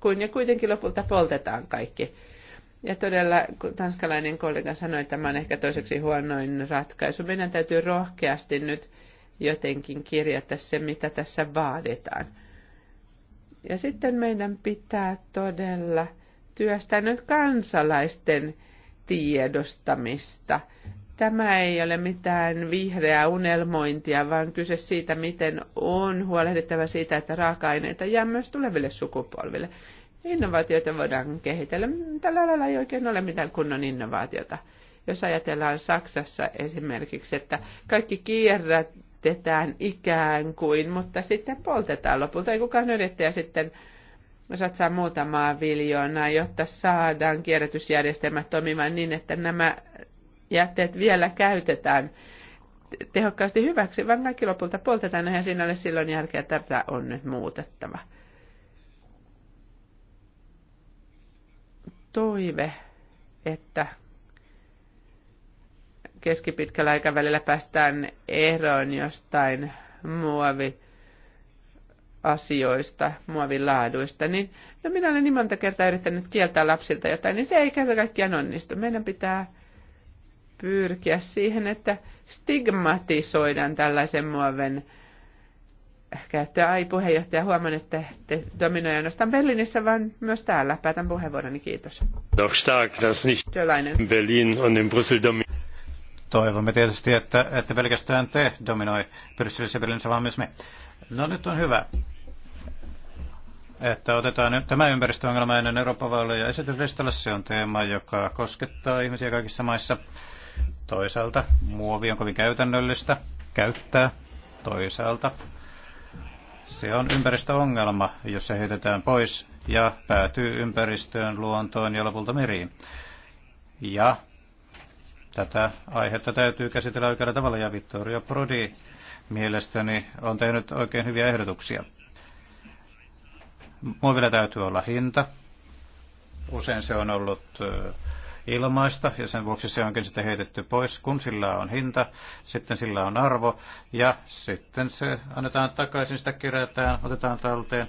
Speaker 2: kun, ja kuitenkin lopulta poltetaan kaikki. Ja todella, kun tanskalainen kollega sanoi, että tämä on ehkä toiseksi huonoin ratkaisu. Meidän täytyy rohkeasti nyt jotenkin kirjata se, mitä tässä vaaditaan. Ja sitten meidän pitää todella työstää nyt kansalaisten tiedostamista. Tämä ei ole mitään vihreää unelmointia, vaan kyse siitä, miten on huolehdittava siitä, että raaka-aineita jää myös tuleville sukupolville. Innovaatioita voidaan kehitellä. Tällä lailla ei oikein ole mitään kunnon innovaatiota. Jos ajatellaan Saksassa esimerkiksi, että kaikki kierrät, käytetään ikään kuin, mutta sitten poltetaan lopulta. Ei kukaan yrittäjä sitten satsaa muutamaa viljoonaa, jotta saadaan kierrätysjärjestelmät toimimaan niin, että nämä jätteet vielä käytetään tehokkaasti hyväksi, vaan kaikki lopulta poltetaan, ja siinä ole silloin järkeä, että tätä on nyt muutettava. Toive, että keskipitkällä aikavälillä päästään eroon jostain muovi asioista, muovilaaduista, niin no minä olen niin monta kertaa yrittänyt kieltää lapsilta jotain, niin se ei kerta kaikkiaan onnistu. Meidän pitää pyrkiä siihen, että stigmatisoidaan tällaisen muoven käyttöä. Ai puheenjohtaja, huomaan, että te dominoja nostan Berliinissä, vaan myös täällä. Päätän puheenvuoroni, kiitos.
Speaker 4: Doch stark, das nicht Berlin und in Brüssel dominiert. Toivomme tietysti, että, että pelkästään te dominoi Brysselissä pelinsä, vaan myös me. No nyt on hyvä, että otetaan nyt tämä ympäristöongelma ennen Euroopan vaaleja esityslistalle. Se on teema, joka koskettaa ihmisiä kaikissa maissa. Toisaalta muovi on kovin käytännöllistä käyttää. Toisaalta se on ympäristöongelma, jos se heitetään pois ja päätyy ympäristöön, luontoon ja lopulta meriin. Ja Tätä aihetta täytyy käsitellä oikealla tavalla ja Vittorio Prodi mielestäni on tehnyt oikein hyviä ehdotuksia. Muovilla täytyy olla hinta. Usein se on ollut ilmaista ja sen vuoksi se onkin sitten heitetty pois. Kun sillä on hinta, sitten sillä on arvo ja sitten se annetaan takaisin, sitä kerätään, otetaan talteen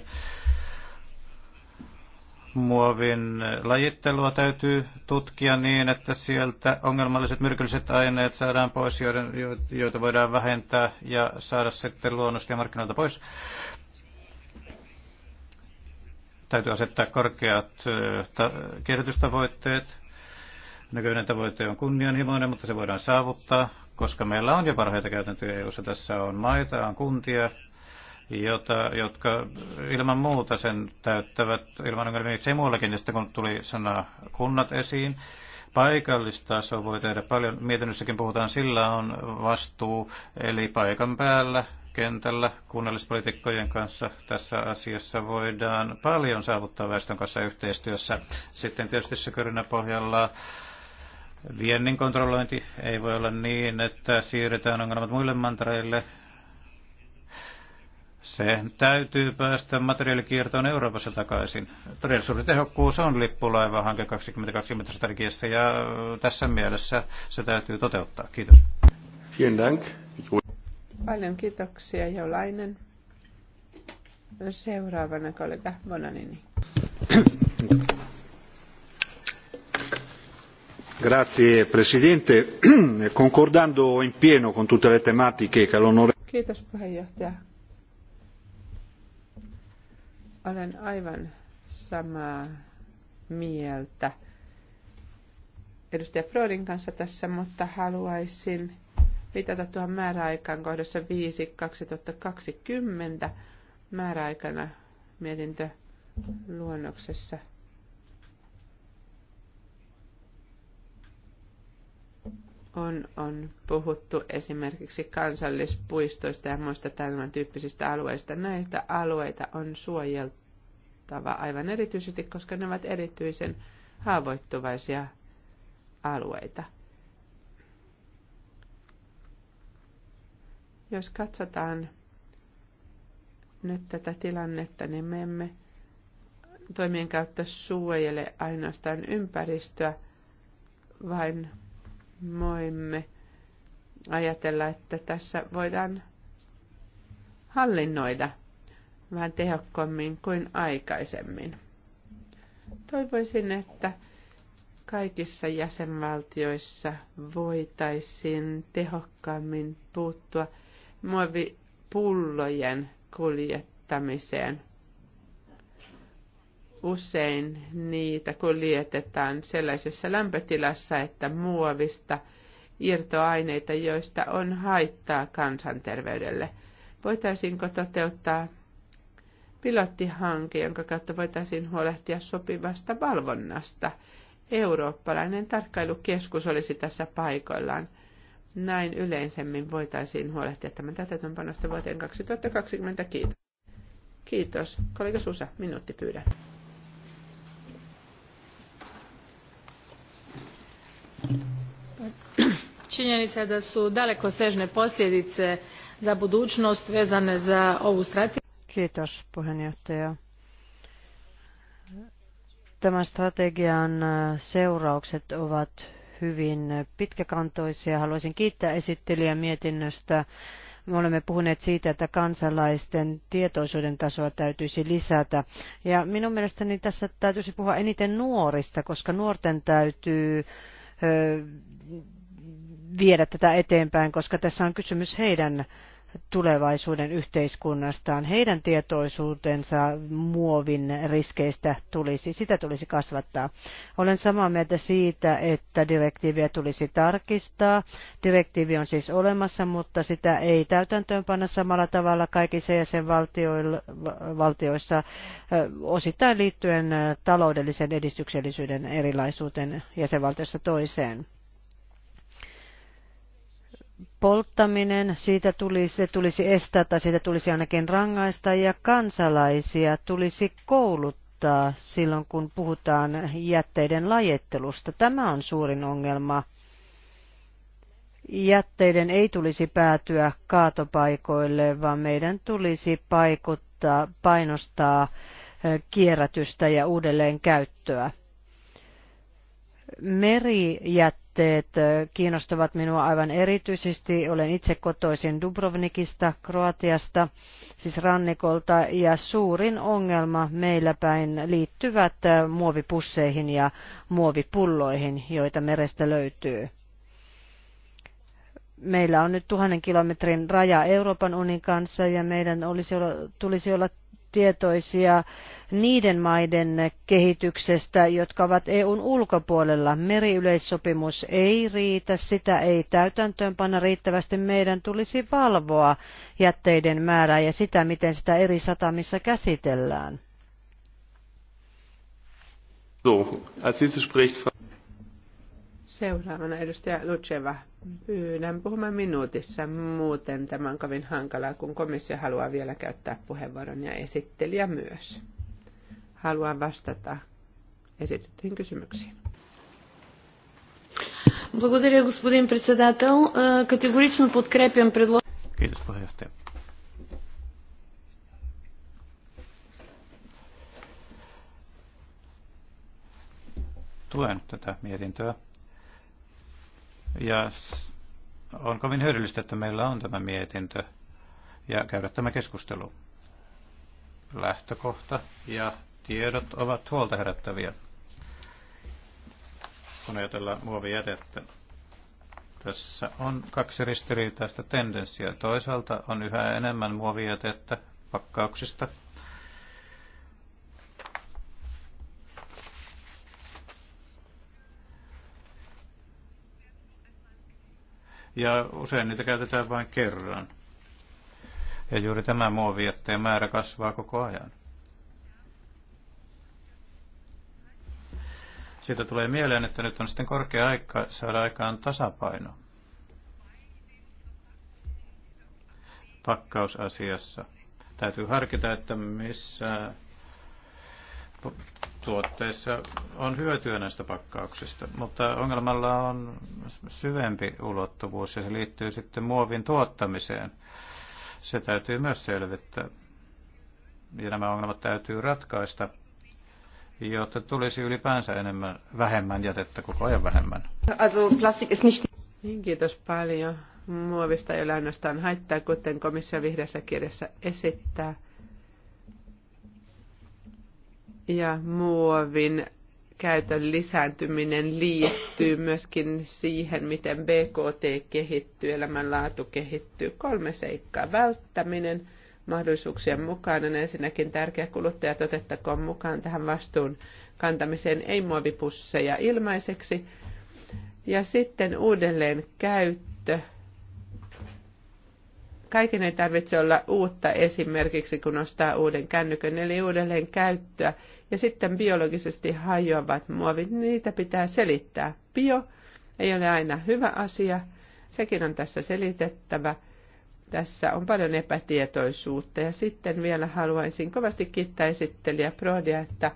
Speaker 4: muovin lajittelua täytyy tutkia niin, että sieltä ongelmalliset myrkylliset aineet saadaan pois, joiden, joita voidaan vähentää ja saada sitten luonnosta ja markkinoilta pois. Täytyy asettaa korkeat kierrätystavoitteet. Näköinen tavoite on kunnianhimoinen, mutta se voidaan saavuttaa, koska meillä on jo parhaita käytäntöjä, joissa e tässä on maita, on kuntia, jota, jotka ilman muuta sen täyttävät ilman ongelmia Se muuallakin. sitten kun tuli sana kunnat esiin, paikallistaso voi tehdä paljon. Mietinnössäkin puhutaan, sillä on vastuu, eli paikan päällä kentällä kunnallispolitiikkojen kanssa tässä asiassa voidaan paljon saavuttaa väestön kanssa yhteistyössä. Sitten tietysti sykörinä pohjalla viennin kontrollointi ei voi olla niin, että siirretään ongelmat muille mantareille se täytyy päästä materiaalikiertoon Euroopassa takaisin. Resurssitehokkuus on lippulaivahanke 2020 strategiassa ja tässä mielessä se täytyy toteuttaa. Kiitos. Vielen Dank.
Speaker 2: Paljon kiitoksia Lainen. Seuraavana kollega Bonanini.
Speaker 4: Grazie Presidente, concordando in pieno con tutte le tematiche che l'onore...
Speaker 2: Kiitos puheenjohtaja. Olen aivan samaa mieltä edustaja Frodin kanssa tässä, mutta haluaisin viitata tuohon määräaikaan kohdassa 5 2020 määräaikana mietintö luonnoksessa. On, on puhuttu esimerkiksi kansallispuistoista ja muista tämän tyyppisistä alueista. Näitä alueita on suojeltu huolestuttava aivan erityisesti, koska ne ovat erityisen haavoittuvaisia alueita. Jos katsotaan nyt tätä tilannetta, niin me emme toimien kautta suojele ainoastaan ympäristöä, vain voimme ajatella, että tässä voidaan hallinnoida – vähän tehokkaammin kuin aikaisemmin. Toivoisin, että kaikissa jäsenvaltioissa voitaisiin tehokkaammin puuttua muovipullojen kuljettamiseen. Usein niitä kuljetetaan sellaisessa lämpötilassa, että muovista irtoaineita, joista on haittaa kansanterveydelle. Voitaisiinko toteuttaa pilottihanke, jonka kautta voitaisiin huolehtia sopivasta valvonnasta. Eurooppalainen tarkkailukeskus olisi tässä paikoillaan. Näin yleisemmin voitaisiin huolehtia tämän täytäntöönpanosta vuoteen 2020. Kiitos. Kiitos. Kollega Susa, minuutti pyydän. Činjenica je da su sežne posljedice
Speaker 3: za budućnost vezane za ovu strategiju. Kiitos puheenjohtaja. Tämän strategian äh, seuraukset ovat hyvin pitkäkantoisia. Haluaisin kiittää esittelijä mietinnöstä. Me olemme puhuneet siitä, että kansalaisten tietoisuuden tasoa täytyisi lisätä. Ja minun mielestäni tässä täytyisi puhua eniten nuorista, koska nuorten täytyy viedä tätä eteenpäin, koska tässä on kysymys heidän tulevaisuuden yhteiskunnastaan. Heidän tietoisuutensa muovin riskeistä tulisi, sitä tulisi kasvattaa. Olen samaa mieltä siitä, että direktiiviä tulisi tarkistaa. Direktiivi on siis olemassa, mutta sitä ei täytäntöönpanna samalla tavalla kaikissa jäsenvaltioissa osittain liittyen taloudellisen edistyksellisyyden erilaisuuteen jäsenvaltiosta toiseen polttaminen, siitä tulisi, se tulisi estää tai siitä tulisi ainakin rangaista ja kansalaisia tulisi kouluttaa silloin, kun puhutaan jätteiden lajittelusta. Tämä on suurin ongelma. Jätteiden ei tulisi päätyä kaatopaikoille, vaan meidän tulisi paikuttaa, painostaa kierrätystä ja uudelleenkäyttöä. käyttöä. Merijätteet haasteet kiinnostavat minua aivan erityisesti. Olen itse kotoisin Dubrovnikista, Kroatiasta, siis rannikolta, ja suurin ongelma meillä päin liittyvät muovipusseihin ja muovipulloihin, joita merestä löytyy meillä on nyt tuhannen kilometrin raja Euroopan unin kanssa ja meidän olisi olla, tulisi olla tietoisia niiden maiden kehityksestä, jotka ovat EUn ulkopuolella. Meriyleissopimus ei riitä, sitä ei täytäntöönpanna riittävästi. Meidän tulisi valvoa jätteiden määrää ja sitä, miten sitä eri satamissa käsitellään.
Speaker 1: So, als nächstes spricht
Speaker 2: Seuraavana edustaja Lutseva. Pyydän puhumaan minuutissa. Muuten tämä on kovin hankalaa, kun komissio haluaa vielä käyttää puheenvuoron ja esittelijä myös. Haluan vastata esitettyihin kysymyksiin.
Speaker 4: Kiitos puheenjohtaja. Tuen tätä mietintöä. Ja on kovin hyödyllistä, että meillä on tämä mietintö ja käydä tämä keskustelu. Lähtökohta ja Tiedot ovat huolta herättäviä, kun ajatellaan muovijätettä. Tässä on kaksi ristiriitaista tendenssiä. Toisaalta on yhä enemmän muovijätettä pakkauksista, ja usein niitä käytetään vain kerran. Ja juuri tämä muovijätteen määrä kasvaa koko ajan. Siitä tulee mieleen, että nyt on sitten korkea aika saada aikaan tasapaino pakkausasiassa. Täytyy harkita, että missä tuotteissa on hyötyä näistä pakkauksista, mutta ongelmalla on syvempi ulottuvuus ja se liittyy sitten muovin tuottamiseen. Se täytyy myös selvittää ja nämä ongelmat täytyy ratkaista jotta tulisi ylipäänsä enemmän, vähemmän jätettä, koko ajan vähemmän.
Speaker 2: Also, plastik ist nicht... Niin, kiitos paljon. Muovista ei ole ainoastaan haittaa, kuten komissio vihreässä kirjassa esittää. Ja muovin käytön lisääntyminen liittyy myöskin siihen, miten BKT kehittyy, elämänlaatu kehittyy. Kolme seikkaa. Välttäminen – mahdollisuuksien mukaan on ensinnäkin tärkeä kuluttajat otettakoon mukaan tähän vastuun kantamiseen ei muovipusseja ilmaiseksi. Ja sitten uudelleen käyttö. Kaiken ei tarvitse olla uutta esimerkiksi, kun ostaa uuden kännykön, eli uudelleen käyttöä. Ja sitten biologisesti hajoavat muovit, niitä pitää selittää. Bio ei ole aina hyvä asia, sekin on tässä selitettävä – tässä on paljon epätietoisuutta. Ja sitten vielä haluaisin kovasti kiittää esittelijä Prodia, että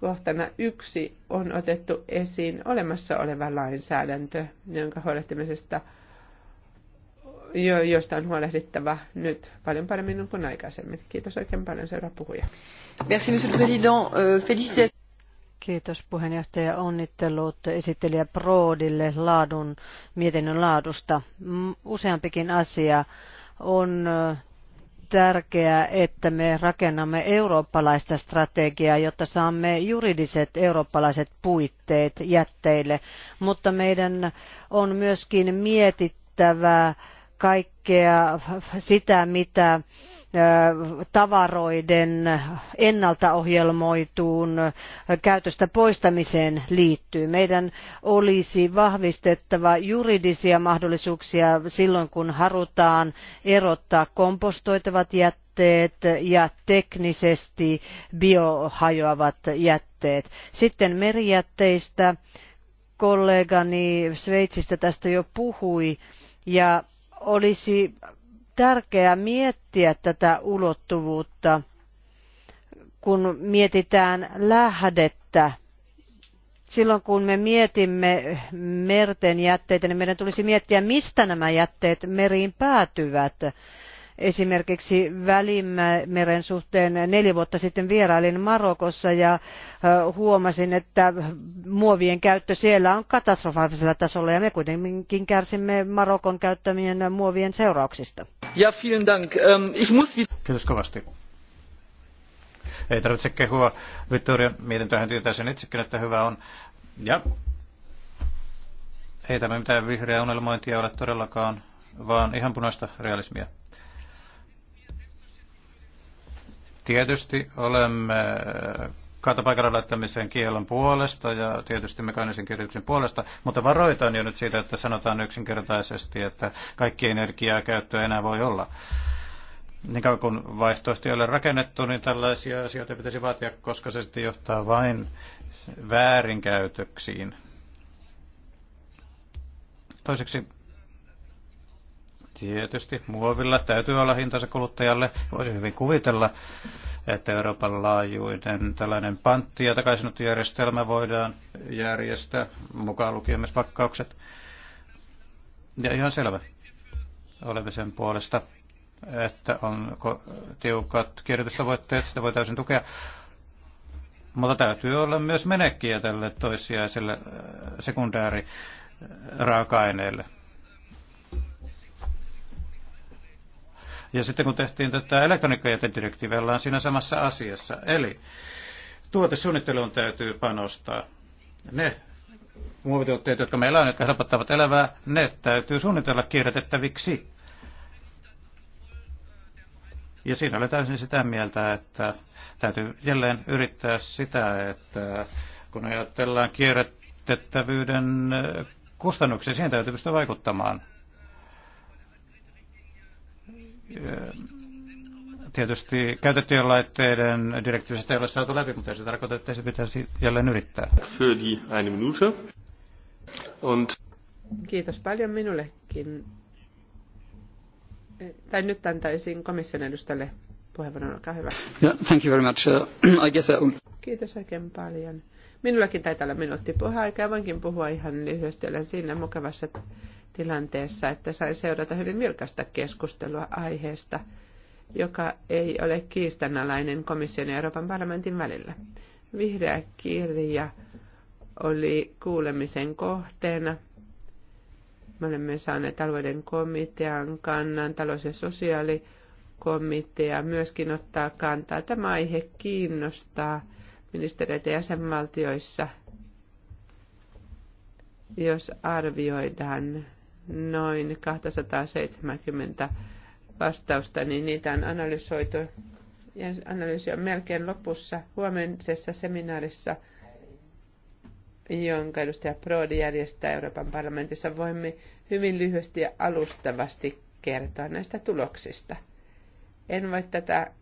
Speaker 2: kohtana yksi on otettu esiin olemassa oleva lainsäädäntö, jonka huolehtimisesta jo, josta on huolehdittava nyt paljon paremmin kuin aikaisemmin. Kiitos oikein paljon, seuraava puhuja.
Speaker 3: Merci, monsieur le président. Euh, félicitations. Kiitos puheenjohtaja. Onnittelut esittelijä Proodille laadun, mietinnön laadusta. Useampikin asia on tärkeää, että me rakennamme eurooppalaista strategiaa, jotta saamme juridiset eurooppalaiset puitteet jätteille. Mutta meidän on myöskin mietittävä kaikkea sitä, mitä tavaroiden ennaltaohjelmoituun käytöstä poistamiseen liittyy. Meidän olisi vahvistettava juridisia mahdollisuuksia silloin, kun halutaan erottaa kompostoitavat jätteet jätteet ja teknisesti biohajoavat jätteet. Sitten merijätteistä kollegani Sveitsistä tästä jo puhui ja olisi tärkeää miettiä tätä ulottuvuutta, kun mietitään lähdettä. Silloin kun me mietimme merten jätteitä, niin meidän tulisi miettiä, mistä nämä jätteet meriin päätyvät. Esimerkiksi Välimeren suhteen neljä vuotta sitten vierailin Marokossa ja huomasin, että muovien käyttö siellä on katastrofaalisella tasolla ja me kuitenkin kärsimme Marokon käyttämien muovien seurauksista.
Speaker 4: Ja, vielen dank. Ähm, ich muss... Kiitos kovasti ei tarvitse kehua Vittorion mietintöhän tietää sen itsekin, että hyvä on. Ja ei tämä mitään vihreää unelmointia ole todellakaan, vaan ihan punaista realismia. Tietysti olemme äh, kaatopaikalle laittamisen kielon puolesta ja tietysti mekaanisen kirjoituksen puolesta, mutta varoitan jo nyt siitä, että sanotaan yksinkertaisesti, että kaikki energiaa käyttöä enää voi olla. Niin kauan kun vaihtoehtoja ei ole rakennettu, niin tällaisia asioita pitäisi vaatia, koska se sitten johtaa vain väärinkäytöksiin. Toiseksi Tietysti muovilla täytyy olla hintansa kuluttajalle. Voisi hyvin kuvitella, että Euroopan laajuinen tällainen pantti- ja takaisinottojärjestelmä voidaan järjestää, mukaan lukien myös pakkaukset. Ja ihan selvä. Olemme sen puolesta, että on tiukat kierrätystavoitteet, sitä voi täysin tukea. Mutta täytyy olla myös menekkiä tälle toissijaiselle äh, sekundääriraaka-aineelle. Ja sitten kun tehtiin tätä elektroniikkajätedirektiiviä, ollaan siinä samassa asiassa. Eli tuotesuunnitteluun täytyy panostaa. Ne muovituotteet, jotka meillä on, jotka helpottavat elävää, ne täytyy suunnitella kierrätettäviksi. Ja siinä oli täysin sitä mieltä, että täytyy jälleen yrittää sitä, että kun ajatellaan kierrätettävyyden kustannuksia, siihen täytyy pystyä vaikuttamaan. Tietysti käytettyjen laitteiden direktiivistä ei ole saatu läpi, mutta se tarkoittaa, että se pitäisi jälleen yrittää. Für die eine Minute. Und
Speaker 2: Kiitos paljon minullekin. Tai nyt antaisin komission edustajalle puheenvuoron, olkaa hyvä.
Speaker 4: Yeah, thank you very much. Uh, I guess I... Uh, um-
Speaker 2: Kiitos oikein paljon. Minullakin taitaa olla minuutti puheaikaa, voinkin puhua ihan lyhyesti, olen siinä mukavassa tilanteessa, että sai seurata hyvin vilkasta keskustelua aiheesta, joka ei ole kiistanalainen komission ja Euroopan parlamentin välillä. Vihreä kirja oli kuulemisen kohteena. Me olemme saaneet alueiden komitean kannan, talous- ja sosiaalikomitea myöskin ottaa kantaa. Tämä aihe kiinnostaa ministeriöitä jäsenvaltioissa, jos arvioidaan noin 270 vastausta, niin niitä on analysoitu. Ja analyysi on melkein lopussa huomisessa seminaarissa, jonka edustaja Prodi järjestää Euroopan parlamentissa. Voimme hyvin lyhyesti ja alustavasti kertoa näistä tuloksista. En voi tätä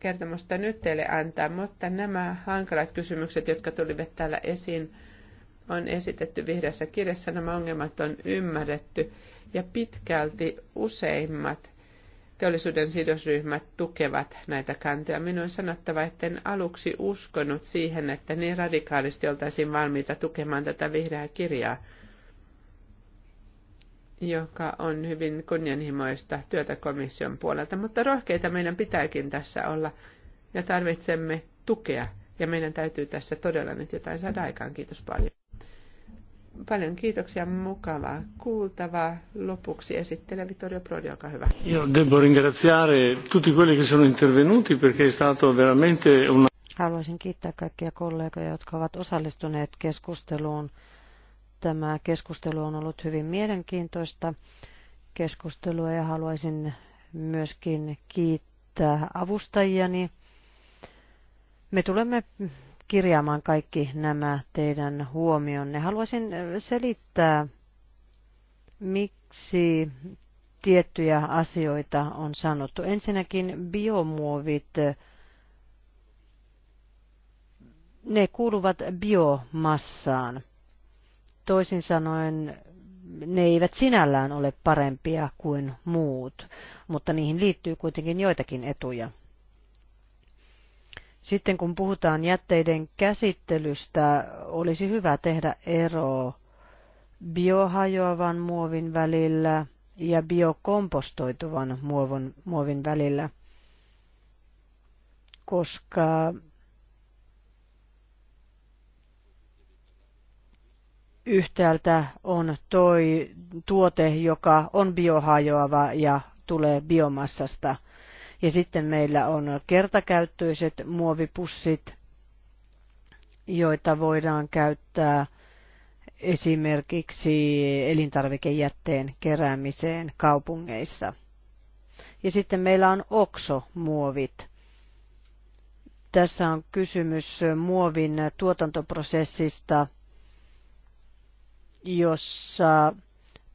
Speaker 2: kertomusta nyt teille antaa, mutta nämä hankalat kysymykset, jotka tulivat täällä esiin, on esitetty vihreässä kirjassa, nämä ongelmat on ymmärretty ja pitkälti useimmat teollisuuden sidosryhmät tukevat näitä kantoja. Minun on sanottava, että en aluksi uskonut siihen, että niin radikaalisti oltaisiin valmiita tukemaan tätä vihreää kirjaa, joka on hyvin kunnianhimoista työtä komission puolelta. Mutta rohkeita meidän pitääkin tässä olla ja tarvitsemme tukea ja meidän täytyy tässä todella nyt jotain saada aikaan. Kiitos paljon. Paljon kiitoksia, mukavaa kuultavaa. Lopuksi esittelee Vittorio Prodi, olkaa
Speaker 1: hyvä. Io devo ringraziare tutti quelli che sono intervenuti perché è stato veramente una...
Speaker 3: Haluaisin kiittää kaikkia kollegoja, jotka ovat osallistuneet keskusteluun. Tämä keskustelu on ollut hyvin mielenkiintoista keskustelua ja haluaisin myöskin kiittää avustajiani. Me tulemme kirjaamaan kaikki nämä teidän huomionne. Haluaisin selittää, miksi tiettyjä asioita on sanottu. Ensinnäkin biomuovit, ne kuuluvat biomassaan. Toisin sanoen ne eivät sinällään ole parempia kuin muut, mutta niihin liittyy kuitenkin joitakin etuja. Sitten kun puhutaan jätteiden käsittelystä, olisi hyvä tehdä ero biohajoavan muovin välillä ja biokompostoituvan muovon, muovin välillä, koska yhtäältä on toi tuote, joka on biohajoava ja tulee biomassasta – ja sitten meillä on kertakäyttöiset muovipussit, joita voidaan käyttää esimerkiksi elintarvikejätteen keräämiseen kaupungeissa. Ja sitten meillä on oksomuovit. Tässä on kysymys muovin tuotantoprosessista, jossa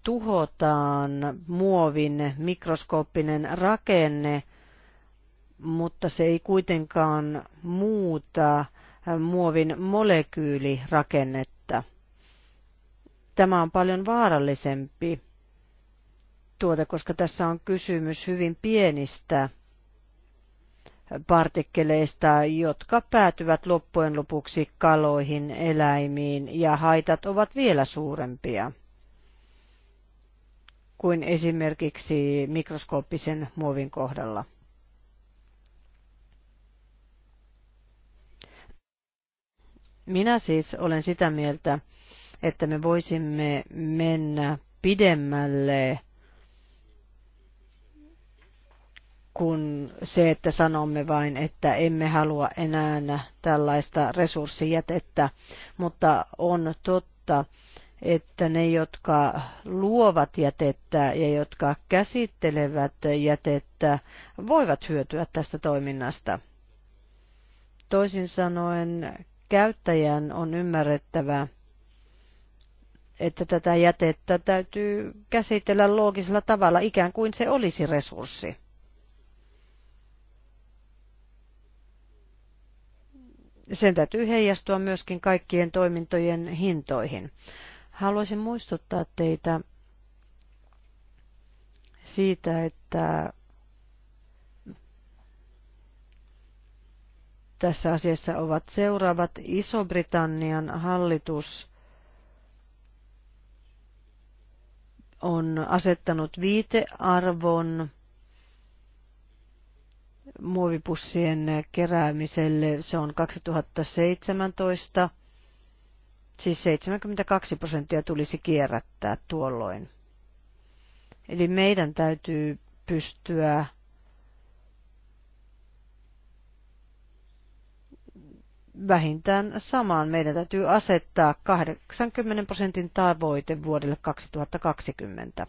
Speaker 3: tuhotaan muovin mikroskooppinen rakenne mutta se ei kuitenkaan muuta muovin molekyylirakennetta. Tämä on paljon vaarallisempi tuote, koska tässä on kysymys hyvin pienistä partikkeleista, jotka päätyvät loppujen lopuksi kaloihin, eläimiin ja haitat ovat vielä suurempia kuin esimerkiksi mikroskooppisen muovin kohdalla. Minä siis olen sitä mieltä, että me voisimme mennä pidemmälle kuin se, että sanomme vain, että emme halua enää tällaista resurssijätettä, mutta on totta, että ne, jotka luovat jätettä ja jotka käsittelevät jätettä, voivat hyötyä tästä toiminnasta. Toisin sanoen käyttäjän on ymmärrettävä, että tätä jätettä täytyy käsitellä loogisella tavalla, ikään kuin se olisi resurssi. Sen täytyy heijastua myöskin kaikkien toimintojen hintoihin. Haluaisin muistuttaa teitä siitä, että tässä asiassa ovat seuraavat. Iso-Britannian hallitus on asettanut viitearvon muovipussien keräämiselle. Se on 2017, siis 72 prosenttia tulisi kierrättää tuolloin. Eli meidän täytyy pystyä vähintään samaan. Meidän täytyy asettaa 80 prosentin tavoite vuodelle 2020.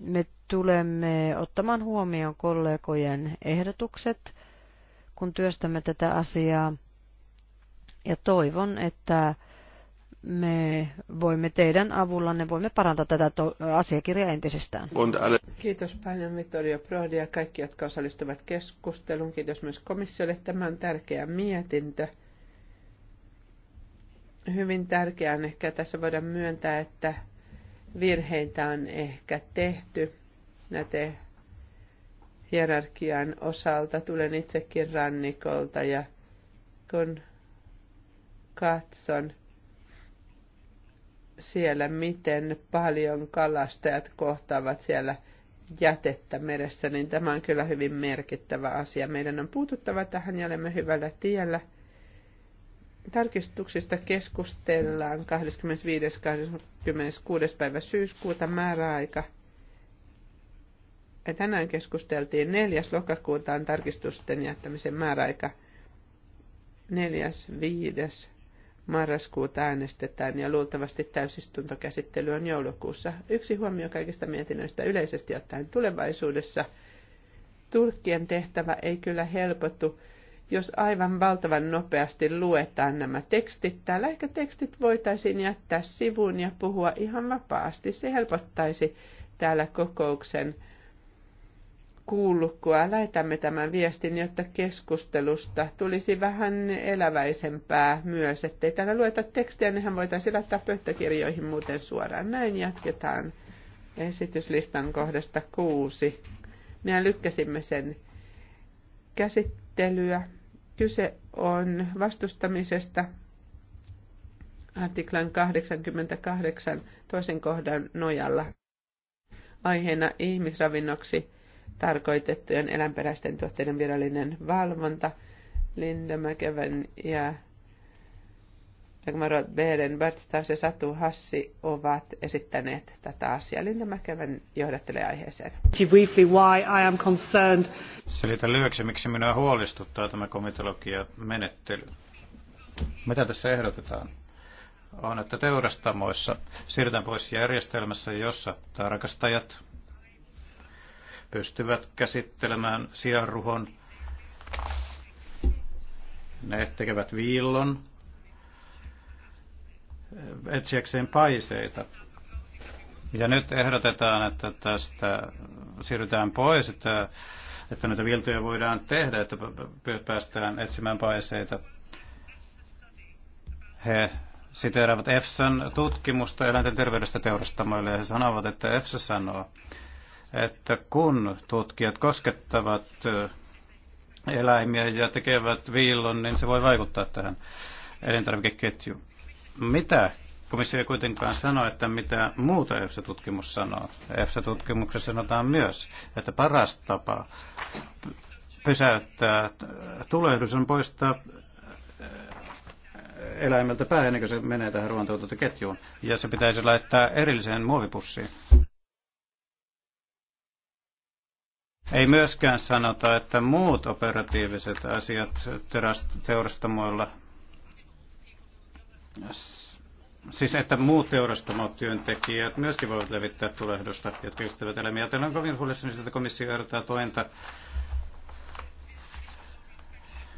Speaker 3: Me tulemme ottamaan huomioon kollegojen ehdotukset, kun työstämme tätä asiaa. Ja toivon, että me voimme teidän avullanne voimme parantaa tätä asiakirjaa entisestään.
Speaker 2: Kiitos paljon Vittorio Prodi ja kaikki, jotka osallistuvat keskusteluun. Kiitos myös komissiolle. Tämä on tärkeä mietintö. Hyvin tärkeää on ehkä tässä voidaan myöntää, että virheitä on ehkä tehty näiden hierarkian osalta. Tulen itsekin rannikolta ja kun katson – siellä, miten paljon kalastajat kohtaavat siellä jätettä meressä, niin tämä on kyllä hyvin merkittävä asia. Meidän on puututtava tähän ja olemme hyvällä tiellä. Tarkistuksista keskustellaan 25.–26. päivä syyskuuta määräaika. Ja tänään keskusteltiin 4. lokakuuta on tarkistusten jättämisen määräaika. 5 marraskuuta äänestetään ja luultavasti täysistuntokäsittely on joulukuussa. Yksi huomio kaikista mietinnöistä yleisesti ottaen tulevaisuudessa. Turkkien tehtävä ei kyllä helpotu, jos aivan valtavan nopeasti luetaan nämä tekstit. Täällä ehkä tekstit voitaisiin jättää sivuun ja puhua ihan vapaasti. Se helpottaisi täällä kokouksen kun Lähetämme tämän viestin, jotta keskustelusta tulisi vähän eläväisempää myös, ettei täällä lueta tekstiä, nehän niin voitaisiin laittaa pöytäkirjoihin muuten suoraan. Näin jatketaan esityslistan kohdasta kuusi. Mehän lykkäsimme sen käsittelyä. Kyse on vastustamisesta artiklan 88 toisen kohdan nojalla aiheena ihmisravinnoksi – tarkoitettujen eläinperäisten tuotteiden virallinen valvonta. Linda McEwen ja Dagmar Beren, Bert Stars ja Satu Hassi ovat esittäneet tätä asiaa. Linda McEwen johdattelee aiheeseen.
Speaker 4: Briefly why I am concerned. lyhyeksi, miksi minua huolestuttaa tämä komitologia-menettely. Mitä tässä ehdotetaan? On, että teurastamoissa siirrytään pois järjestelmässä, jossa tarkastajat pystyvät käsittelemään sianruhon. Ne tekevät viillon etsiäkseen paiseita. Ja nyt ehdotetaan, että tästä siirrytään pois, että, että näitä viltoja voidaan tehdä, että päästään etsimään paiseita. He siteeraavat EFSAn tutkimusta eläinten terveydestä teurastamoille ja he sanovat, että EFSA sanoo, että kun tutkijat koskettavat eläimiä ja tekevät viillon, niin se voi vaikuttaa tähän elintarvikeketjuun. Mitä komissio ei kuitenkaan sano, että mitä muuta EFSA-tutkimus sanoo. EFSA-tutkimuksessa sanotaan myös, että paras tapa pysäyttää tulehdus on poistaa eläimeltä pää ennen kuin se menee tähän ruoantuotantoketjuun. Ja se pitäisi laittaa erilliseen muovipussiin. Ei myöskään sanota, että muut operatiiviset asiat teurastamoilla, siis että muut teurastamot työntekijät myöskin voivat levittää tulehdusta ja työstävät elämiä. Teillä on kovin huolissani, että komissio ehdottaa tointa,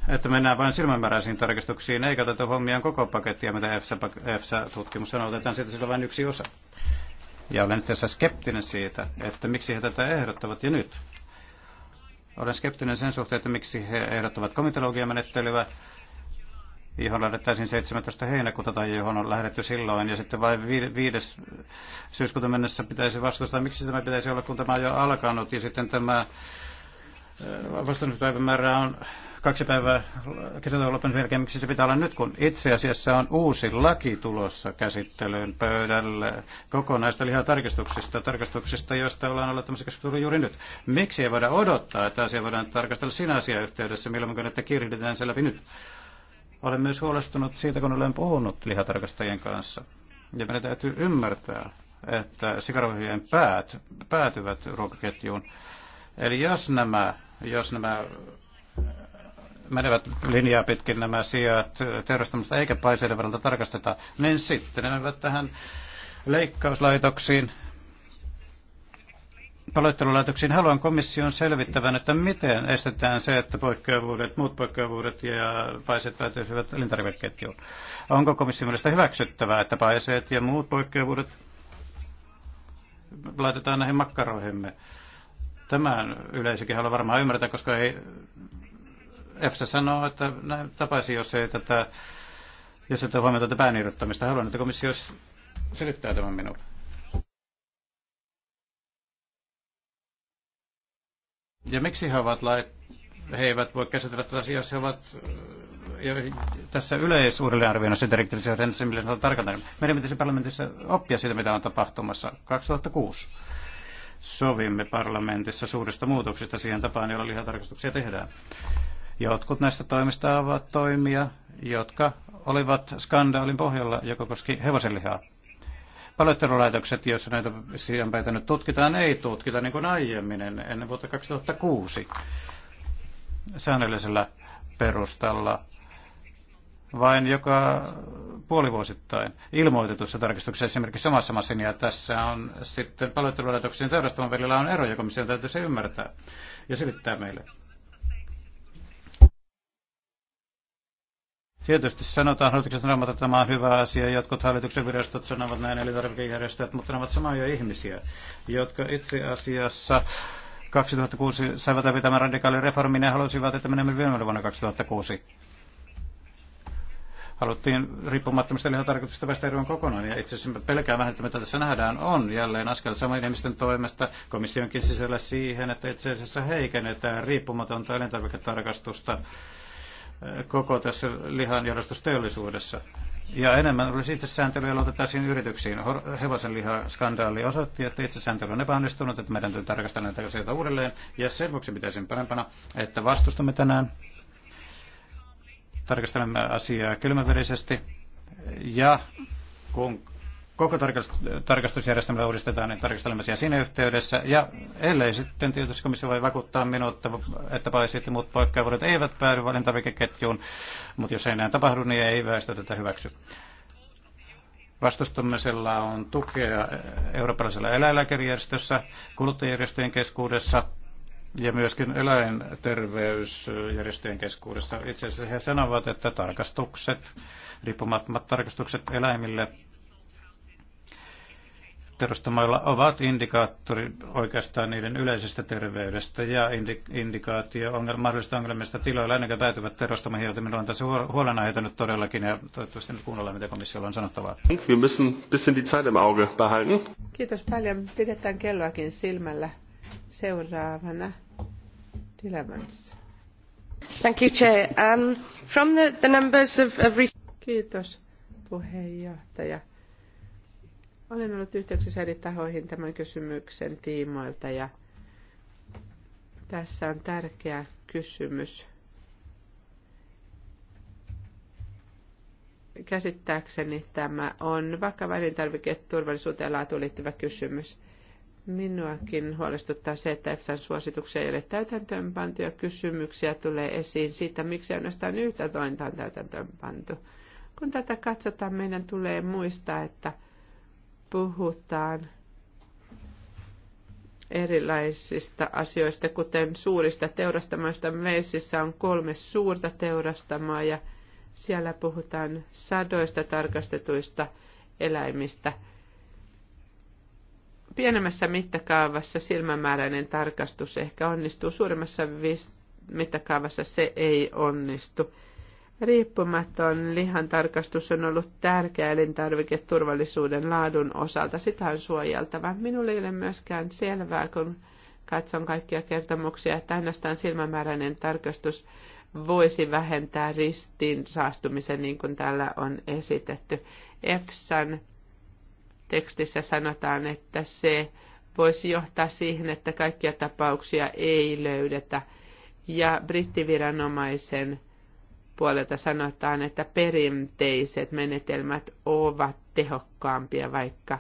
Speaker 4: että mennään vain silmämääräisiin tarkistuksiin, eikä tätä huomioon koko pakettia, mitä EFSA-tutkimus sanoo, otetaan siitä sillä vain yksi osa. Ja olen tässä skeptinen siitä, että miksi he tätä ehdottavat jo nyt. Olen skeptinen sen suhteen, että miksi he ehdottavat komitologiamenettelyä, johon lähdettäisiin 17. heinäkuuta tai johon on lähdetty silloin, ja sitten vain 5. syyskuuta mennessä pitäisi vastustaa. Miksi tämä pitäisi olla, kun tämä on jo alkanut, ja sitten tämä äh, vastannuspäivämäärä on kaksi päivää kesätauon jälkeen, miksi se pitää olla nyt, kun itse asiassa on uusi laki tulossa käsittelyyn pöydälle kokonaista lihatarkistuksista, tarkastuksista, joista ollaan ollut tämmöisessä keskustelussa juuri nyt. Miksi ei voida odottaa, että asia voidaan tarkastella siinä asiayhteydessä, milloin että kirjoitetaan se läpi nyt? Olen myös huolestunut siitä, kun olen puhunut lihatarkastajien kanssa. Ja meidän täytyy ymmärtää, että sikaruhien päät päätyvät ruokaketjuun. Eli jos nämä, jos nämä menevät linjaa pitkin nämä sijat teurastamista eikä paiseiden tarkasteta, niin sitten ne menevät tähän leikkauslaitoksiin, paloittelulaitoksiin. Haluan komission selvittävän, että miten estetään se, että poikkeavuudet, muut poikkeavuudet ja paiset päätyisivät elintarvikeketjuun. Onko komission mielestä hyväksyttävää, että paiseet ja muut poikkeavuudet laitetaan näihin makkaroihimme? Tämän yleisikin haluaa varmaan ymmärtää, koska ei EFSA sanoo, että näin tapaisi, jos ei tätä, jos ei huomiota tätä pääniirryttämistä. Haluan, että komissio selittää tämän minulle. Ja miksi he ovat lait, he eivät voi käsitellä tätä asiaa, jos he ovat tässä yleisuudelleenarvioinnissa direktiivisessä rennessä, millä se on tarkoittanut. Meidän pitäisi parlamentissa oppia siitä, mitä on tapahtumassa 2006 sovimme parlamentissa suurista muutoksista siihen tapaan, jolla lihatarkastuksia tehdään. Jotkut näistä toimista ovat toimia, jotka olivat skandaalin pohjalla, joka koski hevosenlihaa. Paloittelulaitokset, joissa näitä sijanpäitä nyt tutkitaan, ei tutkita niin kuin aiemmin ennen vuotta 2006 säännöllisellä perustalla, vain joka puolivuosittain ilmoitetussa tarkistuksessa esimerkiksi samassa masinia. tässä on sitten paloittelulaitoksen teurastamon välillä on ero, joka missä täytyy se ymmärtää ja selittää meille. Tietysti sanotaan, hallitukset sanovat, että tämä on hyvä asia, jotkut hallituksen virastot sanovat näin, eli tarvikejärjestöt, mutta ne ovat samoja ihmisiä, jotka itse asiassa 2006 saivat läpi tämän radikaalin reformin ja halusivat, että menemme vielä vuonna 2006. Haluttiin riippumattomista lihatarkoituksista päästä eroon kokonaan, ja itse asiassa pelkään vähän, että mitä tässä nähdään, on jälleen askel samojen ihmisten toimesta komissionkin sisällä siihen, että itse asiassa heikennetään riippumatonta elintarviketarkastusta. tarkastusta koko tässä lihanjalostusteollisuudessa. Ja enemmän olisi itsesääntelyä aloitettaisiin yrityksiin. Hevosen lihaskandaali osoitti, että itsesääntely on epäonnistunut, että meidän täytyy tarkastella näitä asioita uudelleen. Ja sen vuoksi pitäisin parempana, että vastustamme tänään. Tarkastelemme asiaa kylmäverisesti. Ja kun koko tarkastusjärjestelmä uudistetaan, niin tarkastelemme siellä siinä yhteydessä. Ja ellei sitten tietysti komissio voi vakuuttaa minut, että paisit ja muut poikkeavuudet eivät päädy valintavikeketjuun, mutta jos ei näin tapahdu, niin ei väestö tätä hyväksy. Vastustamisella on tukea eurooppalaisella eläinlääkärijärjestössä, kuluttajärjestöjen keskuudessa ja myöskin eläinterveysjärjestöjen keskuudessa. Itse asiassa he sanovat, että tarkastukset, riippumattomat tarkastukset eläimille terroristimailla ovat indikaattori oikeastaan niiden yleisestä terveydestä ja indikaatio ongelma, mahdollisista ongelmista tiloilla ennen kuin päätyvät terroristamaan hiilta. Minulla on tässä huolenaiheita nyt todellakin ja toivottavasti nyt kuunnellaan, mitä komissiolla on sanottavaa.
Speaker 1: Wir müssen bisschen die Zeit im Auge behalten.
Speaker 2: Kiitos paljon. Pidetään kelloakin silmällä seuraavana Dilemans. Thank you, Chair. Um, from the, the numbers of, of... Kiitos puheenjohtaja olen ollut yhteyksissä eri tahoihin tämän kysymyksen tiimoilta ja tässä on tärkeä kysymys. Käsittääkseni tämä on vakava elintarviketurvallisuuteen ja laatuun liittyvä kysymys. Minuakin huolestuttaa se, että EFSAn suosituksia ei ole täytäntöönpantu ja kysymyksiä tulee esiin siitä, miksi ainoastaan yhtä tointa on täytäntöönpantu. Kun tätä katsotaan, meidän tulee muistaa, että – puhutaan erilaisista asioista, kuten suurista teurastamoista. Meisissä on kolme suurta teurastamaa ja siellä puhutaan sadoista tarkastetuista eläimistä. Pienemmässä mittakaavassa silmämääräinen tarkastus ehkä onnistuu, suuremmassa mittakaavassa se ei onnistu. Riippumaton lihantarkastus on ollut tärkeä elintarviketurvallisuuden laadun osalta. Sitä on suojeltava. Minulle ei ole myöskään selvää, kun katson kaikkia kertomuksia, että ainoastaan silmämääräinen tarkastus voisi vähentää ristiin saastumisen, niin kuin täällä on esitetty. EFSAn tekstissä sanotaan, että se voisi johtaa siihen, että kaikkia tapauksia ei löydetä. Ja brittiviranomaisen puolelta sanotaan, että perinteiset menetelmät ovat tehokkaampia, vaikka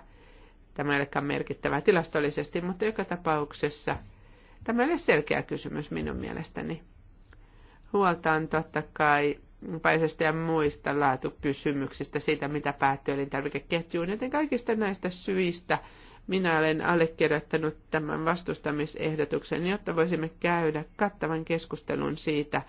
Speaker 2: tämä ei olekaan merkittävä tilastollisesti, mutta joka tapauksessa tämä ei selkeä kysymys minun mielestäni. Huolta on totta kai paisesta ja muista laatukysymyksistä, siitä mitä päättyy elintarvikeketjuun, joten kaikista näistä syistä minä olen allekirjoittanut tämän vastustamisehdotuksen, jotta voisimme käydä kattavan keskustelun siitä,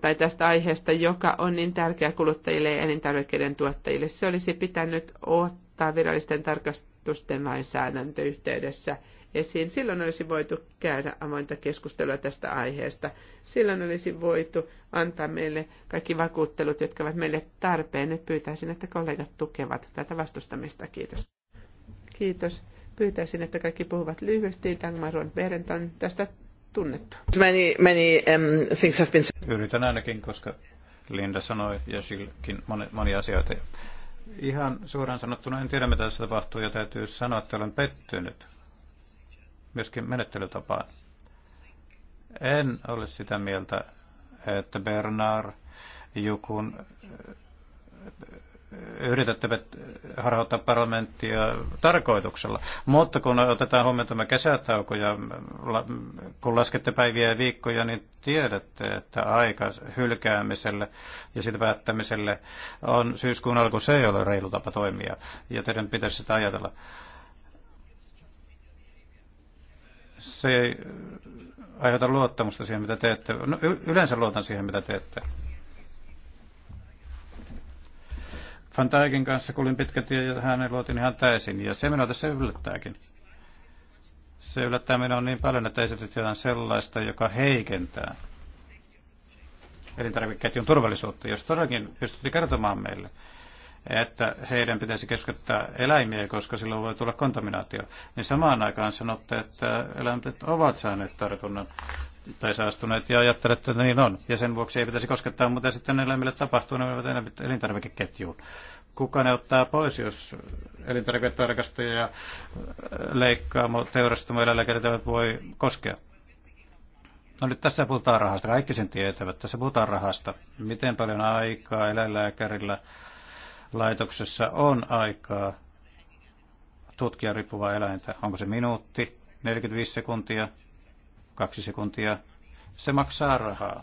Speaker 2: tai tästä aiheesta, joka on niin tärkeä kuluttajille ja elintarvikkeiden tuottajille. Se olisi pitänyt ottaa virallisten tarkastusten lainsäädäntöyhteydessä esiin. Silloin olisi voitu käydä avointa keskustelua tästä aiheesta. Silloin olisi voitu antaa meille kaikki vakuuttelut, jotka ovat meille tarpeen. Nyt pyytäisin, että kollegat tukevat tätä vastustamista. Kiitos. Kiitos. Pyytäisin, että kaikki puhuvat lyhyesti. Dagmar Berenton tästä tunnettu.
Speaker 4: Many, many, um, things have been... Yritän ainakin, koska Linda sanoi ja Silkin moni, monia asioita. Ihan suoraan sanottuna en tiedä, mitä tässä tapahtuu, ja täytyy sanoa, että olen pettynyt myöskin menettelytapaan. En ole sitä mieltä, että Bernard Jukun yritettävät harhauttaa parlamenttia tarkoituksella. Mutta kun otetaan huomioon tämä kesätauko ja kun laskette päiviä ja viikkoja, niin tiedätte, että aika hylkäämiselle ja sitä päättämiselle on syyskuun alku. Se ei ole reilu tapa toimia ja teidän pitäisi sitä ajatella. Se ei aiheuta luottamusta siihen, mitä teette. No, yleensä luotan siihen, mitä teette. Van Dijkin kanssa kulin pitkä tie ja hänen luotin ihan täysin. Ja se minua tässä yllättääkin. Se yllättää minua niin paljon, että esityt jotain sellaista, joka heikentää elintarvikeketjun turvallisuutta. Jos todellakin pystytti kertomaan meille, että heidän pitäisi keskittää eläimiä, koska silloin voi tulla kontaminaatio. Niin samaan aikaan sanotte, että eläimet ovat saaneet tartunnan tai saastuneet ja ajattelee, että niin on. Ja sen vuoksi ei pitäisi koskettaa, mutta sitten eläimille tapahtuu, ne menevät elintarvikeketjuun. Kuka ne ottaa pois, jos elintarviketarkastaja ja leikkaamo, teurastamo, eläinlääkärit voi koskea? No nyt tässä puhutaan rahasta, kaikki sen tietävät. Tässä puhutaan rahasta. Miten paljon aikaa eläinlääkärillä laitoksessa on aikaa tutkia riippuvaa eläintä. Onko se minuutti, 45 sekuntia, kaksi sekuntia. Se maksaa rahaa.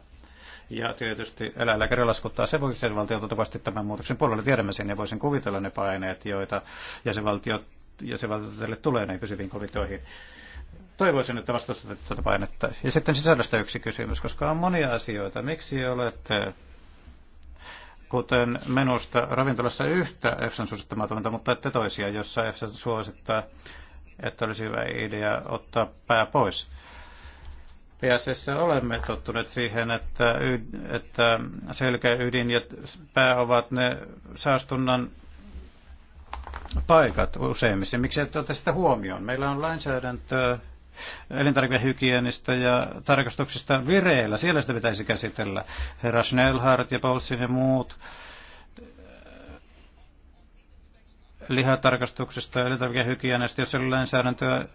Speaker 4: Ja tietysti eläinlääkäri laskuttaa se valtio tavasti tämän muutoksen puolelle. Tiedämme sen ja voisin kuvitella ne paineet, joita jäsenvaltiot, jäsenvaltioille tulee näin pysyviin kovitoihin. Toivoisin, että vastustatte tuota painetta. Ja sitten sisällöstä yksi kysymys, koska on monia asioita. Miksi olette kuten menusta ravintolassa yhtä EFSAn suosittamaa mutta ette toisia, jossa EFSA suosittaa, että olisi hyvä idea ottaa pää pois. PSS olemme tottuneet siihen, että, että selkä, ydin ja pää ovat ne saastunnan paikat useimmissa. Miksi ette ota sitä huomioon? Meillä on lainsäädäntöä, elintarvikehygienistä ja tarkastuksista vireillä. Siellä sitä pitäisi käsitellä. Herra Schnellhardt ja Paulsin ja muut eh, lihatarkastuksista ja elintarvikehygienistä, jos ei lainsäädäntöä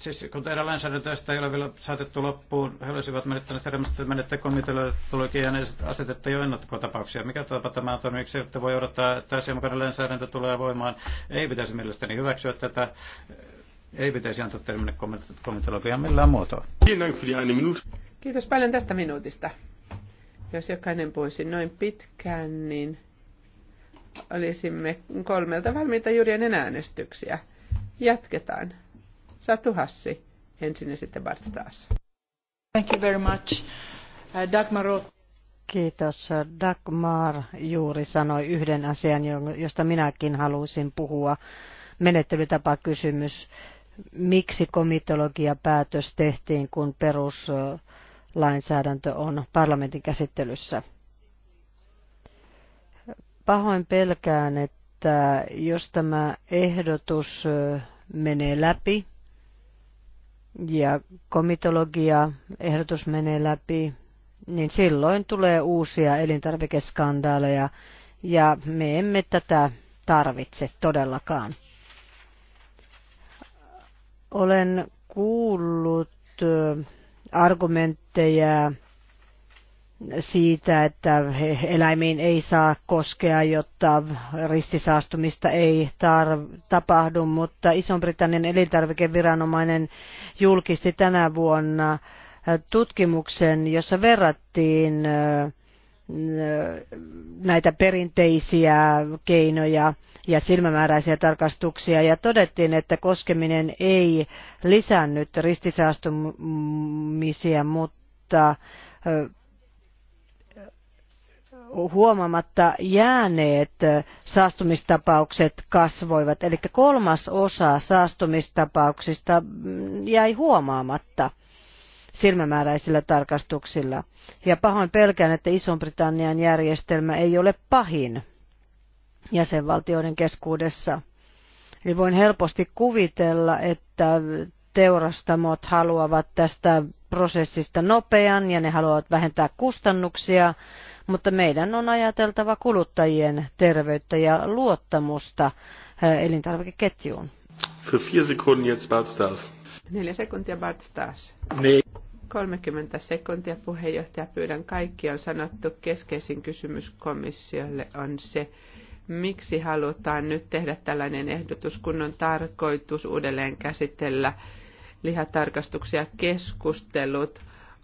Speaker 4: siis kun teidän lainsäädäntöistä ei ole vielä saatettu loppuun, he olisivat menettäneet hermosta, menette komiteologian ja asetette jo ennakkotapauksia. Mikä tapa tämä on? Miksi että voi odottaa, että asianmukainen lainsäädäntö tulee voimaan? Ei pitäisi mielestäni hyväksyä tätä ei pitäisi antaa termille kommentoida millään muotoa.
Speaker 2: Kiitos paljon tästä minuutista. Jos jokainen puhuisi noin pitkään, niin olisimme kolmelta valmiita juuri ennen äänestyksiä. Jatketaan. Satu Hassi ensin ja sitten Bart taas. Thank you very
Speaker 3: much. Uh, Dagmar Kiitos. Dagmar juuri sanoi yhden asian, josta minäkin halusin puhua. Menettelytapakysymys miksi komitologiapäätös tehtiin, kun peruslainsäädäntö on parlamentin käsittelyssä. Pahoin pelkään, että jos tämä ehdotus menee läpi ja komitologia ehdotus menee läpi, niin silloin tulee uusia elintarvikeskandaaleja ja me emme tätä tarvitse todellakaan. Olen kuullut äh, argumentteja siitä, että eläimiin ei saa koskea, jotta ristisaastumista ei tar- tapahdu, mutta Iso-Britannian elintarvikeviranomainen julkisti tänä vuonna äh, tutkimuksen, jossa verrattiin äh, näitä perinteisiä keinoja ja silmämääräisiä tarkastuksia ja todettiin, että koskeminen ei lisännyt ristisaastumisia, mutta huomaamatta jääneet saastumistapaukset kasvoivat. Eli kolmas osa saastumistapauksista jäi huomaamatta silmämääräisillä tarkastuksilla. Ja pahoin pelkään, että Ison-Britannian järjestelmä ei ole pahin jäsenvaltioiden keskuudessa. Eli voin helposti kuvitella, että teurastamot haluavat tästä prosessista nopean ja ne haluavat vähentää kustannuksia, mutta meidän on ajateltava kuluttajien terveyttä ja luottamusta eh, elintarvikeketjuun.
Speaker 1: Für vier Sekunden jetzt Bart Stars.
Speaker 2: Neljä sekuntia Bart Stas. Niin. 30 sekuntia puheenjohtaja. Pyydän kaikki on sanottu. Keskeisin kysymys komissiolle on se, miksi halutaan nyt tehdä tällainen ehdotus, kun on tarkoitus uudelleen käsitellä lihatarkastuksia keskustelut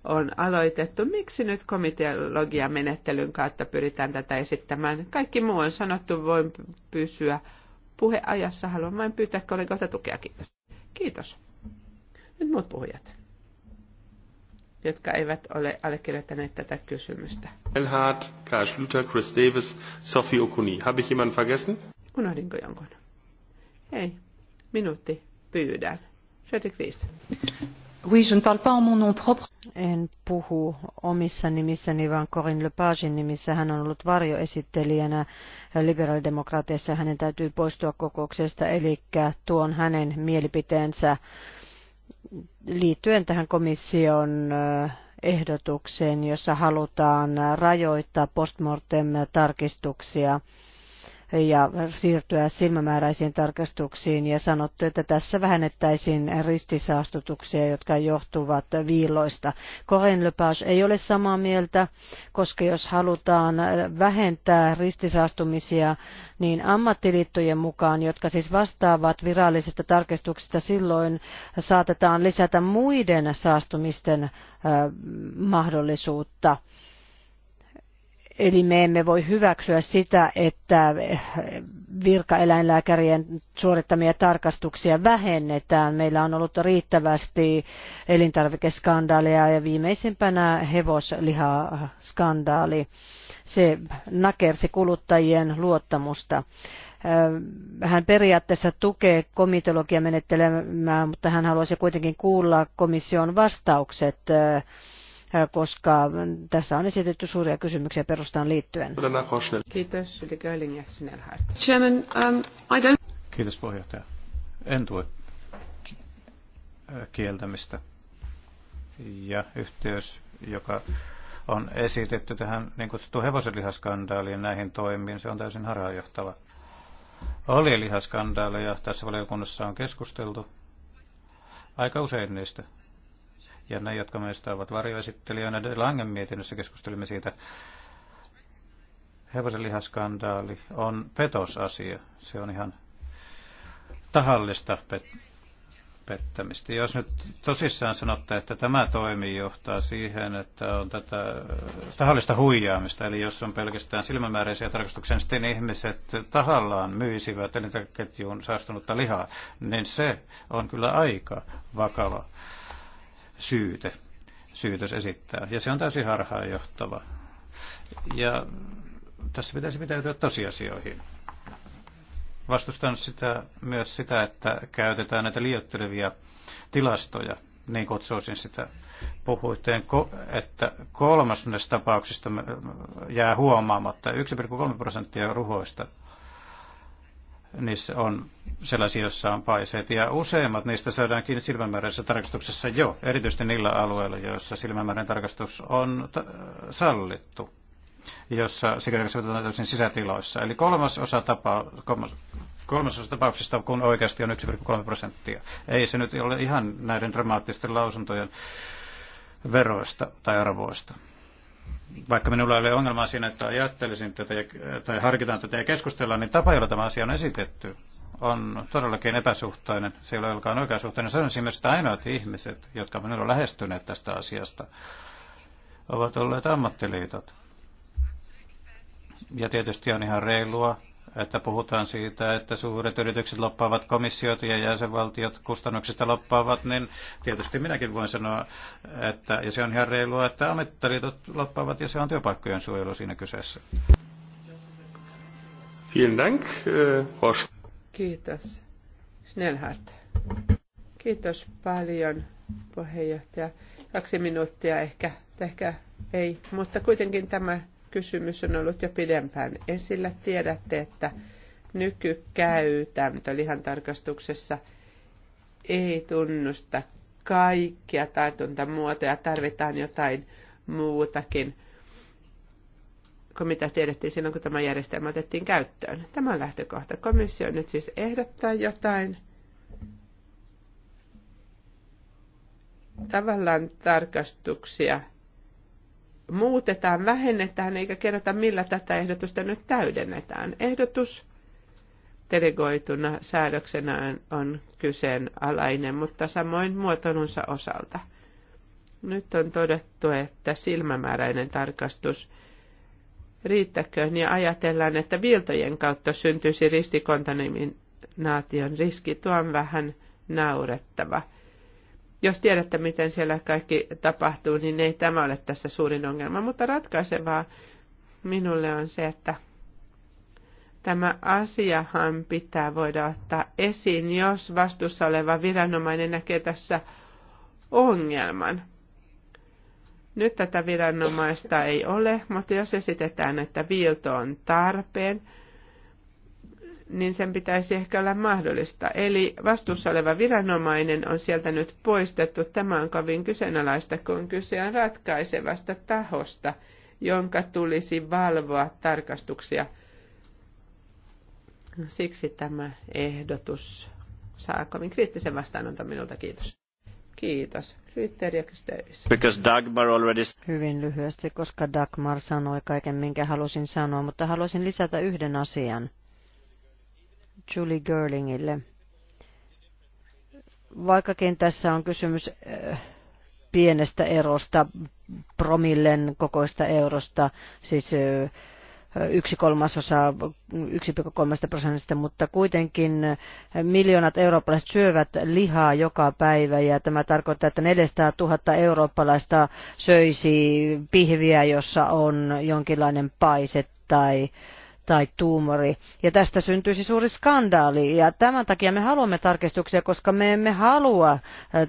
Speaker 2: on aloitettu. Miksi nyt komiteologiamenettelyn kautta pyritään tätä esittämään? Kaikki muu on sanottu, voin pysyä puheajassa. Haluan vain pyytää kollegoilta tukea. Kiitos. Kiitos. Nyt muut puhujat, jotka eivät ole allekirjoittaneet tätä kysymystä.
Speaker 1: Elhard, Karl Schlüter, Chris Davis, Sophie Okuni. Habe ich jemanden vergessen?
Speaker 2: Unohdinko jonkun? Ei. Minuutti. Pyydän. Schöte Ries. Oui, je ne parle pas en mon nom propre.
Speaker 3: En puhu omissa nimissäni, vaan Corinne Lepagin nimissä. Hän on ollut varjoesittelijänä liberaalidemokraateissa. Hänen täytyy poistua kokouksesta, eli tuon hänen mielipiteensä liittyen tähän komission ehdotukseen, jossa halutaan rajoittaa postmortem-tarkistuksia ja siirtyä silmämääräisiin tarkastuksiin ja sanottu, että tässä vähennettäisiin ristisaastutuksia, jotka johtuvat viiloista. Corinne Lepage ei ole samaa mieltä, koska jos halutaan vähentää ristisaastumisia, niin ammattiliittojen mukaan, jotka siis vastaavat virallisista tarkastuksista, silloin saatetaan lisätä muiden saastumisten mahdollisuutta. Eli me emme voi hyväksyä sitä, että virkaeläinlääkärien suorittamia tarkastuksia vähennetään. Meillä on ollut riittävästi elintarvikeskandaaleja ja viimeisimpänä hevoslihaskandaali. Se nakersi kuluttajien luottamusta äh, hän periaatteessa tukee komitologiamenettelyä, mutta hän haluaisi kuitenkin kuulla komission vastaukset äh, koska tässä on esitetty suuria kysymyksiä perustaan liittyen.
Speaker 2: Kiitos, Chairman, um, I don't...
Speaker 4: Kiitos puheenjohtaja. En tue kieltämistä. Ja yhteys, joka on esitetty tähän niin kutsuttu hevosenlihaskandaaliin näihin toimiin, se on täysin harhaanjohtava. Oli lihaskandaaleja, tässä valiokunnassa on keskusteltu aika usein niistä ja ne, jotka meistä ovat varjoesittelijöinä, De Langen mietinnössä keskustelimme siitä, lihaskandaali on petosasia. Se on ihan tahallista pet- pettämistä. Jos nyt tosissaan sanotte, että tämä toimi johtaa siihen, että on tätä tahallista huijaamista, eli jos on pelkästään silmämääräisiä tarkastuksia, sitten ihmiset tahallaan myisivät elintarvikeketjuun saastunutta lihaa, niin se on kyllä aika vakava syyte, syytös esittää. Ja se on täysin harhaanjohtava. Ja tässä pitäisi pitäytyä tosiasioihin. Vastustan sitä, myös sitä, että käytetään näitä liioittelevia tilastoja, niin kutsuisin sitä. puhuitteen, että kolmas näistä tapauksista jää huomaamatta. 1,3 prosenttia ruhoista niissä on sellaisia, joissa on paiseet. Ja useimmat niistä saadaan kiinni silmämääräisessä tarkastuksessa jo, erityisesti niillä alueilla, joissa silmämääräinen tarkastus on sallittu jossa sigaretin sisätiloissa. Eli kolmas osa, tapa, kolmas, kolmasosa osa tapauksista, kun oikeasti on 1,3 prosenttia. Ei se nyt ole ihan näiden dramaattisten lausuntojen veroista tai arvoista vaikka minulla ei ole ongelmaa siinä, että ajattelisin tätä ja, tai harkitaan tätä ja keskustellaan, niin tapa, jolla tämä asia on esitetty, on todellakin epäsuhtainen. Se ei ole olkaan oikeasuhtainen. on myös, että ainoat ihmiset, jotka minulla on lähestyneet tästä asiasta, ovat olleet ammattiliitot. Ja tietysti on ihan reilua että puhutaan siitä, että suuret yritykset loppaavat komissiot ja jäsenvaltiot kustannuksista loppaavat, niin tietysti minäkin voin sanoa, että ja se on ihan reilua, että ammattiliitot loppaavat ja se on työpaikkojen suojelu siinä kyseessä.
Speaker 1: Vielen äh,
Speaker 2: Kiitos. Snellhardt. Kiitos paljon, puheenjohtaja. Kaksi minuuttia ehkä, ehkä ei, mutta kuitenkin tämä kysymys on ollut jo pidempään esillä. Tiedätte, että nykykäytäntö lihantarkastuksessa ei tunnusta kaikkia tartuntamuotoja, tarvitaan jotain muutakin kuin mitä tiedettiin silloin, kun tämä järjestelmä otettiin käyttöön. Tämä on lähtökohta. Komissio nyt siis ehdottaa jotain. Tavallaan tarkastuksia muutetaan, vähennetään eikä kerrota millä tätä ehdotusta nyt täydennetään. Ehdotus delegoituna säädöksenä on, kyseenalainen, mutta samoin muotoilunsa osalta. Nyt on todettu, että silmämääräinen tarkastus riittäköön ja ajatellaan, että viiltojen kautta syntyisi ristikontaminaation riski. Tuo on vähän naurettava – jos tiedätte, miten siellä kaikki tapahtuu, niin ei tämä ole tässä suurin ongelma. Mutta ratkaisevaa minulle on se, että tämä asiahan pitää voida ottaa esiin, jos vastuussa oleva viranomainen näkee tässä ongelman. Nyt tätä viranomaista ei ole, mutta jos esitetään, että viilto on tarpeen, niin sen pitäisi ehkä olla mahdollista. Eli vastuussa oleva viranomainen on sieltä nyt poistettu. Tämä on kovin kyseenalaista, kun kyse on ratkaisevasta tahosta, jonka tulisi valvoa tarkastuksia. Siksi tämä ehdotus saa kovin kriittisen vastaanoton minulta. Kiitos. Kiitos.
Speaker 4: Because Dagmar already...
Speaker 3: Hyvin lyhyesti, koska Dagmar sanoi kaiken, minkä halusin sanoa,
Speaker 2: mutta haluaisin
Speaker 3: lisätä yhden asian. Julie Girlingille. Vaikkakin tässä on kysymys eh, pienestä erosta, promillen kokoista eurosta, siis eh, yksi kolmasosa 1,3 prosentista, mutta kuitenkin eh, miljoonat eurooppalaiset syövät lihaa joka päivä ja tämä tarkoittaa, että 400 000 eurooppalaista söisi pihviä, jossa on jonkinlainen paise tai tai tuumori. Ja tästä syntyisi suuri skandaali ja tämän takia me haluamme tarkistuksia, koska me emme halua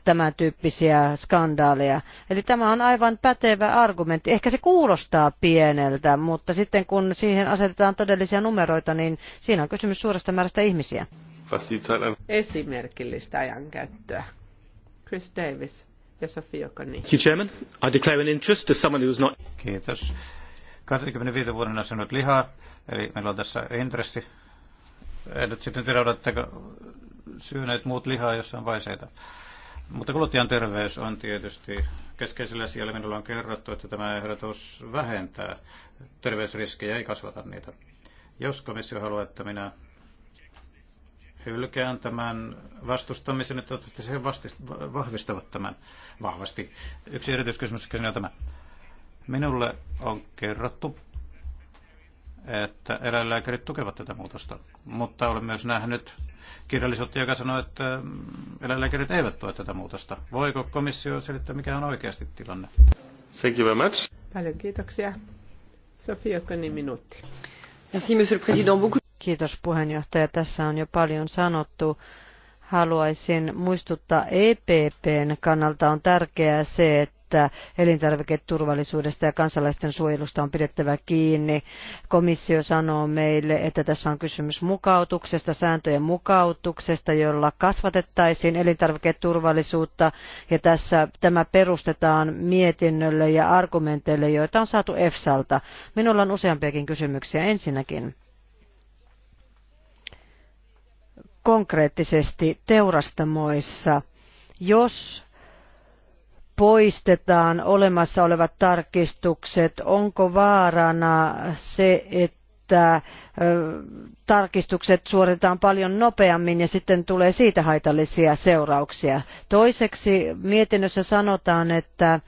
Speaker 3: tämän tyyppisiä skandaaleja. Eli tämä on aivan pätevä argumentti. Ehkä se kuulostaa pieneltä, mutta sitten kun siihen asetetaan todellisia numeroita, niin siinä on kysymys suuresta määrästä ihmisiä.
Speaker 2: Esimerkillistä ajankäyttöä. Chris Davis ja Sofia Kani.
Speaker 4: I declare an interest as someone who is not... Kiitos. 25 vuoden asunut lihaa, eli meillä on tässä intressi. En nyt sitten tiedä, oletteko syyneet muut lihaa, jos on vaiseita. Mutta kuluttajan terveys on tietysti keskeisellä siellä Minulla on kerrottu, että tämä ehdotus vähentää terveysriskejä, ei kasvata niitä. Jos komissio haluaa, että minä hylkään tämän vastustamisen, että niin toivottavasti vahvistavat tämän vahvasti. Yksi erityiskysymys on tämä. Minulle on kerrottu, että eläinlääkärit tukevat tätä muutosta, mutta olen myös nähnyt kirjallisuutta, joka sanoo, että eläinlääkärit eivät tue tätä muutosta. Voiko komissio selittää, mikä on oikeasti tilanne? Thank you very much.
Speaker 2: Paljon kiitoksia. Sofia Kani minuutti. Merci,
Speaker 3: monsieur le président. Beaucoup... Kiitos puheenjohtaja. Tässä on jo paljon sanottu. Haluaisin muistuttaa EPPn kannalta on tärkeää se, että että elintarviketurvallisuudesta ja kansalaisten suojelusta on pidettävä kiinni. Komissio sanoo meille, että tässä on kysymys mukautuksesta, sääntöjen mukautuksesta, jolla kasvatettaisiin elintarviketurvallisuutta ja tässä tämä perustetaan mietinnölle ja argumenteille, joita on saatu EFSAlta. Minulla on useampiakin kysymyksiä. Ensinnäkin, konkreettisesti teurastamoissa, jos poistetaan olemassa olevat tarkistukset, onko vaarana se, että tarkistukset suoritetaan paljon nopeammin ja sitten tulee siitä haitallisia seurauksia. Toiseksi mietinnössä sanotaan, että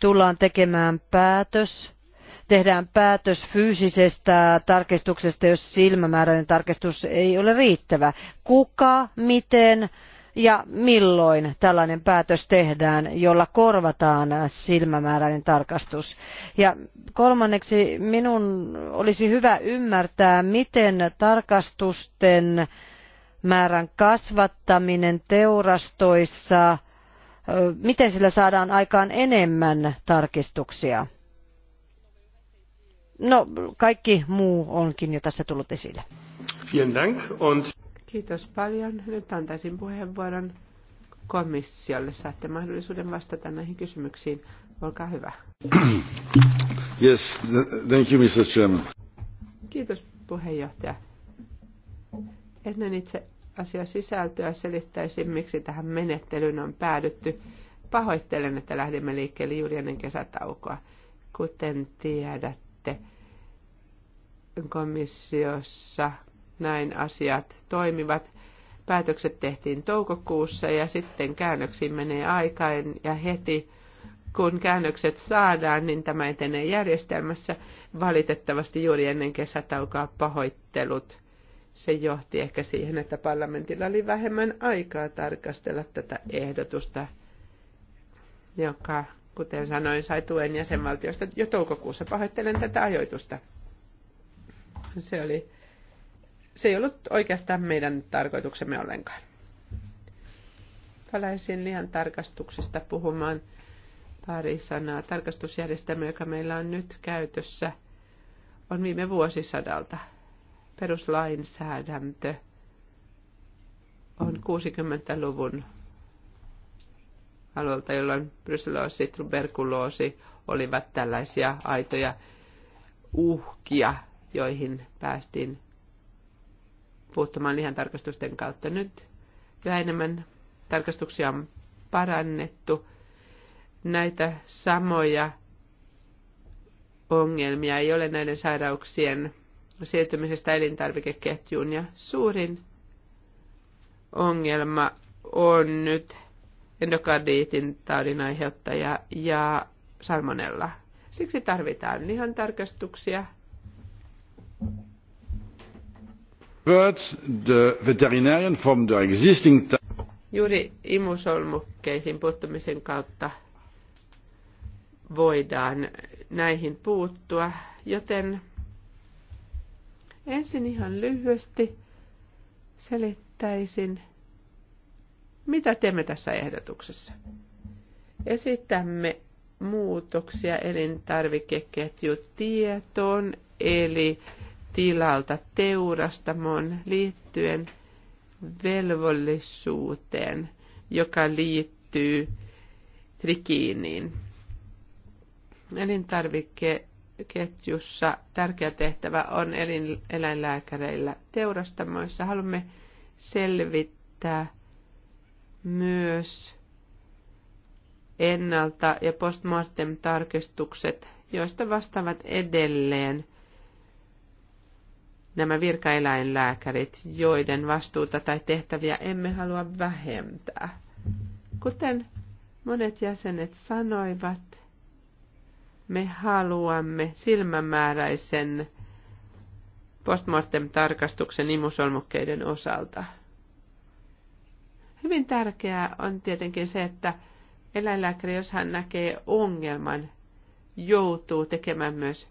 Speaker 3: tullaan tekemään päätös tehdään päätös fyysisestä tarkistuksesta, jos silmämääräinen tarkistus ei ole riittävä. Kuka, miten, ja milloin tällainen päätös tehdään, jolla korvataan silmämääräinen tarkastus. Ja kolmanneksi minun olisi hyvä ymmärtää, miten tarkastusten määrän kasvattaminen teurastoissa, miten sillä saadaan aikaan enemmän tarkistuksia? No, kaikki muu onkin jo tässä
Speaker 1: tullut esille. Vielen Dank und
Speaker 2: Kiitos paljon. Nyt antaisin puheenvuoron komissiolle. Saatte mahdollisuuden vastata näihin kysymyksiin. Olkaa hyvä.
Speaker 1: Yes, thank you, Mr. Chairman.
Speaker 2: Kiitos puheenjohtaja. Ennen itse asia sisältöä selittäisin, miksi tähän menettelyyn on päädytty. Pahoittelen, että lähdimme liikkeelle juuri ennen kesätaukoa. Kuten tiedätte, komissiossa näin asiat toimivat. Päätökset tehtiin toukokuussa ja sitten käännöksiin menee aikaa ja heti kun käännökset saadaan, niin tämä etenee järjestelmässä. Valitettavasti juuri ennen kesätaukaa pahoittelut. Se johti ehkä siihen, että parlamentilla oli vähemmän aikaa tarkastella tätä ehdotusta, joka, kuten sanoin, sai tuen jäsenvaltiosta jo toukokuussa. Pahoittelen tätä ajoitusta. Se oli se ei ollut oikeastaan meidän tarkoituksemme ollenkaan. Palaisin lihan tarkastuksista puhumaan pari sanaa. Tarkastusjärjestelmä, joka meillä on nyt käytössä, on viime vuosisadalta. Peruslainsäädäntö on 60-luvun alueelta, jolloin ja tuberkuloosi olivat tällaisia aitoja uhkia, joihin päästiin puuttumaan lihan tarkastusten kautta. Nyt yhä enemmän tarkastuksia on parannettu. Näitä samoja ongelmia ei ole näiden sairauksien siirtymisestä elintarvikeketjuun. Ja suurin ongelma on nyt endokardiitin taudin aiheuttaja ja salmonella. Siksi tarvitaan lihan tarkastuksia
Speaker 1: Third, the veterinarian from the existing
Speaker 2: Juuri imusolmukkeisiin puuttumisen kautta voidaan näihin puuttua, joten ensin ihan lyhyesti selittäisin, mitä teemme tässä ehdotuksessa. Esitämme muutoksia elintarvikeketjutietoon, eli tilalta teurastamon liittyen velvollisuuteen, joka liittyy trikiiniin. Elintarvikeketjussa tärkeä tehtävä on eläinlääkäreillä teurastamoissa. Haluamme selvittää myös ennalta- ja postmortem-tarkistukset, joista vastaavat edelleen – nämä virkaeläinlääkärit, joiden vastuuta tai tehtäviä emme halua vähentää. Kuten monet jäsenet sanoivat, me haluamme silmämääräisen postmortem-tarkastuksen imusolmukkeiden osalta. Hyvin tärkeää on tietenkin se, että eläinlääkäri, jos hän näkee ongelman, joutuu tekemään myös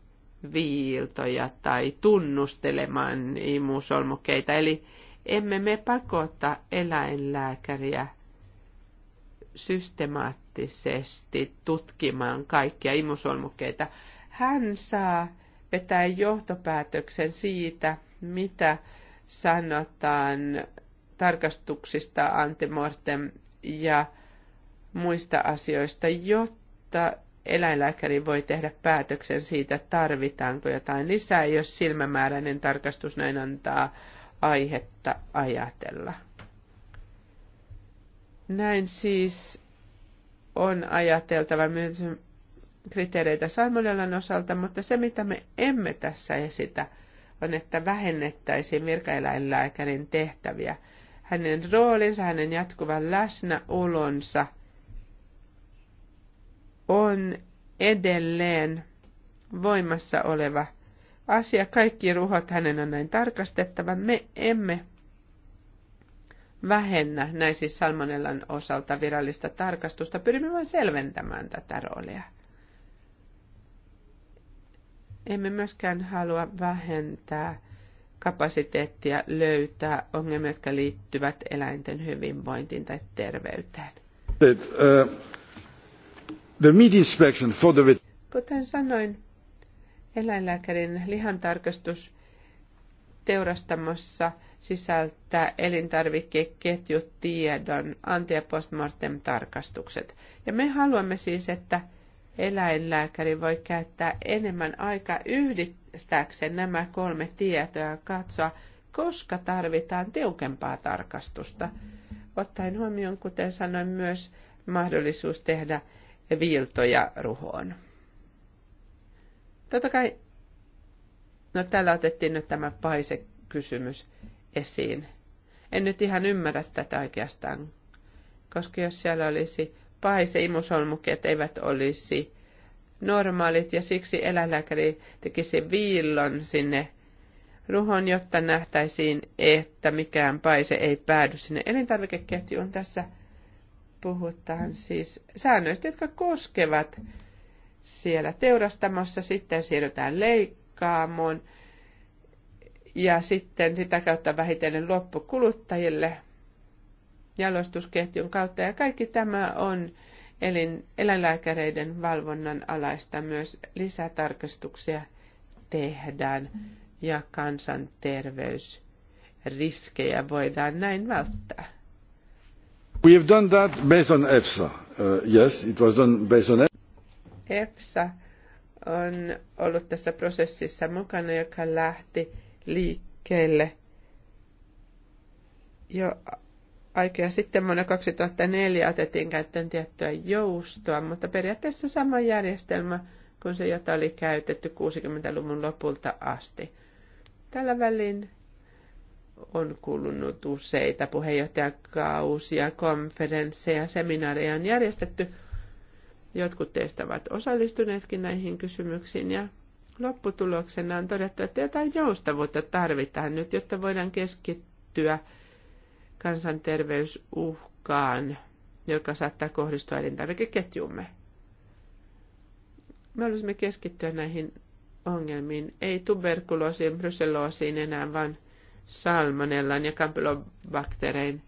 Speaker 2: viiltoja tai tunnustelemaan imusolmukkeita. Eli emme me pakota eläinlääkäriä systemaattisesti tutkimaan kaikkia imusolmukkeita. Hän saa vetää johtopäätöksen siitä, mitä sanotaan tarkastuksista antemortem ja muista asioista, jotta eläinlääkäri voi tehdä päätöksen siitä, tarvitaanko jotain lisää, jos silmämääräinen tarkastus näin antaa aihetta ajatella. Näin siis on ajateltava myös kriteereitä Salmonellan osalta, mutta se mitä me emme tässä esitä, on, että vähennettäisiin virkaeläinlääkärin tehtäviä. Hänen roolinsa, hänen jatkuvan läsnäolonsa on edelleen voimassa oleva asia. Kaikki ruhat hänen on näin tarkastettava. Me emme vähennä näin siis Salmonellan osalta virallista tarkastusta. Pyrimme vain selventämään tätä roolia. Emme myöskään halua vähentää kapasiteettia löytää ongelmia, jotka liittyvät eläinten hyvinvointiin tai terveyteen.
Speaker 4: The meat inspection for the
Speaker 2: Kuten sanoin, eläinlääkärin lihantarkastus teurastamossa sisältää elintarvikeketjutiedon anti- ja postmortem tarkastukset. Ja me haluamme siis, että eläinlääkäri voi käyttää enemmän aikaa yhdistääkseen nämä kolme tietoa ja katsoa, koska tarvitaan tiukempaa tarkastusta. Ottaen huomioon, kuten sanoin, myös mahdollisuus tehdä viiltoja ruhoon. Totta kai, no täällä otettiin nyt tämä paise kysymys esiin. En nyt ihan ymmärrä tätä oikeastaan, koska jos siellä olisi paise imusolmukeet eivät olisi normaalit ja siksi eläinlääkäri tekisi viillon sinne ruhon, jotta nähtäisiin, että mikään paise ei päädy sinne elintarvikeketjuun. Tässä puhutaan siis säännöistä, jotka koskevat siellä teurastamossa, sitten siirrytään leikkaamoon ja sitten sitä kautta vähitellen loppukuluttajille jalostusketjun kautta. Ja kaikki tämä on elin, eläinlääkäreiden valvonnan alaista myös lisätarkastuksia tehdään ja kansanterveysriskejä voidaan näin välttää.
Speaker 1: We
Speaker 4: have done that based on EFSA. Uh, yes, it was done based on e
Speaker 2: EFSA. on ollut tässä prosessissa mukana, joka lähti liikkeelle jo aikaa sitten vuonna 2004 otettiin käyttöön tiettyä joustoa, mutta periaatteessa sama järjestelmä kuin se, jota oli käytetty 60-luvun lopulta asti. Tällä välin on kulunut useita puheenjohtajakausia, konferensseja, seminaareja on järjestetty. Jotkut teistä ovat osallistuneetkin näihin kysymyksiin ja lopputuloksena on todettu, että jotain joustavuutta tarvitaan nyt, jotta voidaan keskittyä kansanterveysuhkaan, joka saattaa kohdistua elintarvikeketjumme. Me haluaisimme keskittyä näihin ongelmiin, ei tuberkuloosiin, bryseloosiin enää, vaan salmonellan ja kampylobakterein.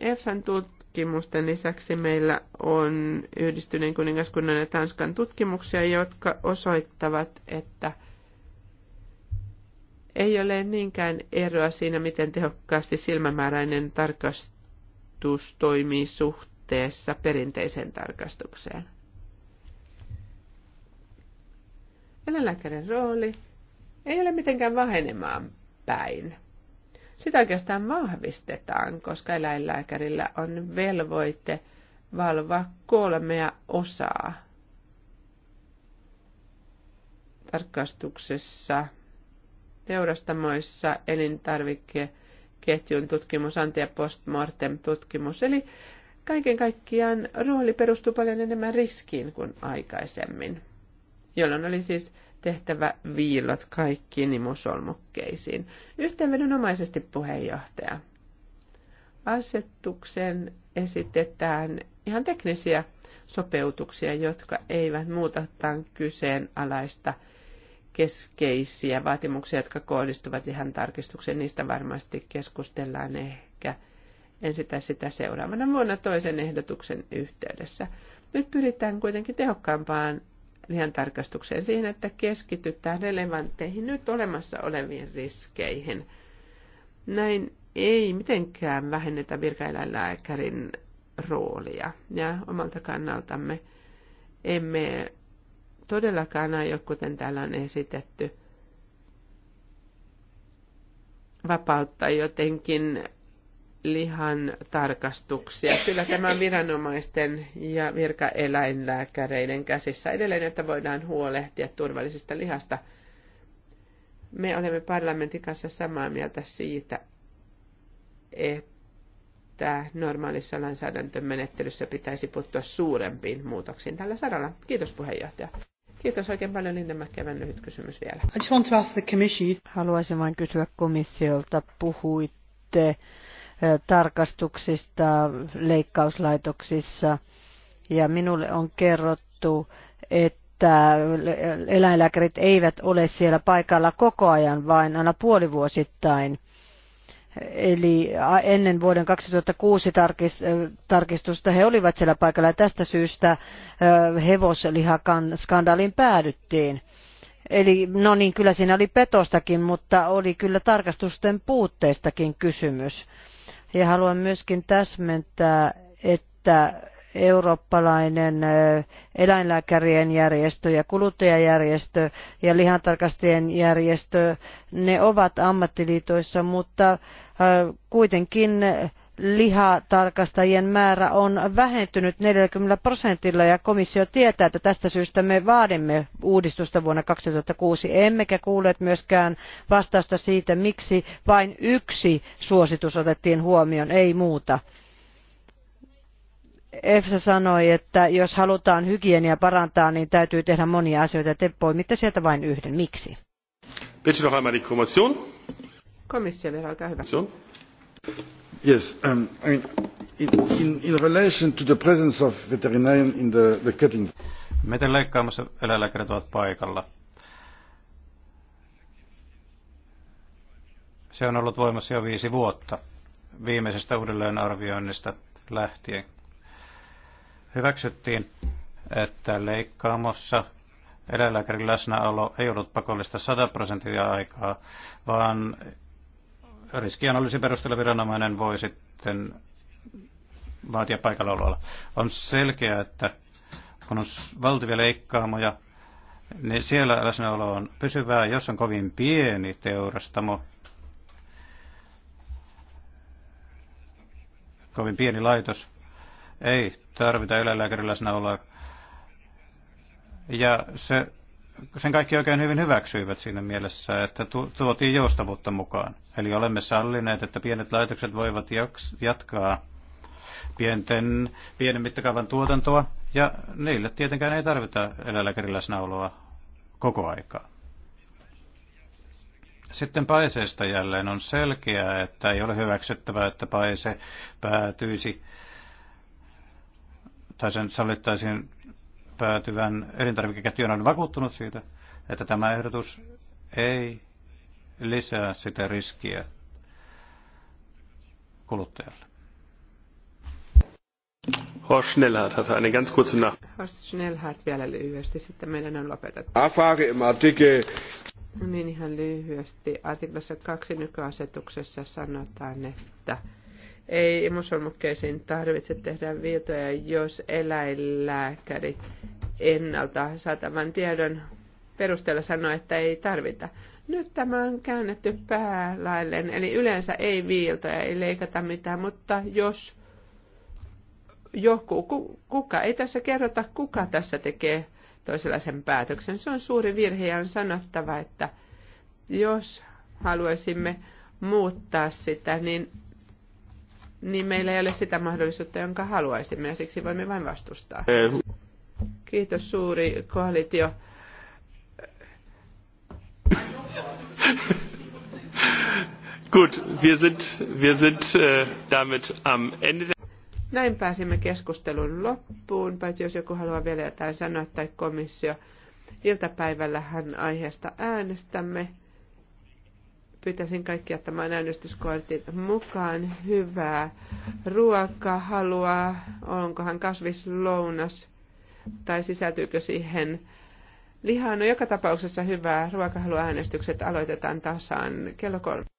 Speaker 2: EFSAn tutkimusten lisäksi meillä on Yhdistyneen kuningaskunnan ja Tanskan tutkimuksia, jotka osoittavat, että ei ole niinkään eroa siinä, miten tehokkaasti silmämääräinen tarkastus toimii suhteessa perinteiseen tarkastukseen. Eläinlääkärin rooli – ei ole mitenkään vähenemään päin. Sitä oikeastaan vahvistetaan, koska eläinlääkärillä on velvoite valvoa kolmea osaa tarkastuksessa, teurastamoissa, elintarvikeketjun tutkimus, anti- ja postmortem tutkimus. Eli kaiken kaikkiaan rooli perustuu paljon enemmän riskiin kuin aikaisemmin jolloin oli siis tehtävä viillot kaikkiin nimusolmukkeisiin. Yhteenvedonomaisesti puheenjohtaja. Asetuksen esitetään ihan teknisiä sopeutuksia, jotka eivät tämän kyseenalaista keskeisiä vaatimuksia, jotka kohdistuvat ihan tarkistukseen. Niistä varmasti keskustellaan ehkä ensi tai sitä seuraavana vuonna toisen ehdotuksen yhteydessä. Nyt pyritään kuitenkin tehokkaampaan lihan tarkastukseen siihen, että keskitytään relevantteihin nyt olemassa oleviin riskeihin. Näin ei mitenkään vähennetä virkaeläinlääkärin roolia. Ja omalta kannaltamme emme todellakaan aio, kuten täällä on esitetty, vapauttaa jotenkin lihan tarkastuksia. Kyllä tämä on viranomaisten ja virkaeläinlääkäreiden käsissä edelleen, että voidaan huolehtia turvallisesta lihasta. Me olemme parlamentin kanssa samaa mieltä siitä, että normaalissa lainsäädäntömenettelyssä pitäisi puuttua suurempiin muutoksiin tällä saralla. Kiitos puheenjohtaja. Kiitos oikein paljon Linda Mäkkävän lyhyt kysymys vielä.
Speaker 3: Haluaisin vain kysyä komissiolta, puhuitte tarkastuksista leikkauslaitoksissa. Ja minulle on kerrottu, että eläinlääkärit eivät ole siellä paikalla koko ajan, vaan aina puolivuosittain. Eli ennen vuoden 2006 tarkistusta he olivat siellä paikalla ja tästä syystä skandaaliin päädyttiin. Eli no niin, kyllä siinä oli petostakin, mutta oli kyllä tarkastusten puutteistakin kysymys. Ja haluan myöskin täsmentää, että eurooppalainen eläinlääkärien järjestö ja kuluttajajärjestö ja lihantarkastajien järjestö, ne ovat ammattiliitoissa, mutta kuitenkin lihatarkastajien määrä on vähentynyt 40 prosentilla ja komissio tietää, että tästä syystä me vaadimme uudistusta vuonna kuusi emmekä kuulleet myöskään vastausta siitä, miksi vain yksi suositus otettiin huomioon, ei muuta. EFSA sanoi, että jos halutaan hygienia parantaa, niin täytyy tehdä monia asioita. Te poimitte sieltä vain yhden. Miksi?
Speaker 1: Bitte noch einmal die Kommission.
Speaker 2: Komissio vielä, olkaa
Speaker 1: Yes, um, I mean,
Speaker 4: in, in, relation to the presence of veterinarian in the, the cutting. Miten leikkaamassa eläinlääkärit ovat paikalla? Se on ollut voimassa jo viisi vuotta viimeisestä uudelleenarvioinnista lähtien. Hyväksyttiin, että leikkaamossa eläinlääkärin läsnäolo ei ollut pakollista 100 prosenttia aikaa, vaan riskianalyysin perusteella viranomainen voi sitten vaatia paikallaololla. On selkeää, että kun on valtavia leikkaamoja, niin siellä läsnäolo on pysyvää. Jos on kovin pieni teurastamo, kovin pieni laitos, ei tarvita eläinlääkärin läsnäoloa. Ja se sen kaikki oikein hyvin hyväksyivät siinä mielessä, että tuotiin joustavuutta mukaan. Eli olemme sallineet, että pienet laitokset voivat jatkaa pienten, pienen mittakaavan tuotantoa, ja niille tietenkään ei tarvita eläinlääkäriläisnauloa koko aikaa. Sitten paiseesta jälleen on selkeää, että ei ole hyväksyttävää, että paise päätyisi tai sen sallittaisiin päätyvän elintarvikeketjun on vakuuttunut siitä, että tämä ehdotus ei lisää sitä riskiä kuluttajalle. Horst Schnellhardt hat eine ganz kurze Nach.
Speaker 2: Horst Schnellhardt vielä lyhyesti, sitten meidän on lopetettu. Afari im Artikel. No niin ihan lyhyesti. Artiklassa 2 nykyasetuksessa sanotaan, että ei imusolmukkeisiin tarvitse tehdä viitoja, jos eläinlääkäri ennalta saatavan tiedon perusteella sanoo, että ei tarvita. Nyt tämä on käännetty päälailleen, eli yleensä ei viiltoja, ei leikata mitään, mutta jos joku, kuka, ei tässä kerrota, kuka tässä tekee toisenlaisen päätöksen. Se on suuri virhe ja on sanottava, että jos haluaisimme muuttaa sitä, niin niin meillä ei ole sitä mahdollisuutta, jonka haluaisimme, ja siksi voimme vain vastustaa. Eh, Kiitos suuri koalitio.
Speaker 1: Gut, wir sind, wir sind äh, damit am Ende
Speaker 2: näin pääsimme keskustelun loppuun, paitsi jos joku haluaa vielä jotain sanoa tai komissio. Iltapäivällähän aiheesta äänestämme pyytäisin kaikki ottamaan äänestyskortin mukaan. Hyvää ruokaa haluaa, onkohan kasvislounas tai sisältyykö siihen lihaa. No joka tapauksessa hyvää äänestykset aloitetaan tasan kello kolme.